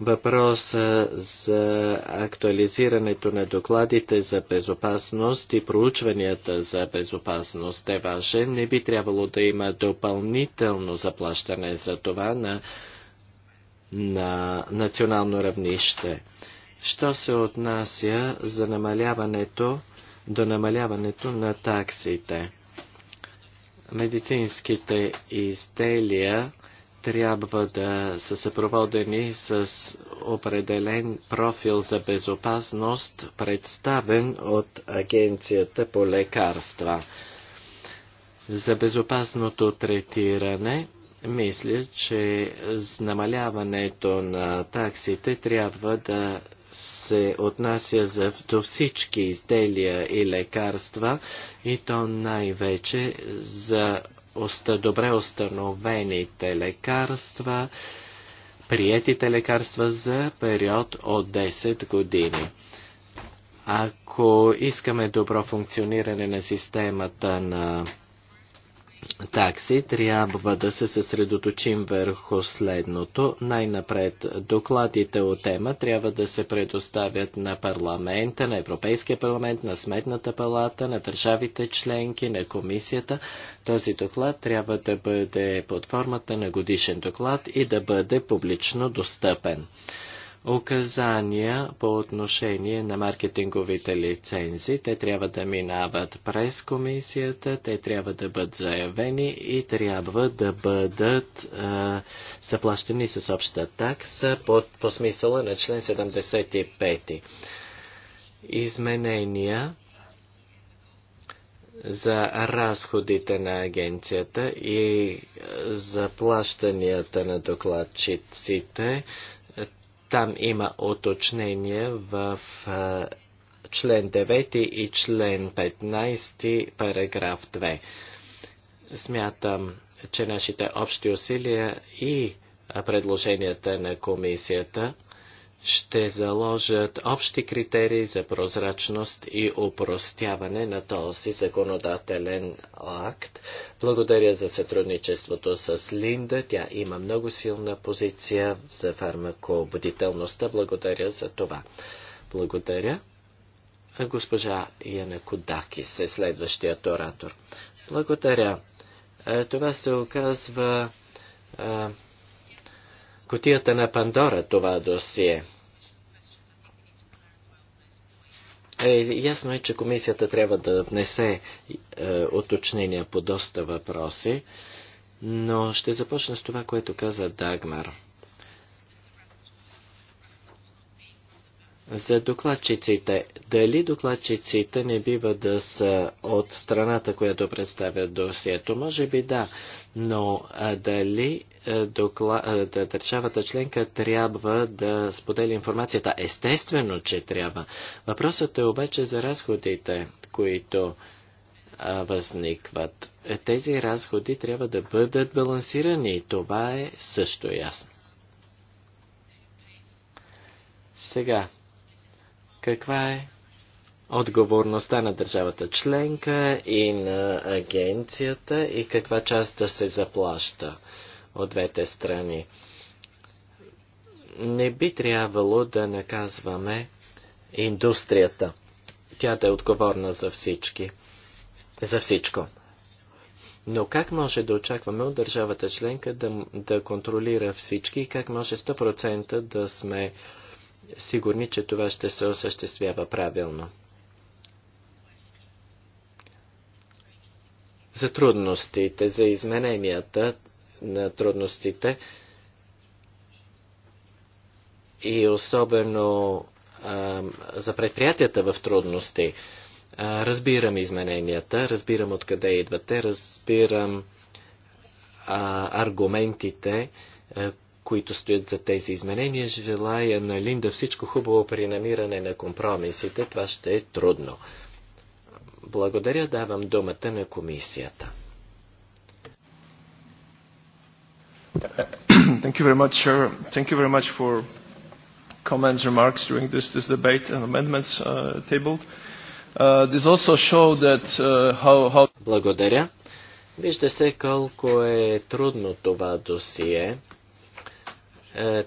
Въпрос за актуализирането на докладите за безопасност и проучванията за безопасност е важен. Не би трябвало да има допълнително заплащане за това на, на национално равнище. Що се отнася за намаляването до намаляването на таксите? Медицинските изделия трябва да са съпроводени с определен профил за безопасност, представен от Агенцията по лекарства. За безопасното третиране мисля, че намаляването на таксите трябва да се отнася за, до всички изделия и лекарства, и то най-вече за добре установените лекарства, приетите лекарства за период от 10 години. Ако искаме добро функциониране на системата на такси трябва да се съсредоточим върху следното. Най-напред докладите от тема трябва да се предоставят на парламента, на Европейския парламент, на Сметната палата, на държавите членки, на комисията. Този доклад трябва да бъде под формата на годишен доклад и да бъде публично достъпен указания по отношение на маркетинговите лицензи. Те трябва да минават през комисията, те трябва да бъдат заявени и трябва да бъдат а, заплащани с обща такса по, по смисъла на член 75. Изменения за разходите на агенцията и заплащанията на докладчиците там има уточнение в член 9 и член 15, параграф 2. Смятам, че нашите общи усилия и предложенията на комисията – ще заложат общи критерии за прозрачност и упростяване на този законодателен акт. Благодаря за сътрудничеството с Линда. Тя има много силна позиция за фармакобудителността. Благодаря за това. Благодаря. Госпожа Яна Кодакис е следващият оратор. Благодаря. Това се оказва котията на Пандора това досие. Е, ясно е, че комисията трябва да внесе е, уточнения по доста въпроси, но ще започна с това, което каза Дагмар. За докладчиците. Дали докладчиците не бива да са от страната, която представя досието? Може би да, но а, дали а, докла... а, да, държавата членка трябва да споделя информацията? Естествено, че трябва. Въпросът е обаче за разходите, които а, възникват. Тези разходи трябва да бъдат балансирани. Това е също ясно. Сега, каква е отговорността на държавата членка и на агенцията и каква част да се заплаща от двете страни. Не би трябвало да наказваме индустрията. Тя да е отговорна за всички. За всичко. Но как може да очакваме от държавата членка да, да контролира всички и как може 100% да сме сигурни, че това ще се осъществява правилно? за трудностите, за измененията на трудностите и особено а, за предприятията в трудности. А, разбирам измененията, разбирам откъде идвате, разбирам а, аргументите, а, които стоят за тези изменения. Желая на Линда всичко хубаво при намиране на компромисите. Това ще е трудно. Благодаря, давам думата на комисията. Thank you very much, sir. Thank you very much for comments, remarks during this, this debate and amendments uh, tabled. Uh, this also show that uh, how, how... Благодаря. Вижда се колко е трудно това досие.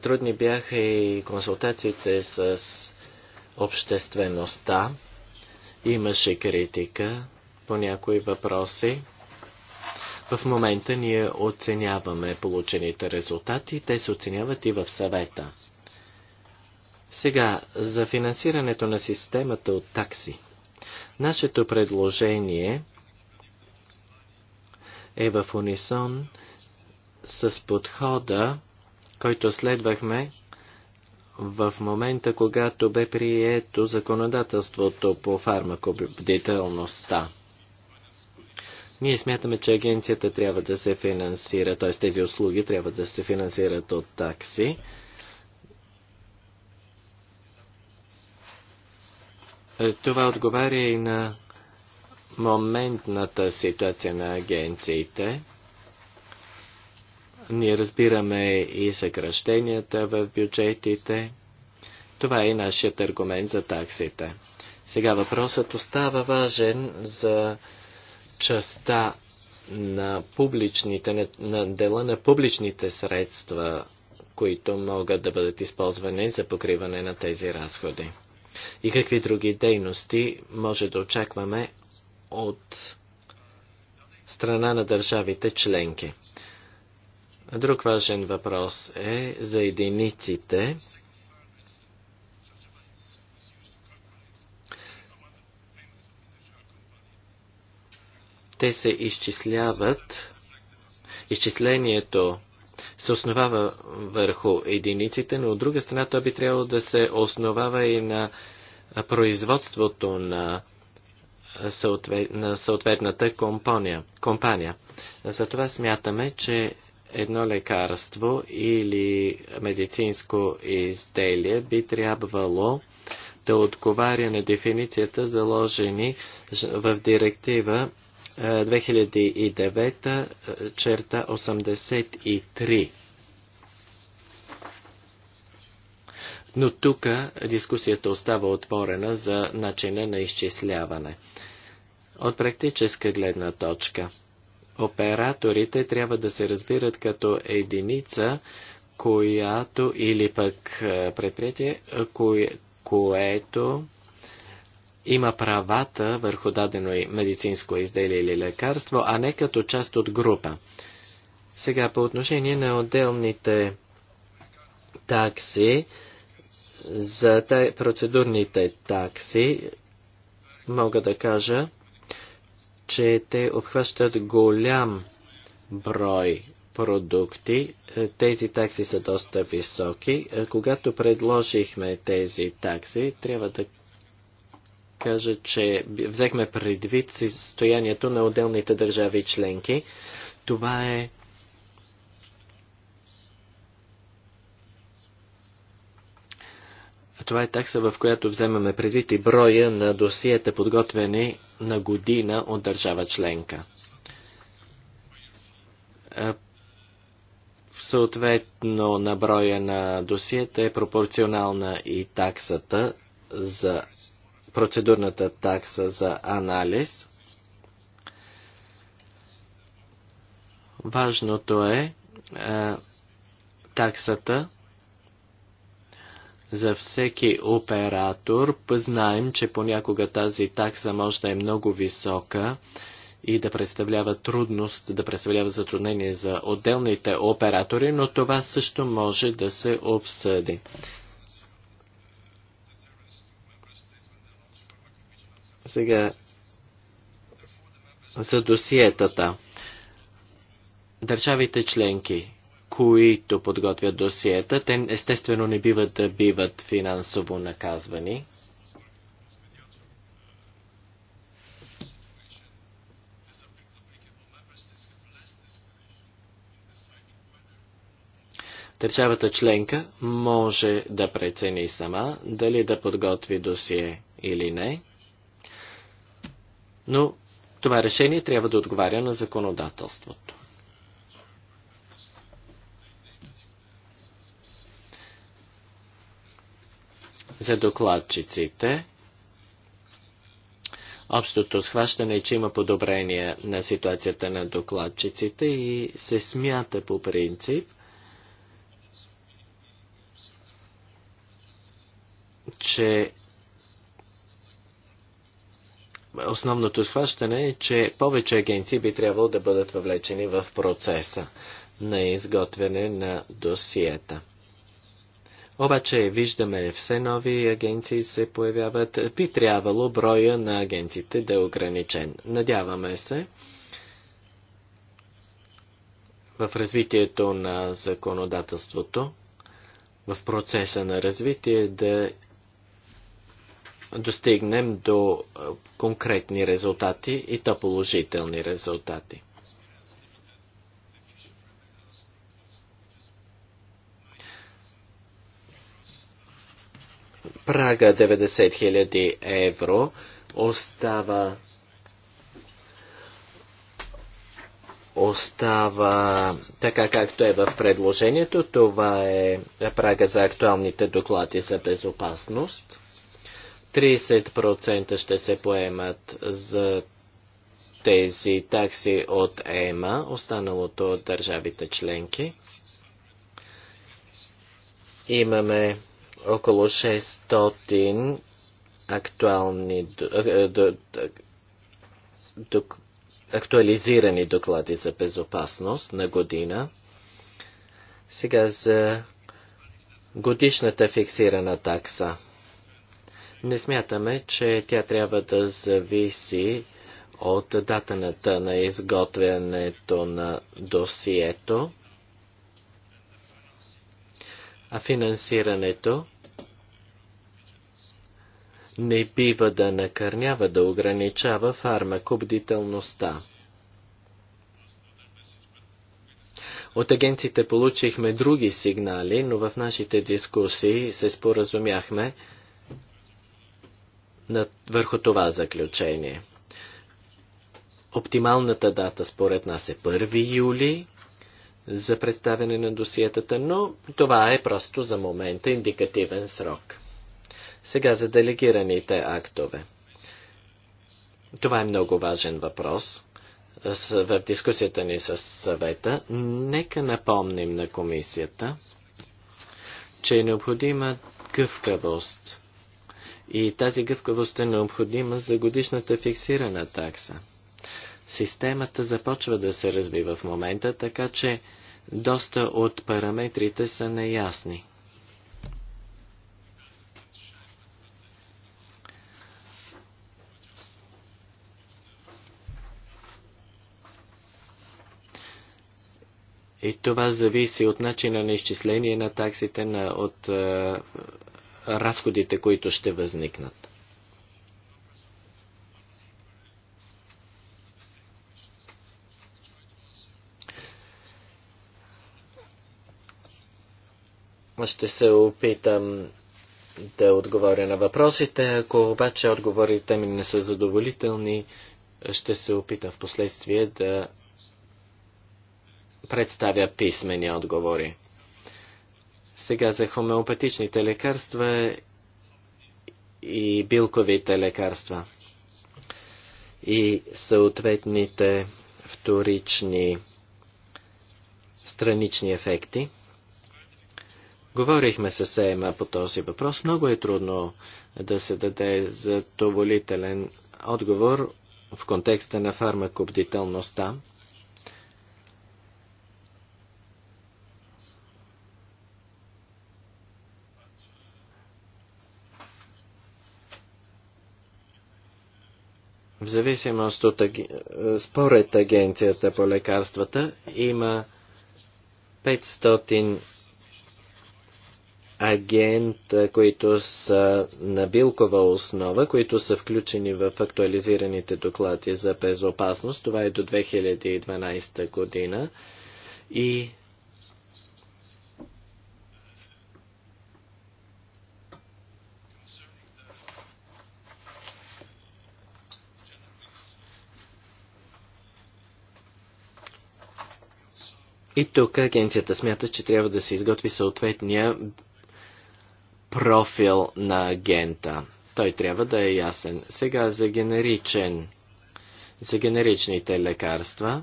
трудни бяха и консултациите с обществеността. Имаше критика по някои въпроси. В момента ние оценяваме получените резултати. Те се оценяват и в съвета. Сега, за финансирането на системата от такси. Нашето предложение е в унисон с подхода, който следвахме в момента, когато бе прието законодателството по фармакобдителността. Ние смятаме, че агенцията трябва да се финансира, т.е. тези услуги трябва да се финансират от такси. Е, това отговаря и на моментната ситуация на агенциите. Ние разбираме и съкръщенията в бюджетите. Това е и нашият аргумент за таксите. Сега въпросът остава важен за частта на публичните, на, на дела на публичните средства, които могат да бъдат използвани за покриване на тези разходи. И какви други дейности може да очакваме от страна на държавите членки. Друг важен въпрос е за единиците. Те се изчисляват. Изчислението се основава върху единиците, но от друга страна то би трябвало да се основава и на производството на, съответ, на съответната компания. компания. Затова смятаме, че едно лекарство или медицинско изделие би трябвало да отговаря на дефиницията заложени в директива 2009 е, е, черта 83. Но тук дискусията остава отворена за начина на изчисляване. От практическа гледна точка – операторите трябва да се разбират като единица, която или пък е, предприятие, е, кое, което има правата върху дадено медицинско изделие или лекарство, а не като част от група. Сега по отношение на отделните такси, за процедурните такси, мога да кажа, че те обхващат голям брой продукти. Е, тези такси са доста високи. Е, когато предложихме тези такси, трябва да кажа, че взехме предвид състоянието на отделните държави членки. Това е Това е такса, в която вземаме предвид и броя на досиета, подготвени на година от държава членка. Съответно на броя на досиета е пропорционална и таксата за процедурната такса за анализ. Важното е, е таксата за всеки оператор. Знаем, че понякога тази такса може да е много висока и да представлява трудност, да представлява затруднение за отделните оператори, но това също може да се обсъди. Сега за досиетата. Държавите членки които подготвят досиета. Те естествено не биват да биват финансово наказвани. Държавата членка може да прецени сама дали да подготви досие или не, но това решение трябва да отговаря на законодателството. за докладчиците. Общото схващане е, че има подобрение на ситуацията на докладчиците и се смята по принцип, че основното схващане е, че повече агенции би трябвало да бъдат въвлечени в процеса на изготвяне на досиета. Обаче виждаме все нови агенции се появяват. Би трябвало броя на агенциите да е ограничен. Надяваме се в развитието на законодателството, в процеса на развитие да достигнем до конкретни резултати и то положителни резултати. прага 90 000 евро остава остава така както е в предложението. Това е прага за актуалните доклади за безопасност. 30% ще се поемат за тези такси от ЕМА, останалото от държавите членки. Имаме около 600 актуални, актуализирани доклади за безопасност на година. Сега за годишната фиксирана такса. Не смятаме, че тя трябва да зависи от датаната на изготвянето на досието, а финансирането не бива да накърнява, да ограничава фармакобдителността. От агенците получихме други сигнали, но в нашите дискусии се споразумяхме на, върху това заключение. Оптималната дата според нас е 1 юли за представяне на досиетата, но това е просто за момента индикативен срок. Сега за делегираните актове. Това е много важен въпрос в дискусията ни с съвета. Нека напомним на комисията, че е необходима гъвкавост. И тази гъвкавост е необходима за годишната фиксирана такса. Системата започва да се развива в момента, така че доста от параметрите са неясни. И това зависи от начина на изчисление на таксите, на, от е, разходите, които ще възникнат. Ще се опитам да отговоря на въпросите. Ако обаче отговорите ми не са задоволителни, ще се опитам в последствие да представя писмени отговори. Сега за хомеопатичните лекарства и билковите лекарства и съответните вторични странични ефекти. Говорихме с ЕМА по този въпрос. Много е трудно да се даде задоволителен отговор в контекста на фармакобдителността. зависимост от, е, според Агенцията по лекарствата, има 500 агент, е, които са на билкова основа, които са включени в актуализираните доклади за безопасност. Това е до 2012 година. И И тук агенцията смята, че трябва да се изготви съответния профил на агента. Той трябва да е ясен. Сега за генеричен, за генеричните лекарства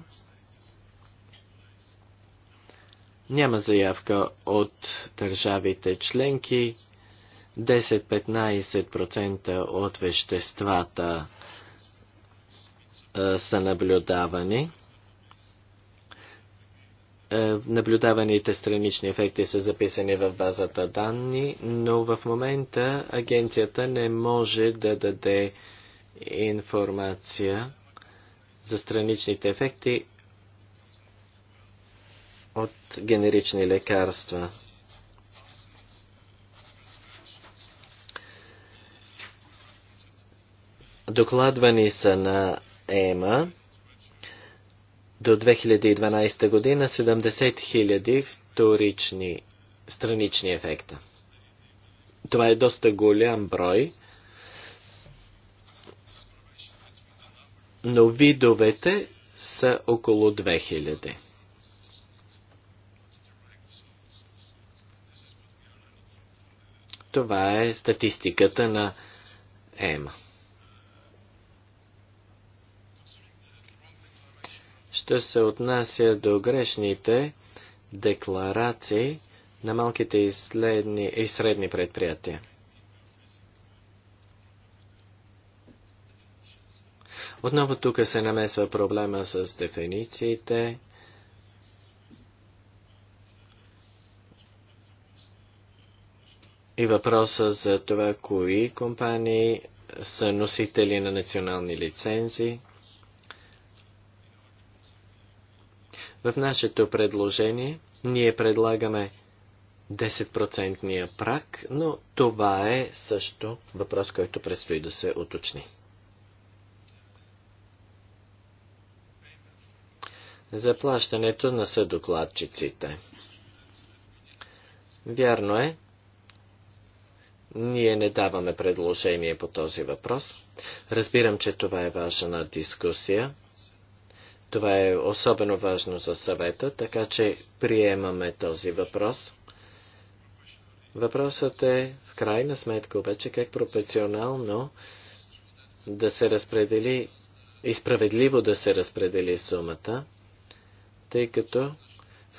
няма заявка от държавите членки. 10-15% от веществата са наблюдавани. Е, наблюдаваните странични ефекти са записани в базата данни, но в момента агенцията не може да даде информация за страничните ефекти от генерични лекарства. Докладвани са на ЕМА до 2012 година 70 000 вторични странични ефекта. Това е доста голям брой, но видовете са около 2000. Това е статистиката на ЕМА. Що се отнася до грешните декларации на малките и, следни, и средни предприятия. Отново тук се намесва проблема с дефинициите. И въпроса за това, кои компании са носители на национални лицензии. В нашето предложение ние предлагаме 10 прак, но това е също въпрос, който предстои да се уточни. Заплащането на съдокладчиците. Вярно е, ние не даваме предложение по този въпрос. Разбирам, че това е важна дискусия. Това е особено важно за съвета, така че приемаме този въпрос. Въпросът е, в крайна сметка, обаче как пропорционално да се разпредели и справедливо да се разпредели сумата, тъй като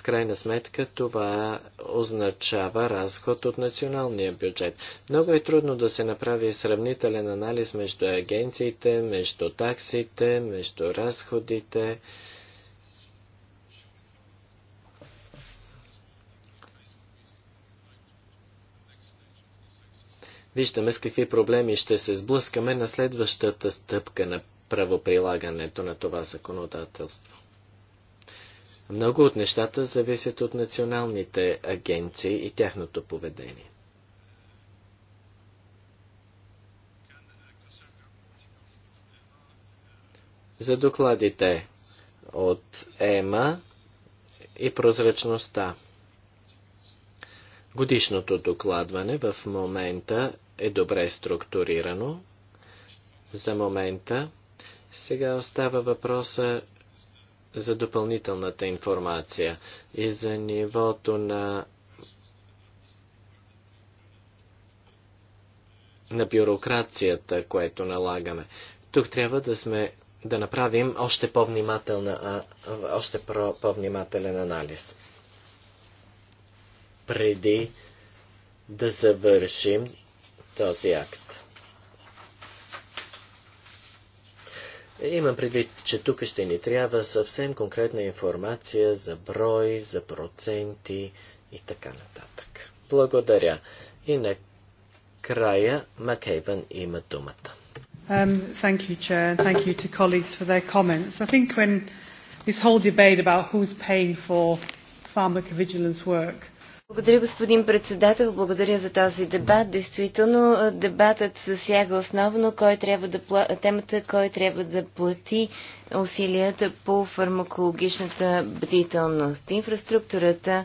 в крайна сметка това означава разход от националния бюджет. Много е трудно да се направи сравнителен анализ между агенциите, между таксите, между разходите. Виждаме с какви проблеми ще се сблъскаме на следващата стъпка на правоприлагането на това законодателство. Много от нещата зависят от националните агенции и тяхното поведение. За докладите от ЕМА и прозрачността. Годишното докладване в момента е добре структурирано. За момента сега остава въпроса за допълнителната информация и за нивото на на бюрокрацията, което налагаме. Тук трябва да сме да направим още, по-внимателна, още по-внимателен анализ. Преди да завършим този акт. Имам предвид, че тук ще ни трябва съвсем конкретна информация за брой, за проценти и така нататък. Благодаря. И на края Макейбън има думата. Um, thank you, Chair. and Thank you to colleagues for their comments. I think when this whole debate about who's paying for pharmacovigilance work, благодаря, господин председател. Благодаря за този дебат. Действително, дебатът засяга основно кой трябва да пла... темата, кой трябва да плати усилията по фармакологичната бдителност. Инфраструктурата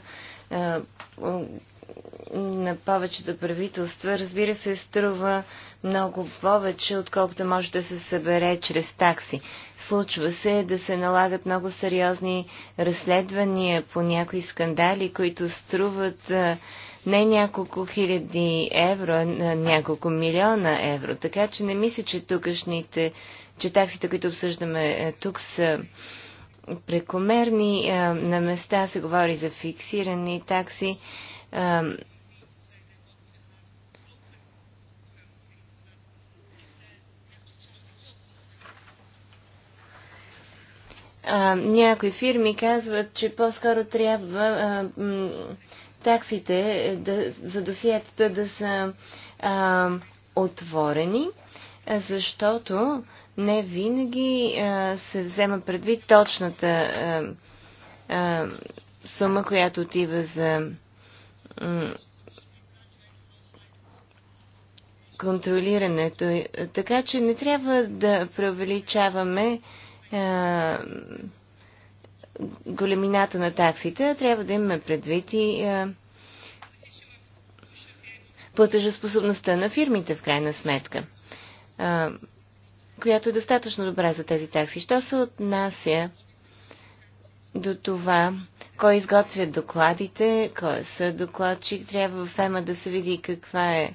на повечето правителства, разбира се, струва много повече, отколкото може да се събере чрез такси. Случва се да се налагат много сериозни разследвания по някои скандали, които струват не няколко хиляди евро, а няколко милиона евро. Така че не мисля, че тукашните, че таксите, които обсъждаме тук са прекомерни. На места се говори за фиксирани такси А, някои фирми казват, че по-скоро трябва а, м, таксите е, да, за досиетата да са а, отворени, защото не винаги а, се взема предвид точната а, а, сума, която отива за контролирането. Така че не трябва да преувеличаваме а, големината на таксите, трябва да имаме предвид и платежоспособността на фирмите, в крайна сметка, която е достатъчно добра за тези такси. Що се отнася до това, кой изготвя докладите, кой е са докладчик, трябва в ЕМА да се види каква е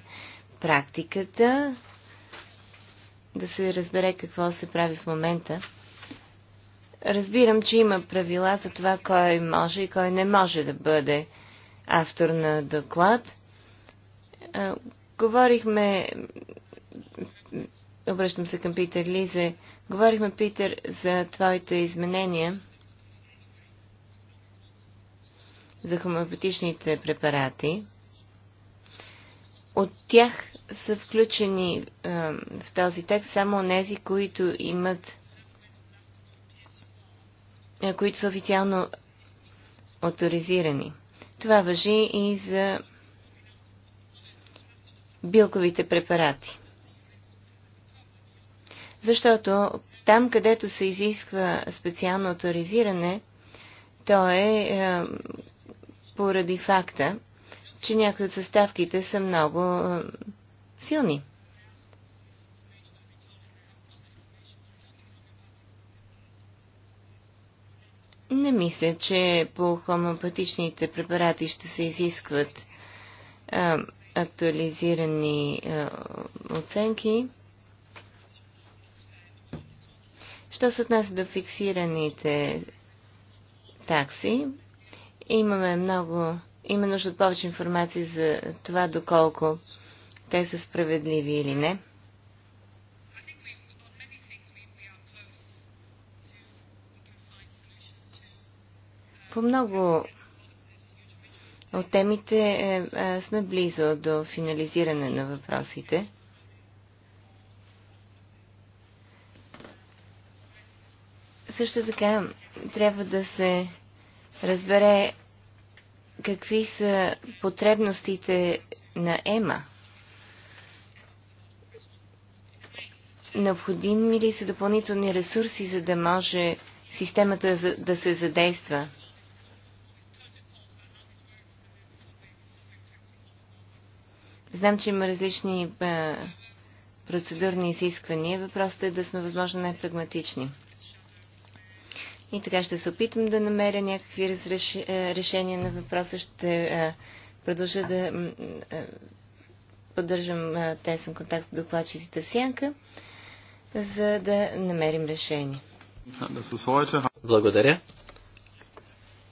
практиката, да се разбере какво се прави в момента. Разбирам, че има правила за това кой може и кой не може да бъде автор на доклад. Говорихме, обръщам се към Питер Лизе, говорихме, Питер, за твоите изменения за хомеопатичните препарати. От тях са включени в този текст само нези, които имат е, които са официално авторизирани. Това въжи и за билковите препарати. Защото там, където се изисква специално авторизиране, то е, е поради факта, че някои от съставките са много е, силни. Не мисля, че по хомеопатичните препарати ще се изискват а, актуализирани а, оценки. Що се отнася до фиксираните такси, имаме много, има нужда от повече информация за това доколко те са справедливи или не. По много от темите е, е, сме близо до финализиране на въпросите. Също така трябва да се разбере какви са потребностите на ЕМА. Необходими ли са допълнителни ресурси, за да може системата да се задейства? Знам, че има различни е, процедурни изисквания. Въпросът е да сме възможно най-прагматични. И така ще се опитам да намеря някакви разреш... Е, решения на въпроса. Ще е, продължа да поддържам тесен контакт с докладчиците в Сянка, за да намерим решение. Благодаря.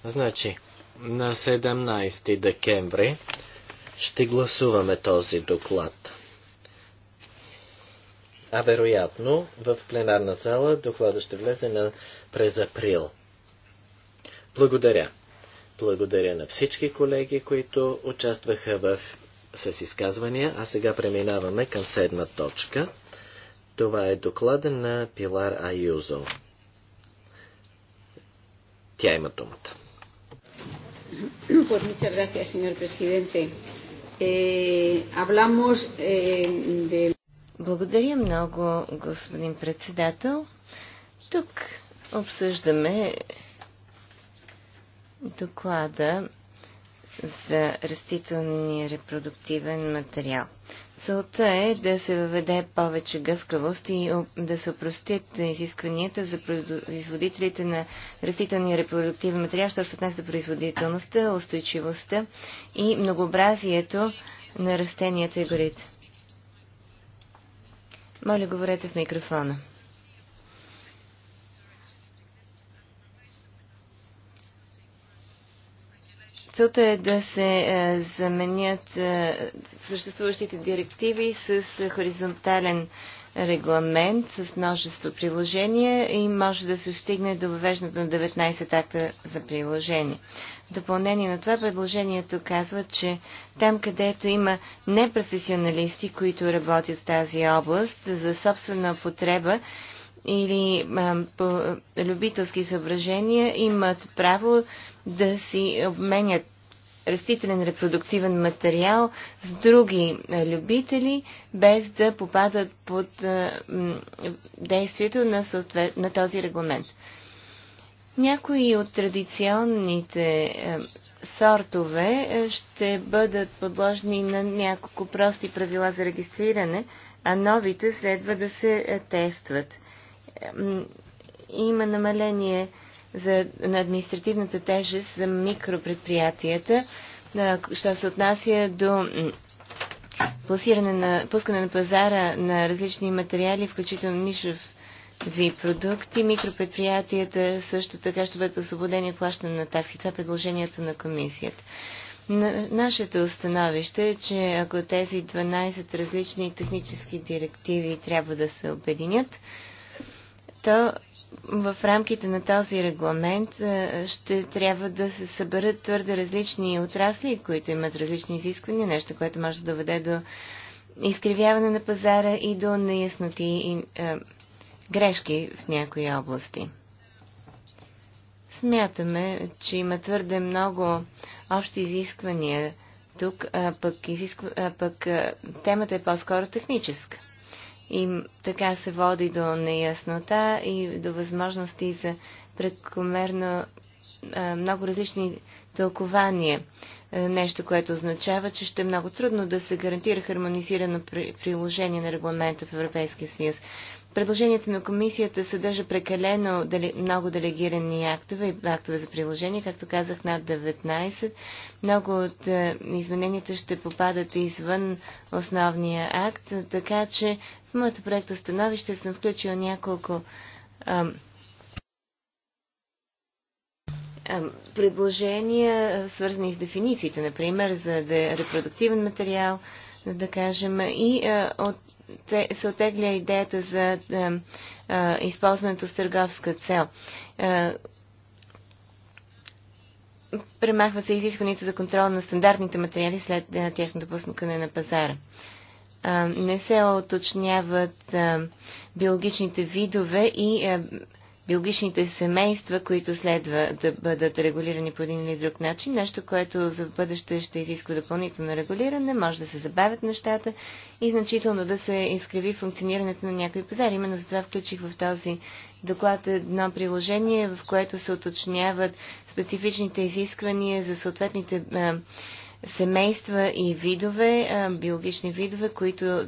Значи, на 17 декември ще гласуваме този доклад. А вероятно в пленарна зала доклада ще влезе на през април. Благодаря. Благодаря на всички колеги, които участваха в, с изказвания, а сега преминаваме към седма точка. Това е доклада на Пилар Аюзо. Тя има думата. Pues muchas gracias, señor presidente. Eh, eh, Благодаря много, господин председател. Тук обсъждаме доклада за растителния репродуктивен материал. Целта е да се въведе повече гъвкавост и да се опростят изискванията за производителите на растителни и репродуктивни материали, що се отнася до производителността, устойчивостта и многообразието на растенията и горите. Моля, говорете в микрофона. Целта е да се е, заменят е, съществуващите директиви с хоризонтален регламент с множество приложения и може да се стигне до въвеждането на 19 акта за приложение. В допълнение на това предложението казва, че там, където има непрофесионалисти, които работят в тази област за собствена потреба, или а, по е, любителски съображения имат право да си обменят растителен репродуктивен материал с други любители, без да попадат под а, действието на, съответ... на този регламент. Някои от традиционните сортове ще бъдат подложени на няколко прости правила за регистриране, а новите следва да се тестват – има намаление за, на административната тежест за микропредприятията, що се отнася до пласиране на, пускане на пазара на различни материали, включително нишов ви продукти. Микропредприятията също така ще бъдат освободени от плащане на такси. Това е предложението на комисията. Нашето установище е, че ако тези 12 различни технически директиви трябва да се обединят, то в рамките на този регламент е, ще трябва да се съберат твърде различни отрасли, които имат различни изисквания, нещо, което може да доведе до изкривяване на пазара и до неясноти и е, грешки в някои области. Смятаме, че има твърде много общи изисквания тук, а пък, изисква, а пък а, е, темата е по-скоро техническа. И така се води до неяснота и до възможности за прекомерно много различни тълкования. Нещо, което означава, че ще е много трудно да се гарантира хармонизирано приложение на регламента в Европейския съюз. Предложението на комисията съдържа прекалено много делегирани актове и актове за приложение, както казах, над 19. Много от е, измененията ще попадат извън основния акт, така че в моето проекто становище съм включил няколко ам, ам, предложения, свързани с дефинициите, например, за да е репродуктивен материал, да кажем, и а, е, от се отегля идеята за а, е, е, използването с търговска цел. А, е, премахва се изискването за контрол на стандартните материали след тяхното пускане на пазара. А, не се оточняват биологичните видове и биологичните семейства, които следва да бъдат регулирани по един или друг начин, нещо, което за бъдеще ще изисква допълнително регулиране, може да се забавят нещата и значително да се изкриви функционирането на някои пазари. Именно затова включих в този доклад едно приложение, в което се уточняват специфичните изисквания за съответните семейства и видове, биологични видове, които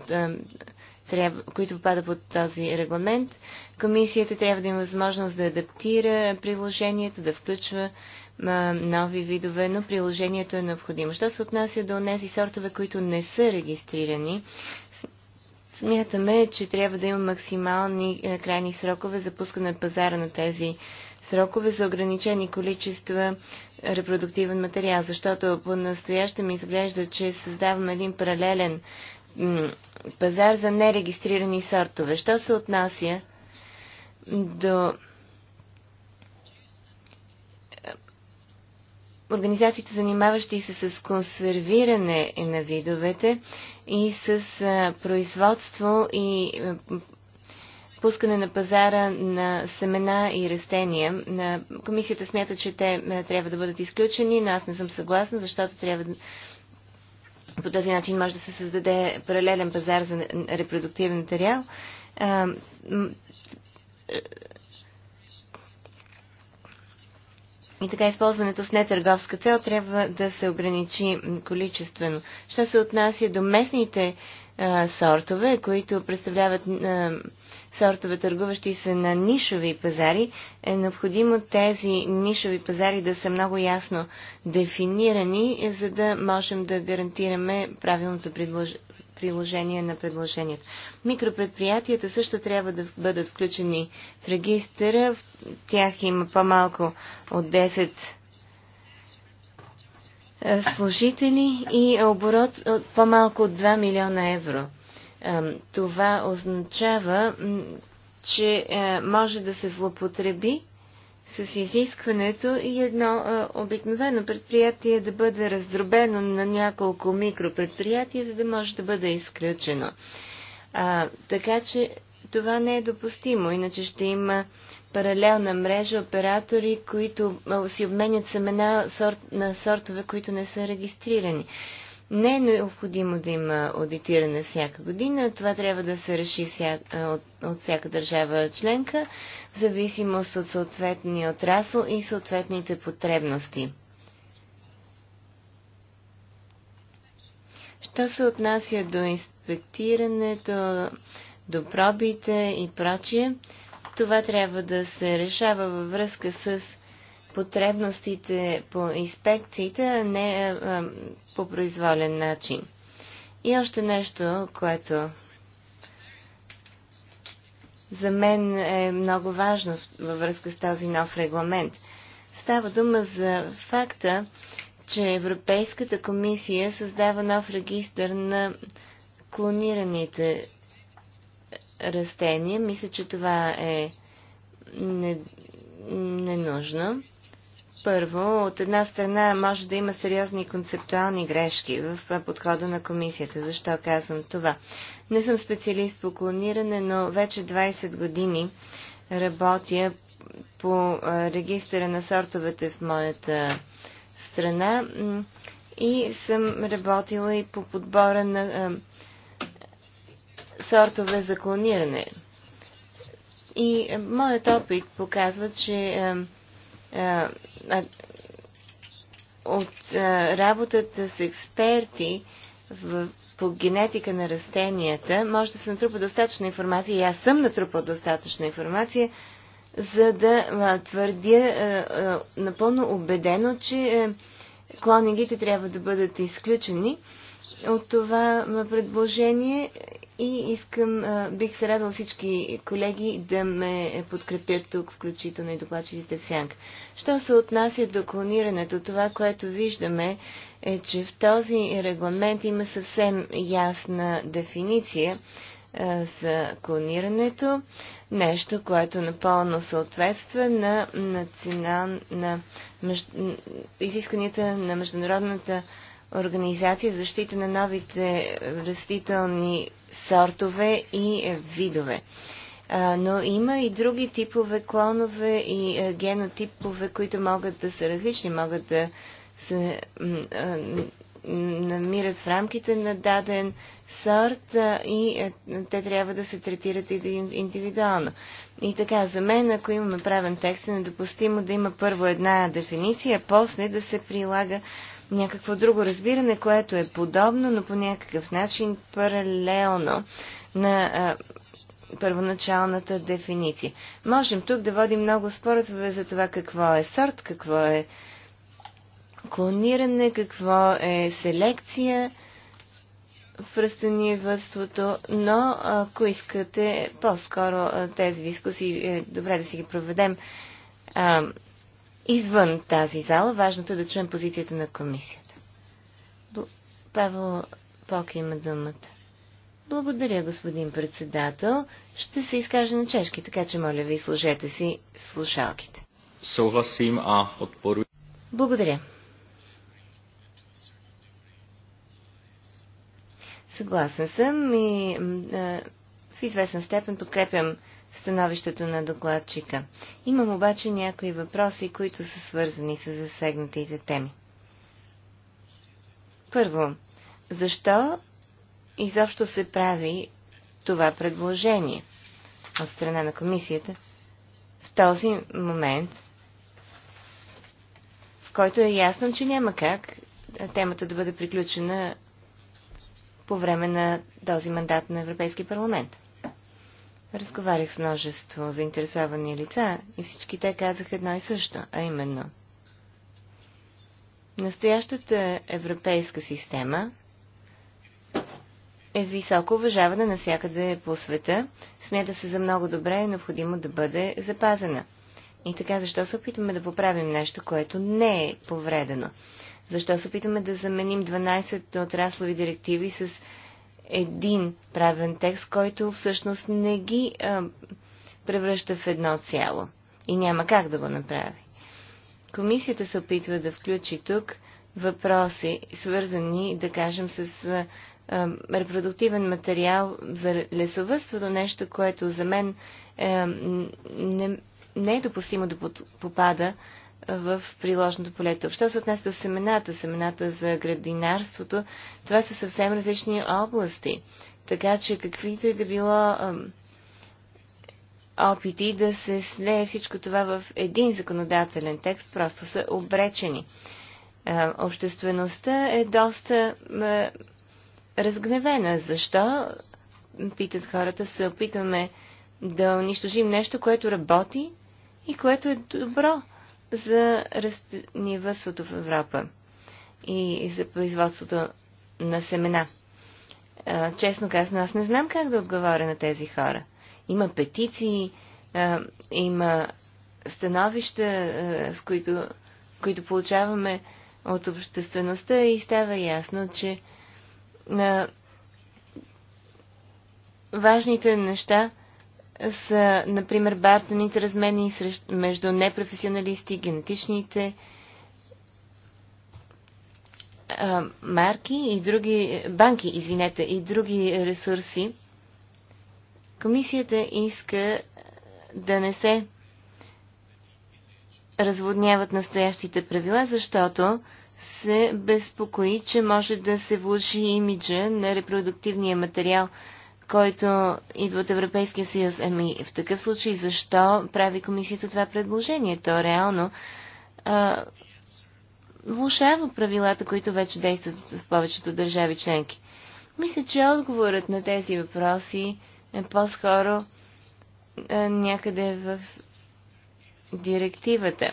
трябва, които попада под този регламент, комисията трябва да има възможност да адаптира приложението, да включва а, нови видове, но приложението е необходимо. Що се отнася до тези сортове, които не са регистрирани, смятаме, че трябва да има максимални а, крайни срокове за пускане на пазара на тези срокове за ограничени количества репродуктивен материал, защото по-настоящем изглежда, че създаваме един паралелен пазар за нерегистрирани сортове. Що се отнася до е, организациите, занимаващи се с консервиране на видовете и с е, производство и е, пускане на пазара на семена и растения. Комисията смята, че те трябва да бъдат изключени, но аз не съм съгласна, защото трябва по този начин може да се създаде паралелен пазар за репродуктивен материал. Е, и така използването с нетърговска цел трябва да се ограничи количествено. Що се отнася до местните сортове, които представляват сортове търгуващи се на нишови пазари, е необходимо тези нишови пазари да са много ясно дефинирани, за да можем да гарантираме правилното приложение на предложението. Микропредприятията също трябва да бъдат включени в регистъра. В тях има по-малко от 10 е, служители и оборот от по-малко от 2 милиона евро. Това означава, че е, може да се злопотреби с изискването и едно е, обикновено предприятие да бъде раздробено на няколко микропредприятия, за да може да бъде изключено. така че това не е допустимо, иначе ще има паралелна мрежа оператори, които си обменят семена на сортове, които не са регистрирани. Не е необходимо да има аудитиране всяка година. Това трябва да се реши от всяка държава членка, в зависимост от съответния отрасъл и съответните потребности. Що се отнася до инспектирането, до пробите и прочие, това трябва да се решава във връзка с потребностите по инспекциите, а не а, по произволен начин. И още нещо, което за мен е много важно във връзка с този нов регламент. Става дума за факта, че Европейската комисия създава нов регистр на клонираните растения. Мисля, че това е ненужно. Първо, от една страна може да има сериозни концептуални грешки в подхода на комисията. Защо казвам това? Не съм специалист по клониране, но вече 20 години работя по регистъра на сортовете в моята страна и съм работила и по подбора на сортове за клониране. И е, моят опит показва, че а, е, е, а, от а, работата с експерти в, по генетика на растенията може да се натрупа достатъчна информация, и аз съм натрупал достатъчна информация, за да а, твърдя а, а, напълно убедено, че а, клонингите трябва да бъдат изключени от това предложение и искам, бих се радвал всички колеги да ме подкрепят тук, включително и докладчиците в Сянка. Що се отнася до клонирането, това, което виждаме е, че в този регламент има съвсем ясна дефиниция за клонирането, нещо, което напълно съответства на, национал, на меж... изисканията на Международната организация за защита на новите растителни сортове и видове. Но има и други типове клонове и генотипове, които могат да са различни, могат да се намират в рамките на даден сорт и те трябва да се третират индивидуално. И така, за мен, ако имаме правен текст, е недопустимо да има първо една дефиниция, а после да се прилага някакво друго разбиране, което е подобно, но по някакъв начин паралелно на а, първоначалната дефиниция. Можем тук да водим много спорове за това какво е сорт, какво е клониране, какво е селекция в растениевътството, но ако искате по-скоро тези дискусии, е добре да си ги проведем а, извън тази зала. Важното е да чуем позицията на комисията. Павел Пок има думата. Благодаря, господин председател. Ще се изкаже на чешки, така че моля ви, сложете си слушалките. Съгласим, а отпору... Благодаря. Съгласен съм и а, в известен степен подкрепям становището на докладчика. Имам обаче някои въпроси, които са свързани с засегнатите теми. Първо, защо изобщо се прави това предложение от страна на комисията в този момент, в който е ясно, че няма как темата да бъде приключена по време на този мандат на Европейски парламент. Разговарях с множество заинтересовани лица и всички те казаха едно и също, а именно. Настоящата европейска система е високо уважавана навсякъде по света, смята се за много добре и е необходимо да бъде запазена. И така, защо се опитваме да поправим нещо, което не е повредено? Защо се опитваме да заменим 12 отраслови директиви с един правен текст, който всъщност не ги а, превръща в едно цяло. И няма как да го направи. Комисията се опитва да включи тук въпроси, свързани, да кажем, с а, а, репродуктивен материал за лесовътството, нещо, което за мен а, е, не, не е допустимо да попада в приложното полето. Що се отнася до семената, семената за градинарството, това са съвсем различни области. Така че каквито и е да било опити да се слее всичко това в един законодателен текст, просто са обречени. Обществеността е доста е, разгневена. Защо, питат хората, се опитваме да унищожим нещо, което работи и което е добро за растениевъдството в Европа и за производството на семена. Честно казано, аз не знам как да отговоря на тези хора. Има петиции, има становища, с които, които получаваме от обществеността и става ясно, че важните неща са, например, бартените размени между непрофесионалисти, генетичните а, марки и други банки, извинете, и други ресурси. Комисията иска да не се разводняват настоящите правила, защото се безпокои, че може да се влъжи имиджа на репродуктивния материал – който идва от Европейския съюз. Ами в такъв случай защо прави комисията това предложение? То реално а, влушава правилата, които вече действат в повечето държави членки. Мисля, че отговорът на тези въпроси е по-скоро някъде в директивата,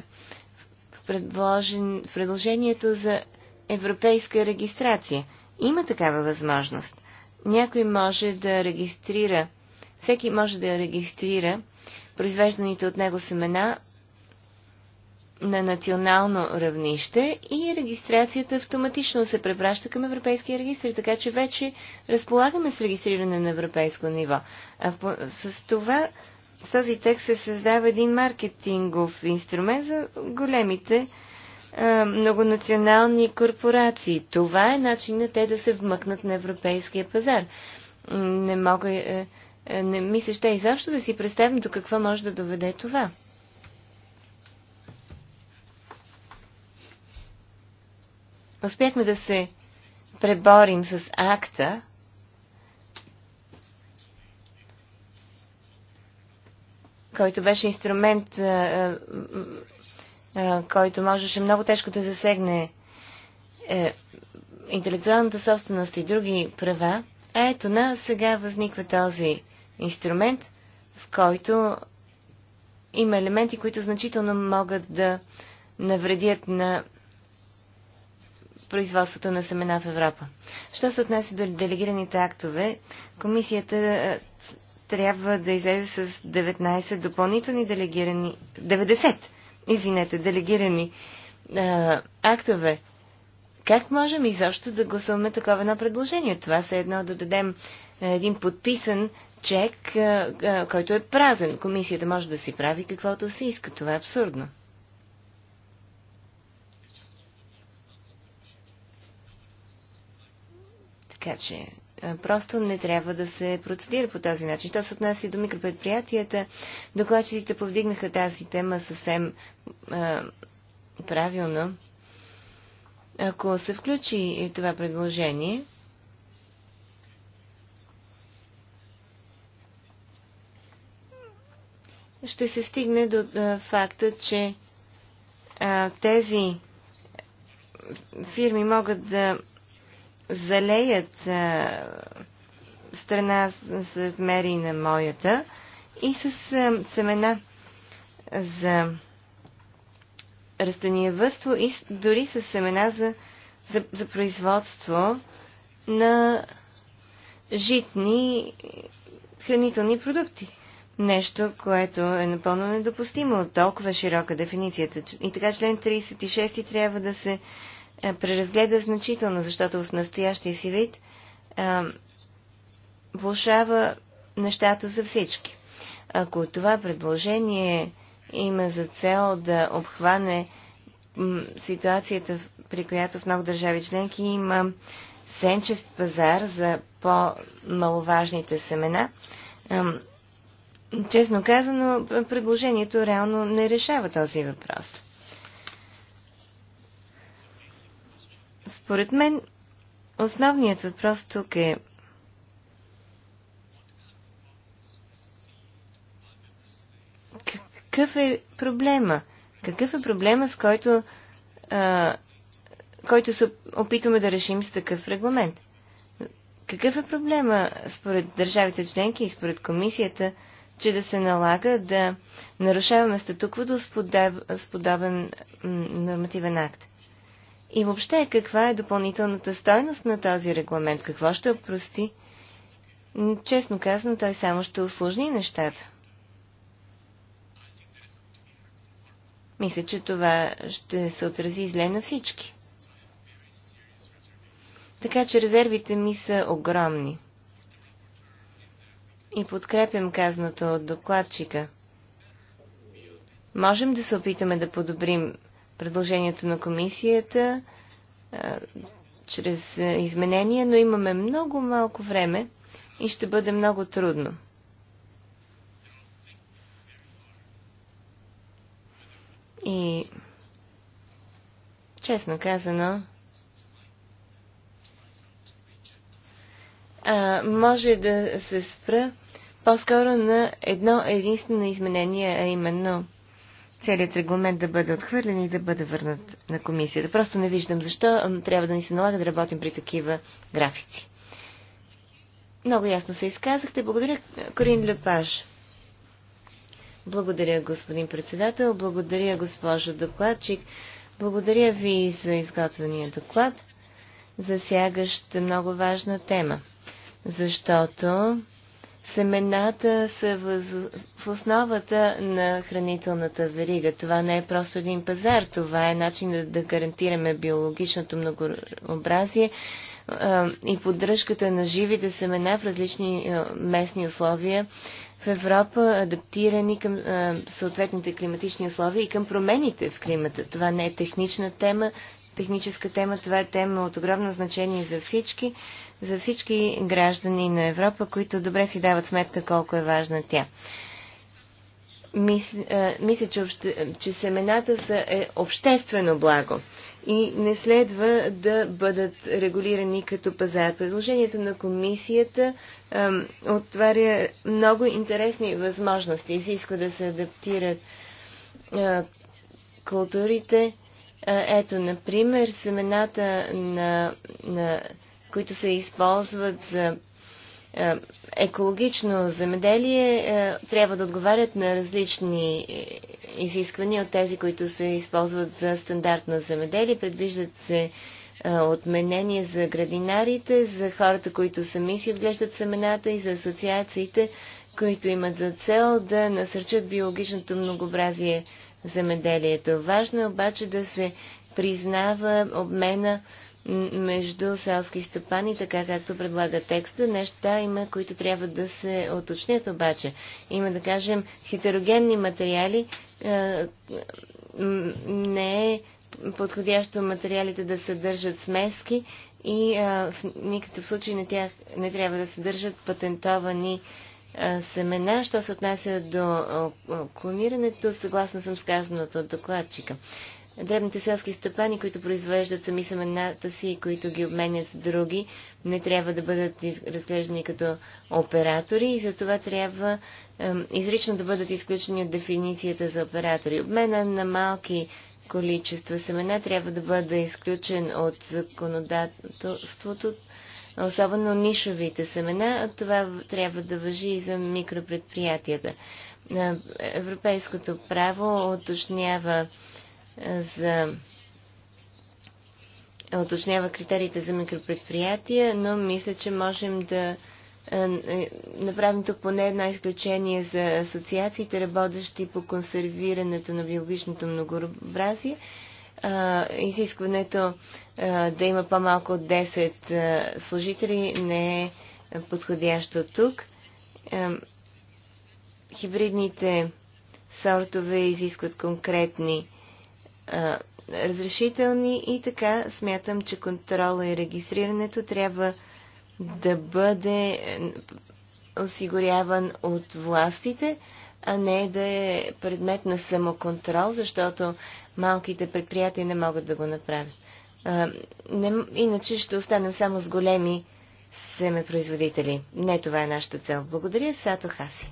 в, предложен, в предложението за европейска регистрация. Има такава възможност. Някой може да регистрира, всеки може да регистрира произвежданите от него семена на национално равнище и регистрацията автоматично се препраща към Европейския регистр, така че вече разполагаме с регистриране на европейско ниво. А с това, с този текст се създава един маркетингов инструмент за големите многонационални корпорации. Това е начинът те да се вмъкнат на европейския пазар. Не мога. не ми се ще изобщо да си представим до какво може да доведе това. Успяхме да се преборим с акта, който беше инструмент, който можеше много тежко да засегне е, интелектуалната собственост и други права, а ето на сега възниква този инструмент, в който има елементи, които значително могат да навредят на производството на семена в Европа. Що се отнася до делегираните актове, комисията е, трябва да излезе с 19 допълнителни делегирани... 90 извинете, делегирани а, актове. Как можем изобщо да гласуваме такова едно предложение? Това се едно да дадем един подписан чек, а, а, който е празен. Комисията може да си прави каквото си иска. Това е абсурдно. Така че е, просто не трябва да се процедира по този начин. Що се отнася и до микропредприятията, докладчиците повдигнаха тази тема съвсем а, е, правилно. Ако се включи това предложение, ще се стигне до а, е, факта, че а, тези фирми могат да залеят а, страна с, размери на моята и с а, семена за растениевътство и дори с семена за, за, за производство на житни хранителни продукти. Нещо, което е напълно недопустимо от толкова широка дефиницията. И така член 36 трябва да се е, преразгледа значително, защото в настоящия си вид е, влушава нещата за всички. Ако това предложение има за цел да обхване ситуацията, при която в много държави членки има сенчест пазар за по-маловажните семена, честно казано, предложението реално не решава този въпрос. Според мен, основният въпрос тук е какъв е проблема? Какъв е проблема, с който, а, който се опитваме да решим с такъв регламент? Какъв е проблема според държавите членки и според комисията, че да се налага да нарушаваме статуквото с подобен нормативен акт? И въобще, каква е допълнителната стойност на този регламент? Какво ще опрости? Честно казано, той само ще усложни нещата. Мисля, че това ще се отрази зле на всички. Така че резервите ми са огромни. И подкрепям казаното от докладчика. Можем да се опитаме да подобрим предложението на комисията а, чрез изменения, но имаме много малко време и ще бъде много трудно. И честно казано, а, може да се спра по-скоро на едно единствено изменение, а именно – целият регламент да бъде отхвърлен и да бъде върнат на комисията. Просто не виждам защо трябва да ни се налага да работим при такива графици. Много ясно се изказахте. Благодаря, Корин Лепаж. Благодаря, господин председател. Благодаря, госпожо докладчик. Благодаря ви за изготвения доклад, засягащ много важна тема, защото Семената са въз... в основата на хранителната верига. Това не е просто един пазар, това е начин да, да гарантираме биологичното многообразие а, и поддръжката на живите семена в различни а, местни условия в Европа, адаптирани към а, съответните климатични условия и към промените в климата. Това не е технична тема, техническа тема, това е тема от огромно значение за всички за всички граждани на Европа, които добре си дават сметка колко е важна тя. Мисля, мисля че, обще, че семената са е обществено благо и не следва да бъдат регулирани като пазар. Предложението на комисията а, отваря много интересни възможности. Изисква да се адаптират а, културите. А, ето, например, семената на, на които се използват за е, екологично земеделие, е, трябва да отговарят на различни е, изисквания от тези, които се използват за стандартно земеделие. Предвиждат се отменения за градинарите, за хората, които сами си отглеждат семената и за асоциациите, които имат за цел да насърчат биологичното многообразие в земеделието. Важно е обаче да се признава обмена между селски стопани, така както предлага текста. Неща има, които трябва да се оточнят обаче. Има, да кажем, хетерогенни материали. Не е подходящо материалите да съдържат смески и в никакъв случай не, тях, не трябва да съдържат патентовани семена. Що се отнася до клонирането, съгласна съм с казаното от докладчика дребните селски стъпани, които произвеждат сами семената си и които ги обменят с други, не трябва да бъдат разглеждани като оператори и за това трябва е, изрично да бъдат изключени от дефиницията за оператори. Обмена на малки количества семена трябва да бъде изключен от законодателството, особено нишовите семена. Това трябва да въжи и за микропредприятията. Е, европейското право уточнява за уточнява критериите за микропредприятия, но мисля, че можем да е, е, направим тук поне едно изключение за асоциациите, работещи по консервирането на биологичното многообразие. Изискването е, да има по-малко от 10 служители не е подходящо тук. Хибридните сортове изискват конкретни разрешителни и така смятам, че контрола и регистрирането трябва да бъде осигуряван от властите, а не да е предмет на самоконтрол, защото малките предприятия не могат да го направят. А, не, иначе ще останем само с големи семепроизводители. Не това е нашата цел. Благодаря, Сато Хаси.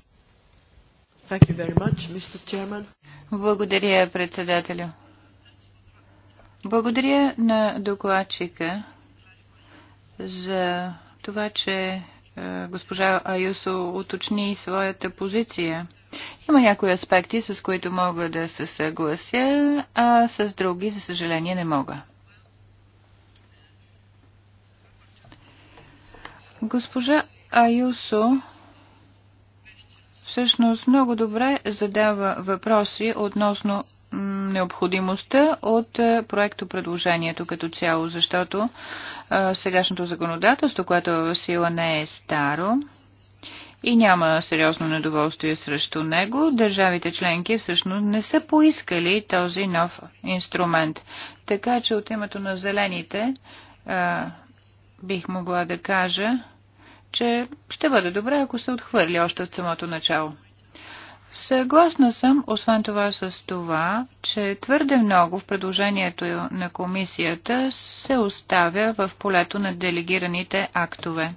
Благодаря, председателю. Благодаря на докладчика за това, че е, госпожа Аюсо уточни своята позиция. Има някои аспекти, с които мога да се съглася, а с други, за съжаление, не мога. Госпожа Аюсо всъщност много добре задава въпроси относно необходимостта от е, проекто предложението като цяло, защото е, сегашното законодателство, което е в сила, не е старо и няма сериозно недоволствие срещу него. Държавите членки всъщност не са поискали този нов инструмент. Така че от името на зелените е, бих могла да кажа, че ще бъде добре, ако се отхвърли още в самото начало. Съгласна съм, освен това, с това, че твърде много в предложението на комисията се оставя в полето на делегираните актове.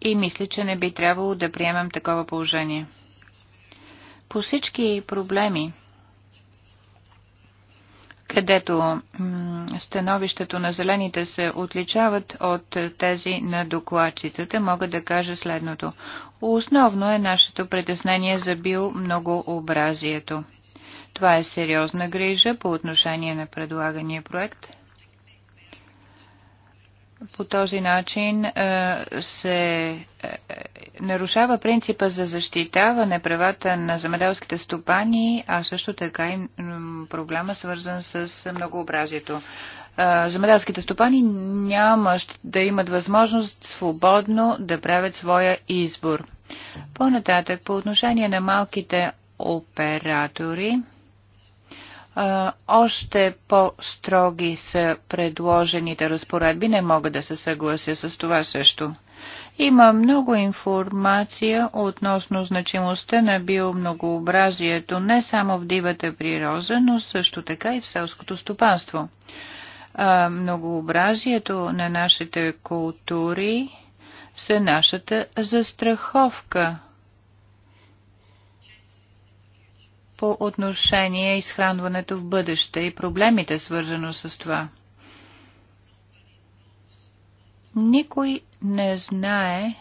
И мисля, че не би трябвало да приемам такова положение. По всички проблеми, където становището на зелените се отличават от тези на докладчицата, мога да кажа следното. Основно е нашето притеснение за биомногообразието. Това е сериозна грижа по отношение на предлагания проект – по този начин е, се е, нарушава принципа за защитаване правата на земеделските стопани, а също така и проблема свързан с многообразието. Е, земеделските стопани няма да имат възможност свободно да правят своя избор. По-нататък, по отношение на малките оператори, още по-строги са предложените разпоредби. Не мога да се съглася с това също. Има много информация относно значимостта на биомногообразието не само в дивата природа, но също така и в селското стопанство. Многообразието на нашите култури са нашата застраховка по отношение изхранването в бъдеще и проблемите свързано с това. Никой не знае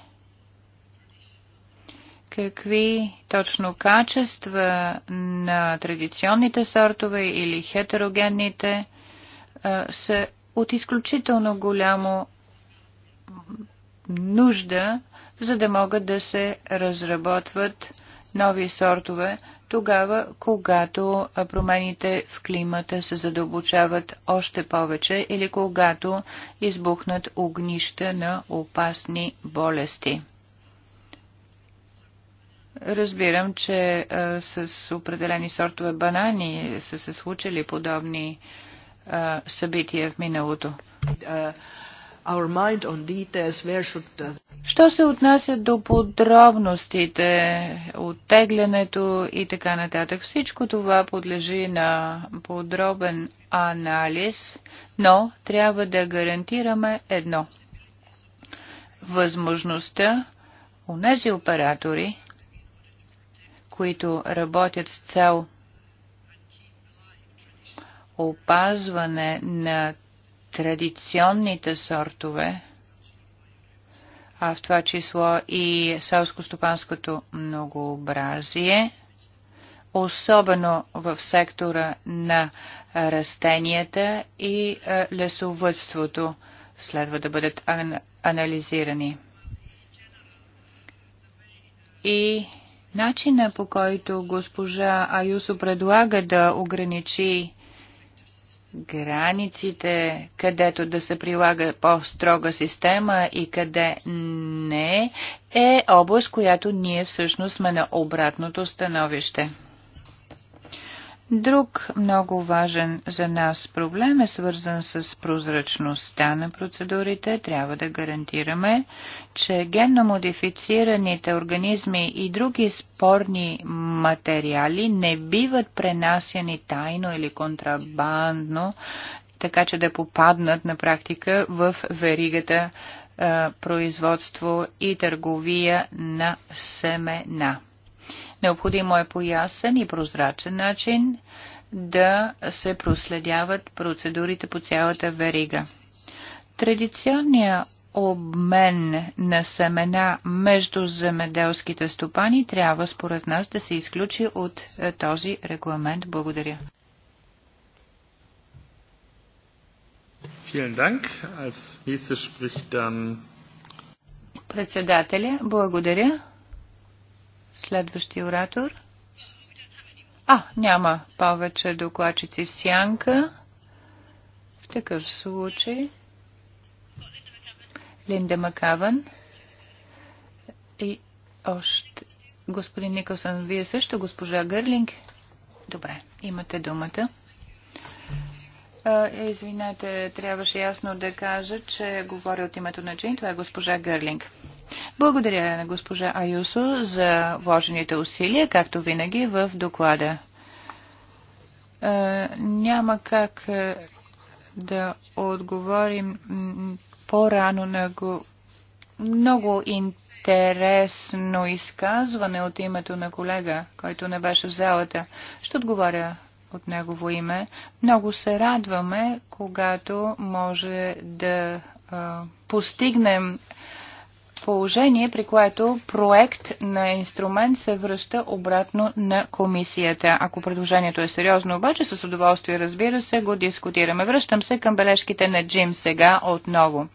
какви точно качества на традиционните сортове или хетерогенните а, са от изключително голямо нужда, за да могат да се разработват нови сортове, тогава, когато промените в климата се задълбочават още повече или когато избухнат огнища на опасни болести. Разбирам, че а, с определени сортове банани са се случили подобни а, събития в миналото. Що се отнася до подробностите, оттеглянето и така нататък, всичко това подлежи на подробен анализ, но трябва да гарантираме едно. Възможността у нези оператори, които работят с цел опазване на традиционните сортове, а в това число и селско-стопанското многообразие, особено в сектора на растенията и е, лесовътството, следва да бъдат анализирани. И начина по който госпожа Аюсо предлага да ограничи границите, където да се прилага по-строга система и къде не, е област, която ние всъщност сме на обратното становище. Друг много важен за нас проблем е свързан с прозрачността на процедурите. Трябва да гарантираме, че генно модифицираните организми и други спорни материали не биват пренасяни тайно или контрабандно, така че да попаднат на практика в веригата производство и търговия на семена. Необходимо е по ясен и прозрачен начин да се проследяват процедурите по цялата верига. Традиционният обмен на семена между земеделските стопани трябва според нас да се изключи от е, този регламент. Благодаря. Председателя, благодаря. Следващия оратор. А, няма повече докладчици в сянка. В такъв случай. Линда Макаван. И още господин Николсън, вие също, госпожа Гърлинг. Добре, имате думата. Извинете, трябваше ясно да кажа, че говоря от името на Джин. Това е госпожа Гърлинг. Благодаря на госпожа Аюсо за вложените усилия, както винаги в доклада. Е, няма как е, да отговорим по-рано на го... много интересно изказване от името на колега, който не беше в залата. Ще отговоря от негово име. Много се радваме, когато може да е, постигнем положение, при което проект на инструмент се връща обратно на комисията. Ако предложението е сериозно, обаче с удоволствие, разбира се, го дискутираме. Връщам се към бележките на Джим сега отново.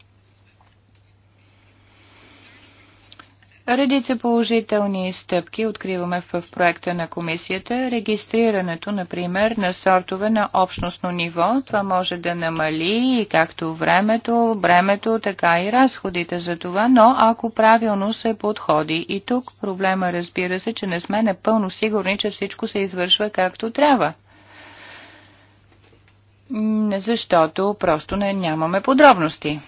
Редица положителни стъпки откриваме в проекта на комисията. Регистрирането, например, на сортове на общностно ниво. Това може да намали и както времето, бремето, така и разходите за това, но ако правилно се подходи. И тук проблема разбира се, че не сме напълно сигурни, че всичко се извършва както трябва. Защото просто не нямаме подробности.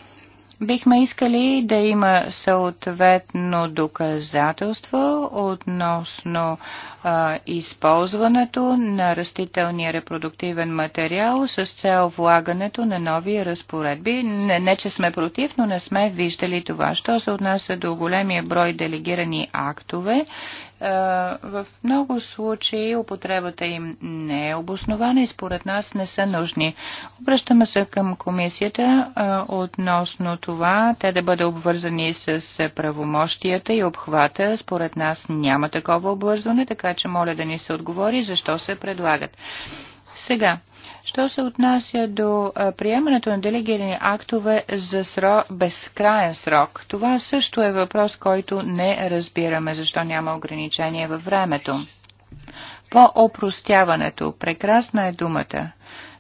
Бихме искали да има съответно доказателство относно а, използването на растителния репродуктивен материал с цел влагането на нови разпоредби. Не, не, че сме против, но не сме виждали това. Що се отнася до големия брой делегирани актове, е, в много случаи употребата им не е обоснована и според нас не са нужни. Обръщаме се към комисията е, относно това те да бъдат обвързани с правомощията и обхвата. Според нас няма такова обвързване, така че моля да ни се отговори защо се предлагат. Сега, Що се отнася до приемането на делегирани актове за срок, безкраен срок, това също е въпрос, който не разбираме, защо няма ограничение във времето. По опростяването, прекрасна е думата.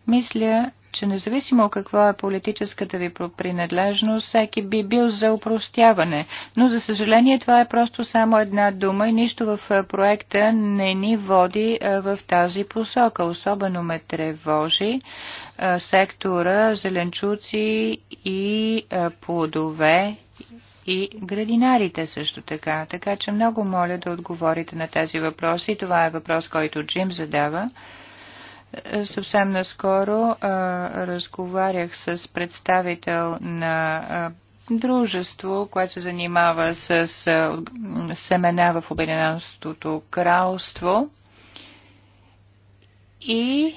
Мисля, че независимо каква е политическата ви принадлежност, всеки би бил за упростяване. Но за съжаление това е просто само една дума и нищо в е, проекта не ни води е, в тази посока. Особено ме тревожи е, сектора зеленчуци и плодове и градинарите също така. Така че много моля да отговорите на тези въпроси. Това е въпрос, който Джим задава. Е, съвсем наскоро а, е, разговарях с представител на а, е, дружество, което се занимава с а, семена в Обединеното кралство и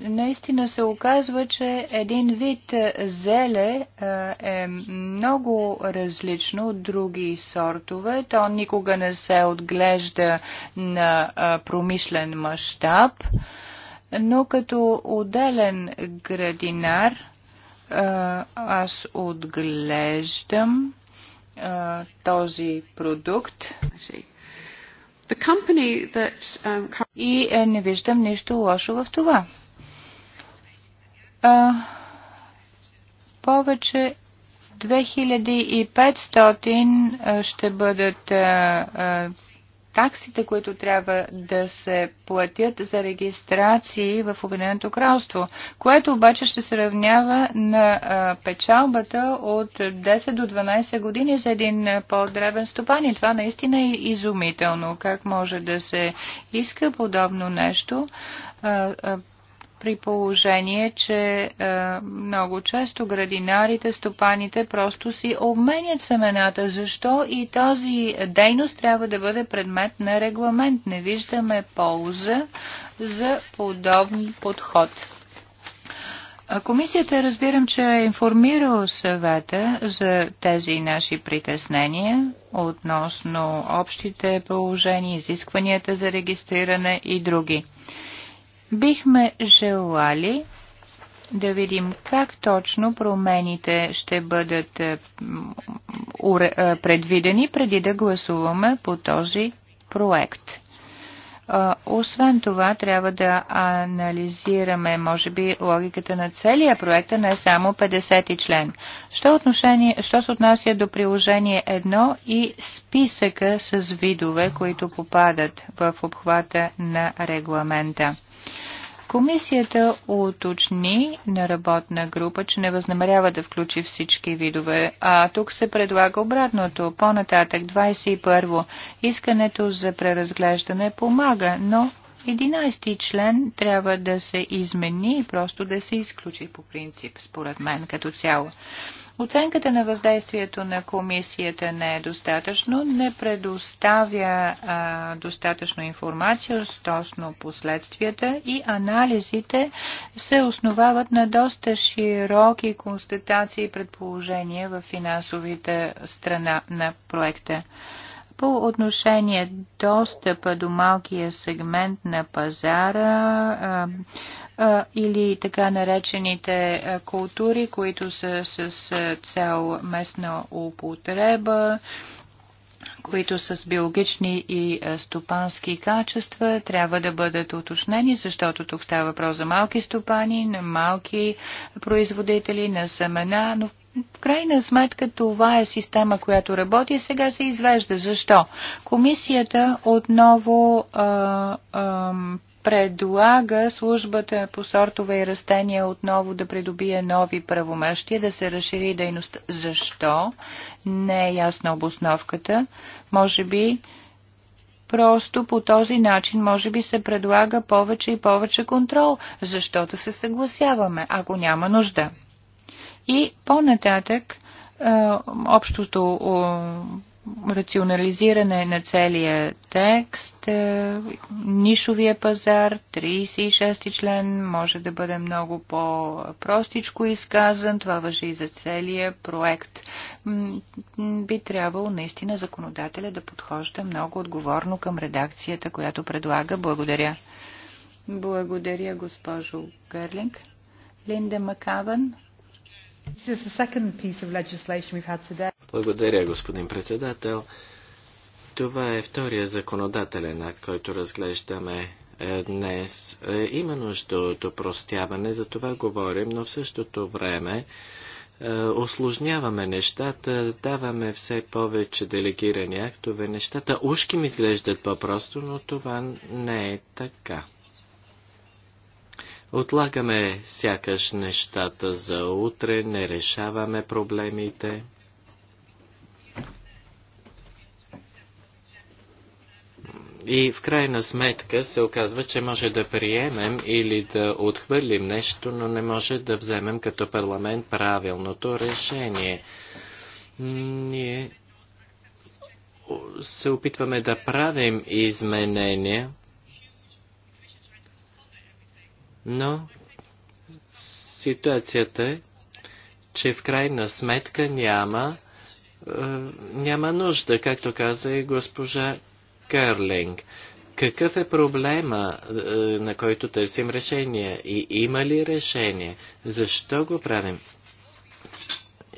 наистина се оказва, че един вид зеле е, е много различно от други сортове. То никога не се отглежда на е, промишлен мащаб, но като отделен градинар е, аз отглеждам този продукт. Значи, That... Um, и е, не виждам нищо лошо в това. А, повече 2500 ще бъдат а, а, таксите, които трябва да се платят за регистрации в Обединеното кралство, което обаче ще се равнява на печалбата от 10 до 12 години за един по-дребен стопан. И това наистина е изумително. Как може да се иска подобно нещо? при положение, че е, много често градинарите, стопаните просто си обменят семената. Защо и този дейност трябва да бъде предмет на регламент? Не виждаме полза за подобен подход. Комисията разбирам, че е информирал съвета за тези наши притеснения относно общите положения, изискванията за регистриране и други. Бихме желали да видим как точно промените ще бъдат е, е, предвидени преди да гласуваме по този проект. Е, освен това, трябва да анализираме, може би, логиката на целия проект, а не само 50 ти член. Що, отношение, що се отнася до приложение 1 и списъка с видове, които попадат в обхвата на регламента? Комисията уточни на работна група, че не възнамерява да включи всички видове, а тук се предлага обратното. По-нататък 21. Искането за преразглеждане помага, но 11 член трябва да се измени и просто да се изключи по принцип, според мен като цяло. Оценката на въздействието на комисията не е достатъчно, не предоставя а, достатъчно информация относно последствията и анализите се основават на доста широки констатации и предположения в финансовите страна на проекта. По отношение достъпа до малкия сегмент на пазара, а, или така наречените култури, които са с цел местна употреба, които с биологични и стопански качества трябва да бъдат уточнени, защото тук става въпрос за малки стопани, на малки производители на семена, но в в крайна сметка това е система, която работи и сега се извежда. Защо? Комисията отново а, а, предлага службата по сортове и растения отново да придобие нови правомащия, да се разшири дейност. Защо? Не е ясна обосновката. Може би просто по този начин може би се предлага повече и повече контрол, защото се съгласяваме, ако няма нужда. И по-нататък общото рационализиране на целия текст, е, нишовия пазар, 36 ти член, може да бъде много по-простичко изказан, това въжи и за целия проект. Би трябвало наистина законодателя да подхожда много отговорно към редакцията, която предлага. Благодаря. Благодаря, госпожо Гърлинг. Линда Макаван. Благодаря, господин председател. Това е втория законодателен акт, който разглеждаме е, днес. Е, има нужда от опростяване, за това говорим, но в същото време е, осложняваме нещата, даваме все повече делегирани актове. Нещата ушки ми изглеждат по-просто, но това не е така. Отлагаме сякаш нещата за утре, не решаваме проблемите. И в крайна сметка се оказва, че може да приемем или да отхвърлим нещо, но не може да вземем като парламент правилното решение. Ние се опитваме да правим изменения, но ситуацията е, че в крайна сметка няма, е, няма нужда, както каза и госпожа Кърлинг. Какъв е проблема, е, на който търсим решение и има ли решение? Защо го правим?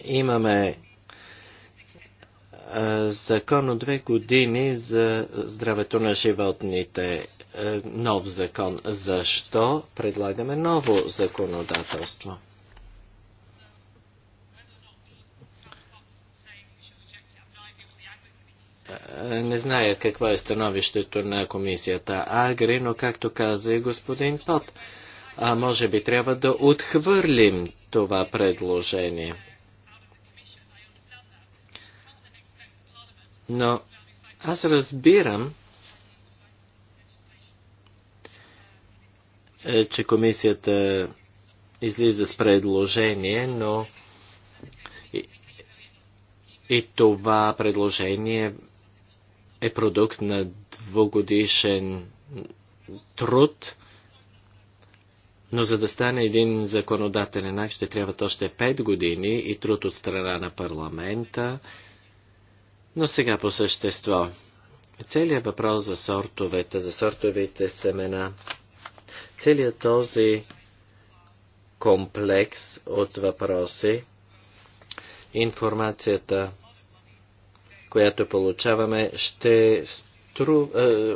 Имаме е, закон от две години за здравето на животните. Е, нов закон. Защо предлагаме ново законодателство? Е, не зная какво е становището на комисията Агри, но както каза и господин Пот, а може би трябва да отхвърлим това предложение. Но аз разбирам, Е, че комисията излиза с предложение, но и, и това предложение е продукт на двугодишен труд, но за да стане един законодателен акт ще трябват още 5 години и труд от страна на парламента. Но сега по същество. Целият въпрос за сортовете, за сортовите семена Целият този комплекс от въпроси, информацията, която получаваме, ще тру, е, е,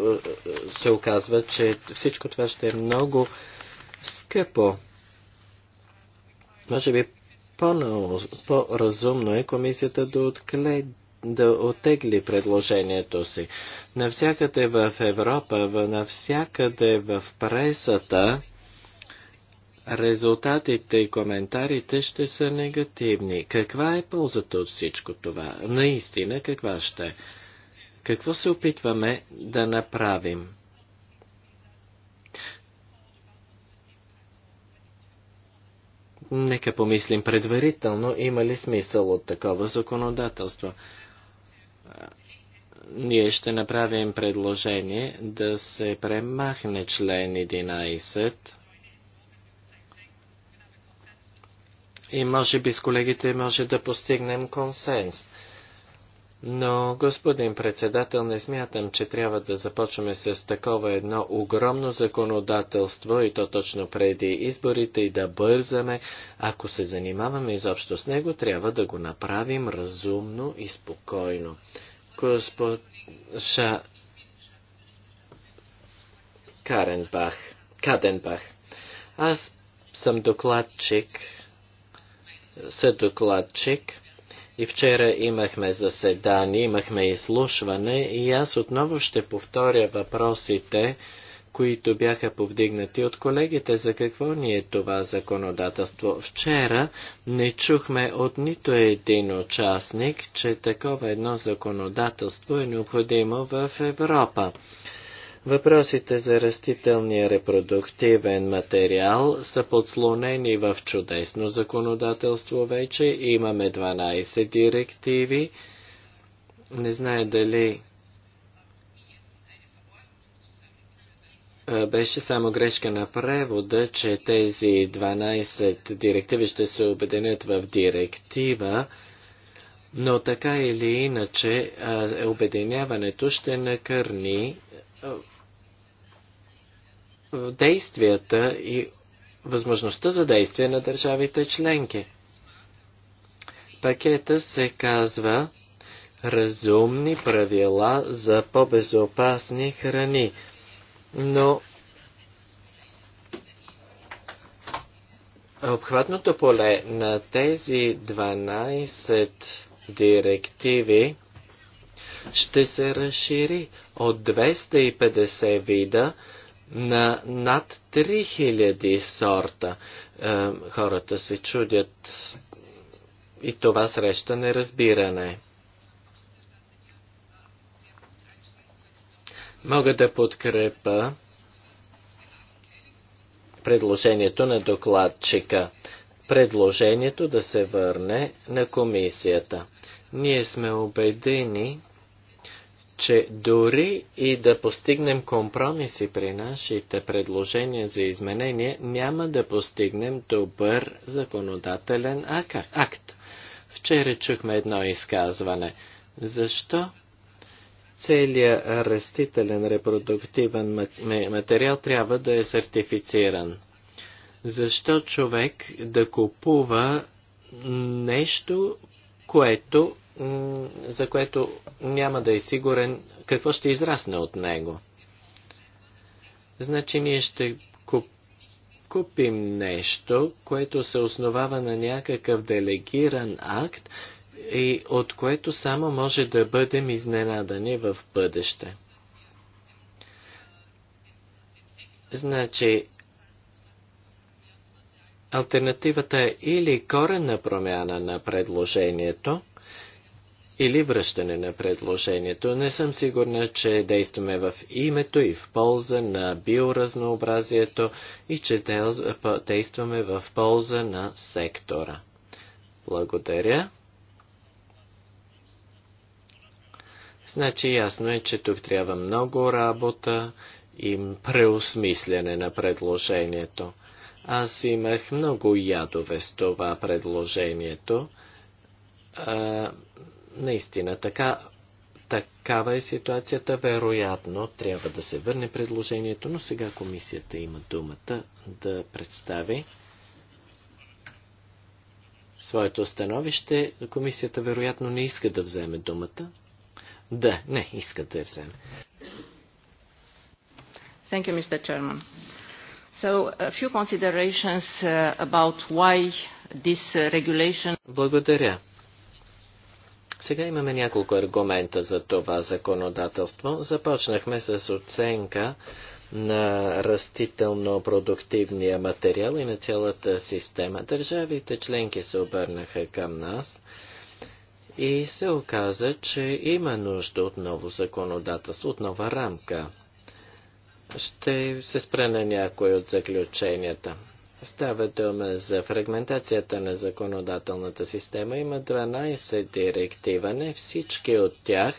се оказва, че всичко това ще е много скъпо. Може би по-разумно е комисията да откле, да отегли предложението си. Навсякъде в Европа, навсякъде в пресата, резултатите и коментарите ще са негативни. Каква е ползата от всичко това? Наистина, каква ще е? Какво се опитваме да направим? Нека помислим предварително, има ли смисъл от такова законодателство ние ще направим предложение да се премахне член 11 и може би с колегите може да постигнем консенс. Но, господин председател, не смятам, че трябва да започваме с такова едно огромно законодателство и то точно преди изборите и да бързаме. Ако се занимаваме изобщо с него, трябва да го направим разумно и спокойно. Господша Каренбах, Каденбах, аз съм докладчик, съдокладчик докладчик и вчера имахме заседание, имахме изслушване и аз отново ще повторя въпросите, които бяха повдигнати от колегите за какво ни е това законодателство. Вчера не чухме от нито един участник, че такова едно законодателство е необходимо в Европа. Въпросите за растителния репродуктивен материал са подслонени в чудесно законодателство вече. Имаме 12 директиви. Не знае дали беше само грешка на превода, че тези 12 директиви ще се обединят в директива, но така или иначе обединяването ще накърни действията и възможността за действие на държавите членки. Пакета се казва разумни правила за по-безопасни храни, но обхватното поле на тези 12 директиви ще се разшири от 250 вида на над 3000 сорта. Е, хората се чудят и това среща неразбиране. Мога да подкрепа предложението на докладчика. Предложението да се върне на комисията. Ние сме убедени, че дори и да постигнем компромиси при нашите предложения за изменение, няма да постигнем добър законодателен акт. Вчера чухме едно изказване. Защо целият растителен репродуктивен материал трябва да е сертифициран? Защо човек да купува нещо, което за което няма да е сигурен какво ще израсне от него. Значи ние ще купим нещо, което се основава на някакъв делегиран акт и от което само може да бъдем изненадани в бъдеще. Значи, Альтернативата е или корена промяна на предложението, или връщане на предложението. Не съм сигурна, че действаме в името и в полза на биоразнообразието и че действаме в полза на сектора. Благодаря. Значи ясно е, че тук трябва много работа и преосмислене на предложението. Аз имах много ядове с това предложението. А, Наистина, така, такава е ситуацията. Вероятно, трябва да се върне предложението, но сега комисията има думата да представи своето становище. Комисията вероятно не иска да вземе думата. Да, не, иска да я вземе. Thank you, Mr. Chairman. So, a few considerations uh, about why this uh, regulation... Благодаря. Сега имаме няколко аргумента за това законодателство. Започнахме с оценка на растително-продуктивния материал и на цялата система. Държавите членки се обърнаха към нас и се оказа, че има нужда от ново законодателство, от нова рамка. Ще се спра на някои от заключенията. Става дума за фрагментацията на законодателната система. Има 12 директива. Не всички от тях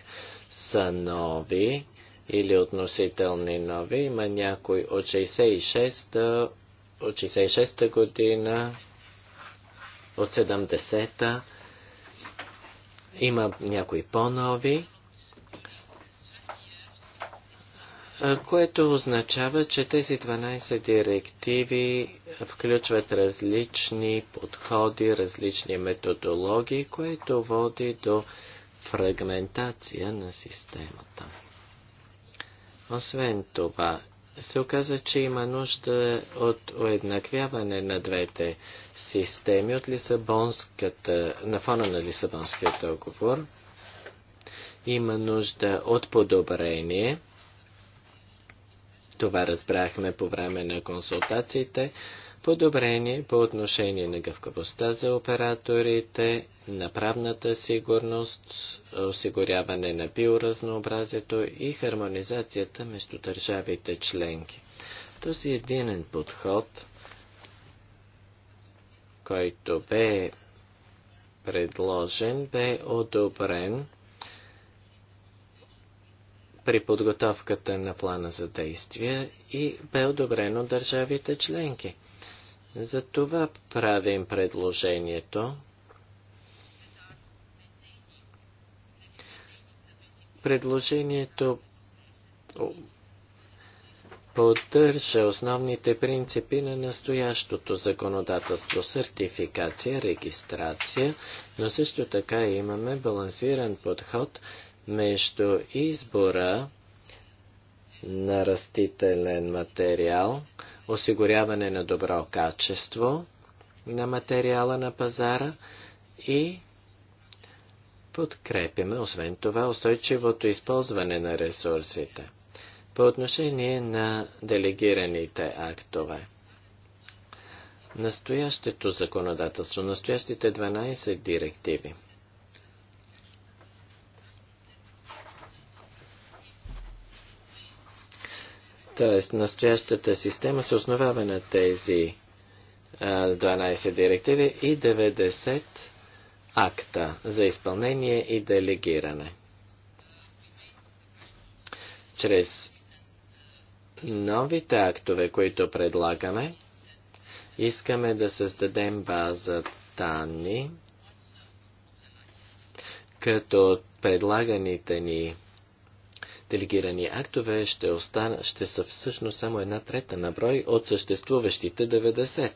са нови или относителни нови. Има някой от 66-та, от 66-та година, от 70-та. Има някои по-нови. което означава, че тези 12 директиви включват различни подходи, различни методологии, което води до фрагментация на системата. Освен това, се оказа, че има нужда от уеднаквяване на двете системи от Лисабонската, на фона на Лисабонския договор. Има нужда от подобрение – това разбрахме по време на консултациите. Подобрение по отношение на гъвкавостта за операторите, на правната сигурност, осигуряване на биоразнообразието и хармонизацията между държавите членки. Този единен подход, който бе предложен, бе одобрен при подготовката на плана за действие и бе одобрено държавите членки. Затова правим предложението Предложението поддържа основните принципи на настоящото законодателство сертификация, регистрация, но също така имаме балансиран подход – между избора на растителен материал, осигуряване на добро качество на материала на пазара и подкрепяме, освен това, устойчивото използване на ресурсите. По отношение на делегираните актове. Настоящето законодателство, настоящите 12 директиви – Т.е. настоящата система се основава на тези 12 директиви и 90 акта за изпълнение и делегиране. Чрез новите актове, които предлагаме, искаме да създадем база данни, като предлаганите ни делегирани актове ще, остан... ще са всъщност само една трета на брой от съществуващите 90.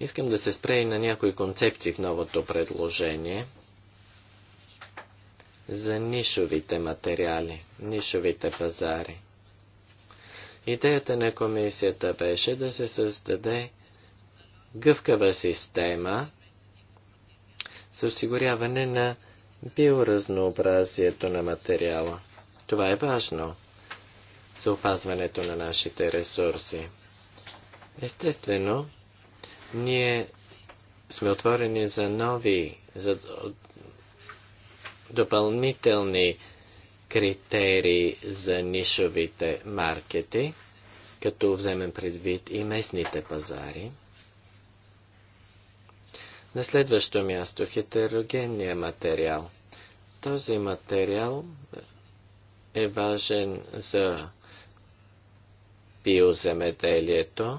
Искам да се спре и на някои концепции в новото предложение за нишовите материали, нишовите пазари. Идеята на комисията беше да се създаде гъвкава система за осигуряване на биоразнообразието на материала. Това е важно за опазването на нашите ресурси. Естествено, ние сме отворени за нови, за допълнителни критерии за нишовите маркети, като вземем предвид и местните пазари. На следващо място хетерогенния материал. Този материал е важен за биоземеделието,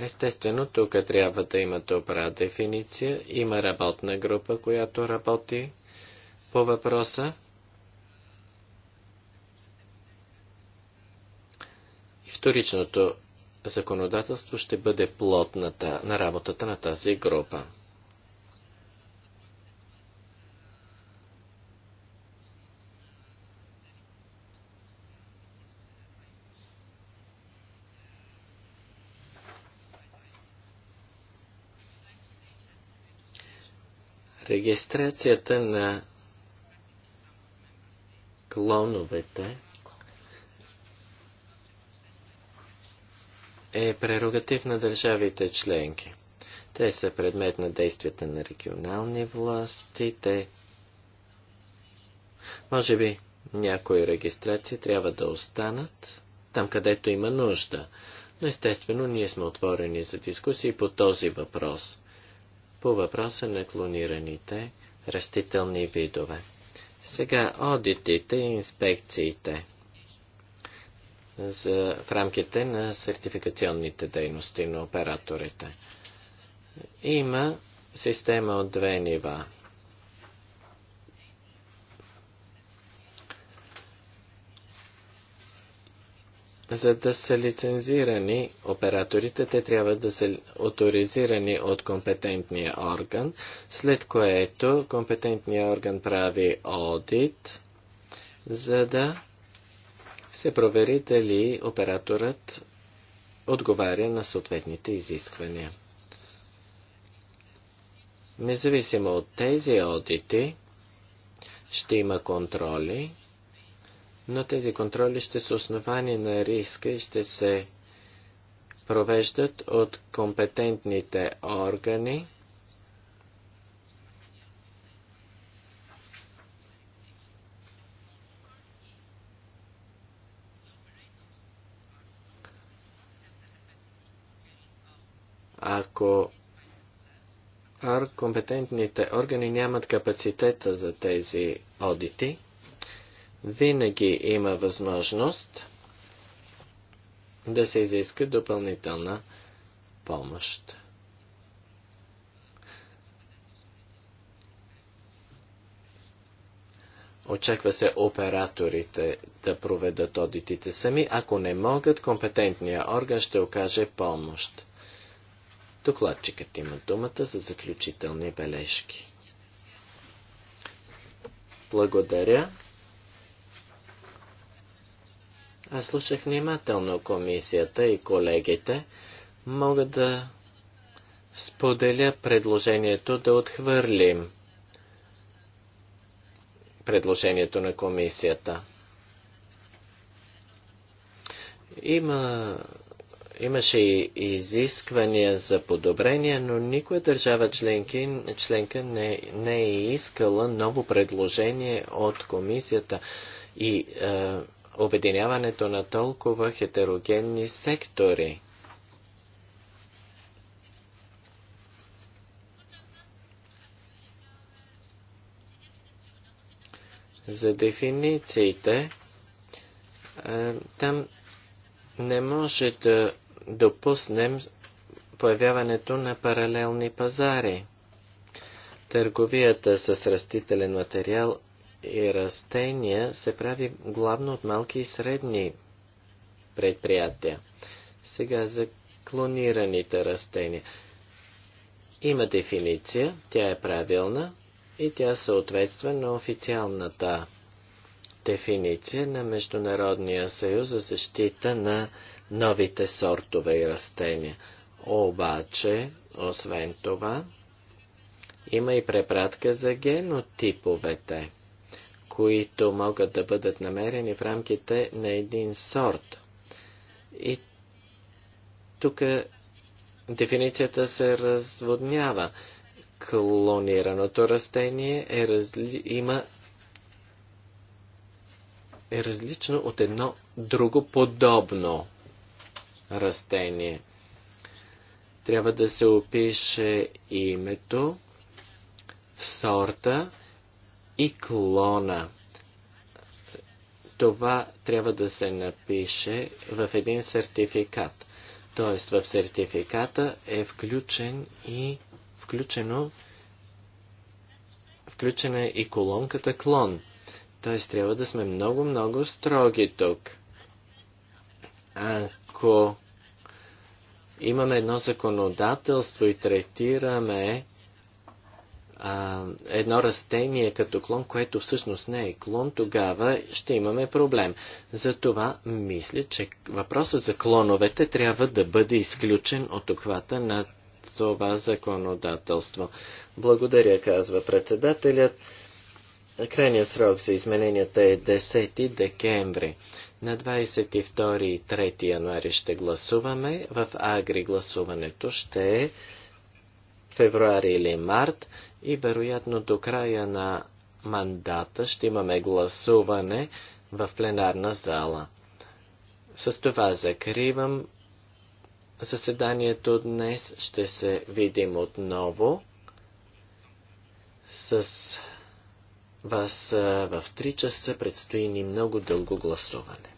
Естествено, тук трябва да има добра дефиниция. Има работна група, която работи по въпроса. И вторичното законодателство ще бъде плотната на работата на тази група. регистрацията на клоновете е прерогатив на държавите членки. Те са предмет на действията на регионални власти, те... Може би някои регистрации трябва да останат там, където има нужда, но естествено ние сме отворени за дискусии по този въпрос по въпроса на клонираните растителни видове. Сега одитите и инспекциите за, в рамките на сертификационните дейности на операторите. Има система от две нива. За да са лицензирани операторите, те трябва да са авторизирани от компетентния орган, след което компетентния орган прави одит, за да се провери дали операторът отговаря на съответните изисквания. Независимо от тези одити, ще има контроли, но тези контроли ще са основани на риска и ще се провеждат от компетентните органи. Ако компетентните органи нямат капацитета за тези одити, винаги има възможност да се изиска допълнителна помощ. Очаква се операторите да проведат одитите сами. Ако не могат, компетентният орган ще окаже помощ. Докладчикът има думата за заключителни бележки. Благодаря. Аз слушах внимателно комисията и колегите. Мога да споделя предложението да отхвърлим предложението на комисията. Има, имаше и изисквания за подобрение, но никоя държава членки, членка не, не е искала ново предложение от комисията. И е, обединяването на толкова хетерогенни сектори. За дефинициите, там не може да допуснем появяването на паралелни пазари. Търговията с растителен материал и растения се прави главно от малки и средни предприятия. Сега за клонираните растения. Има дефиниция, тя е правилна и тя съответства на официалната дефиниция на Международния съюз за защита на новите сортове и растения. Обаче, освен това, има и препратка за генотиповете които могат да бъдат намерени в рамките на един сорт. И тук дефиницията се разводнява. Клонираното растение е разли... има е различно от едно друго подобно растение. Трябва да се опише името, сорта и клона. Това трябва да се напише в един сертификат. Тоест в сертификата е включен и включено включена е и колонката клон. Т.е. трябва да сме много-много строги тук. Ако имаме едно законодателство и третираме а, едно растение като клон, което всъщност не е клон, тогава ще имаме проблем. Затова мисля, че въпросът за клоновете трябва да бъде изключен от обхвата на това законодателство. Благодаря, казва председателят. Крайният срок за измененията е 10 декември. На 22 и 3 януари ще гласуваме. В Агри гласуването ще е февруари или март и вероятно до края на мандата ще имаме гласуване в пленарна зала. С това закривам заседанието днес. Ще се видим отново с вас в 3 часа. Предстои ни много дълго гласуване.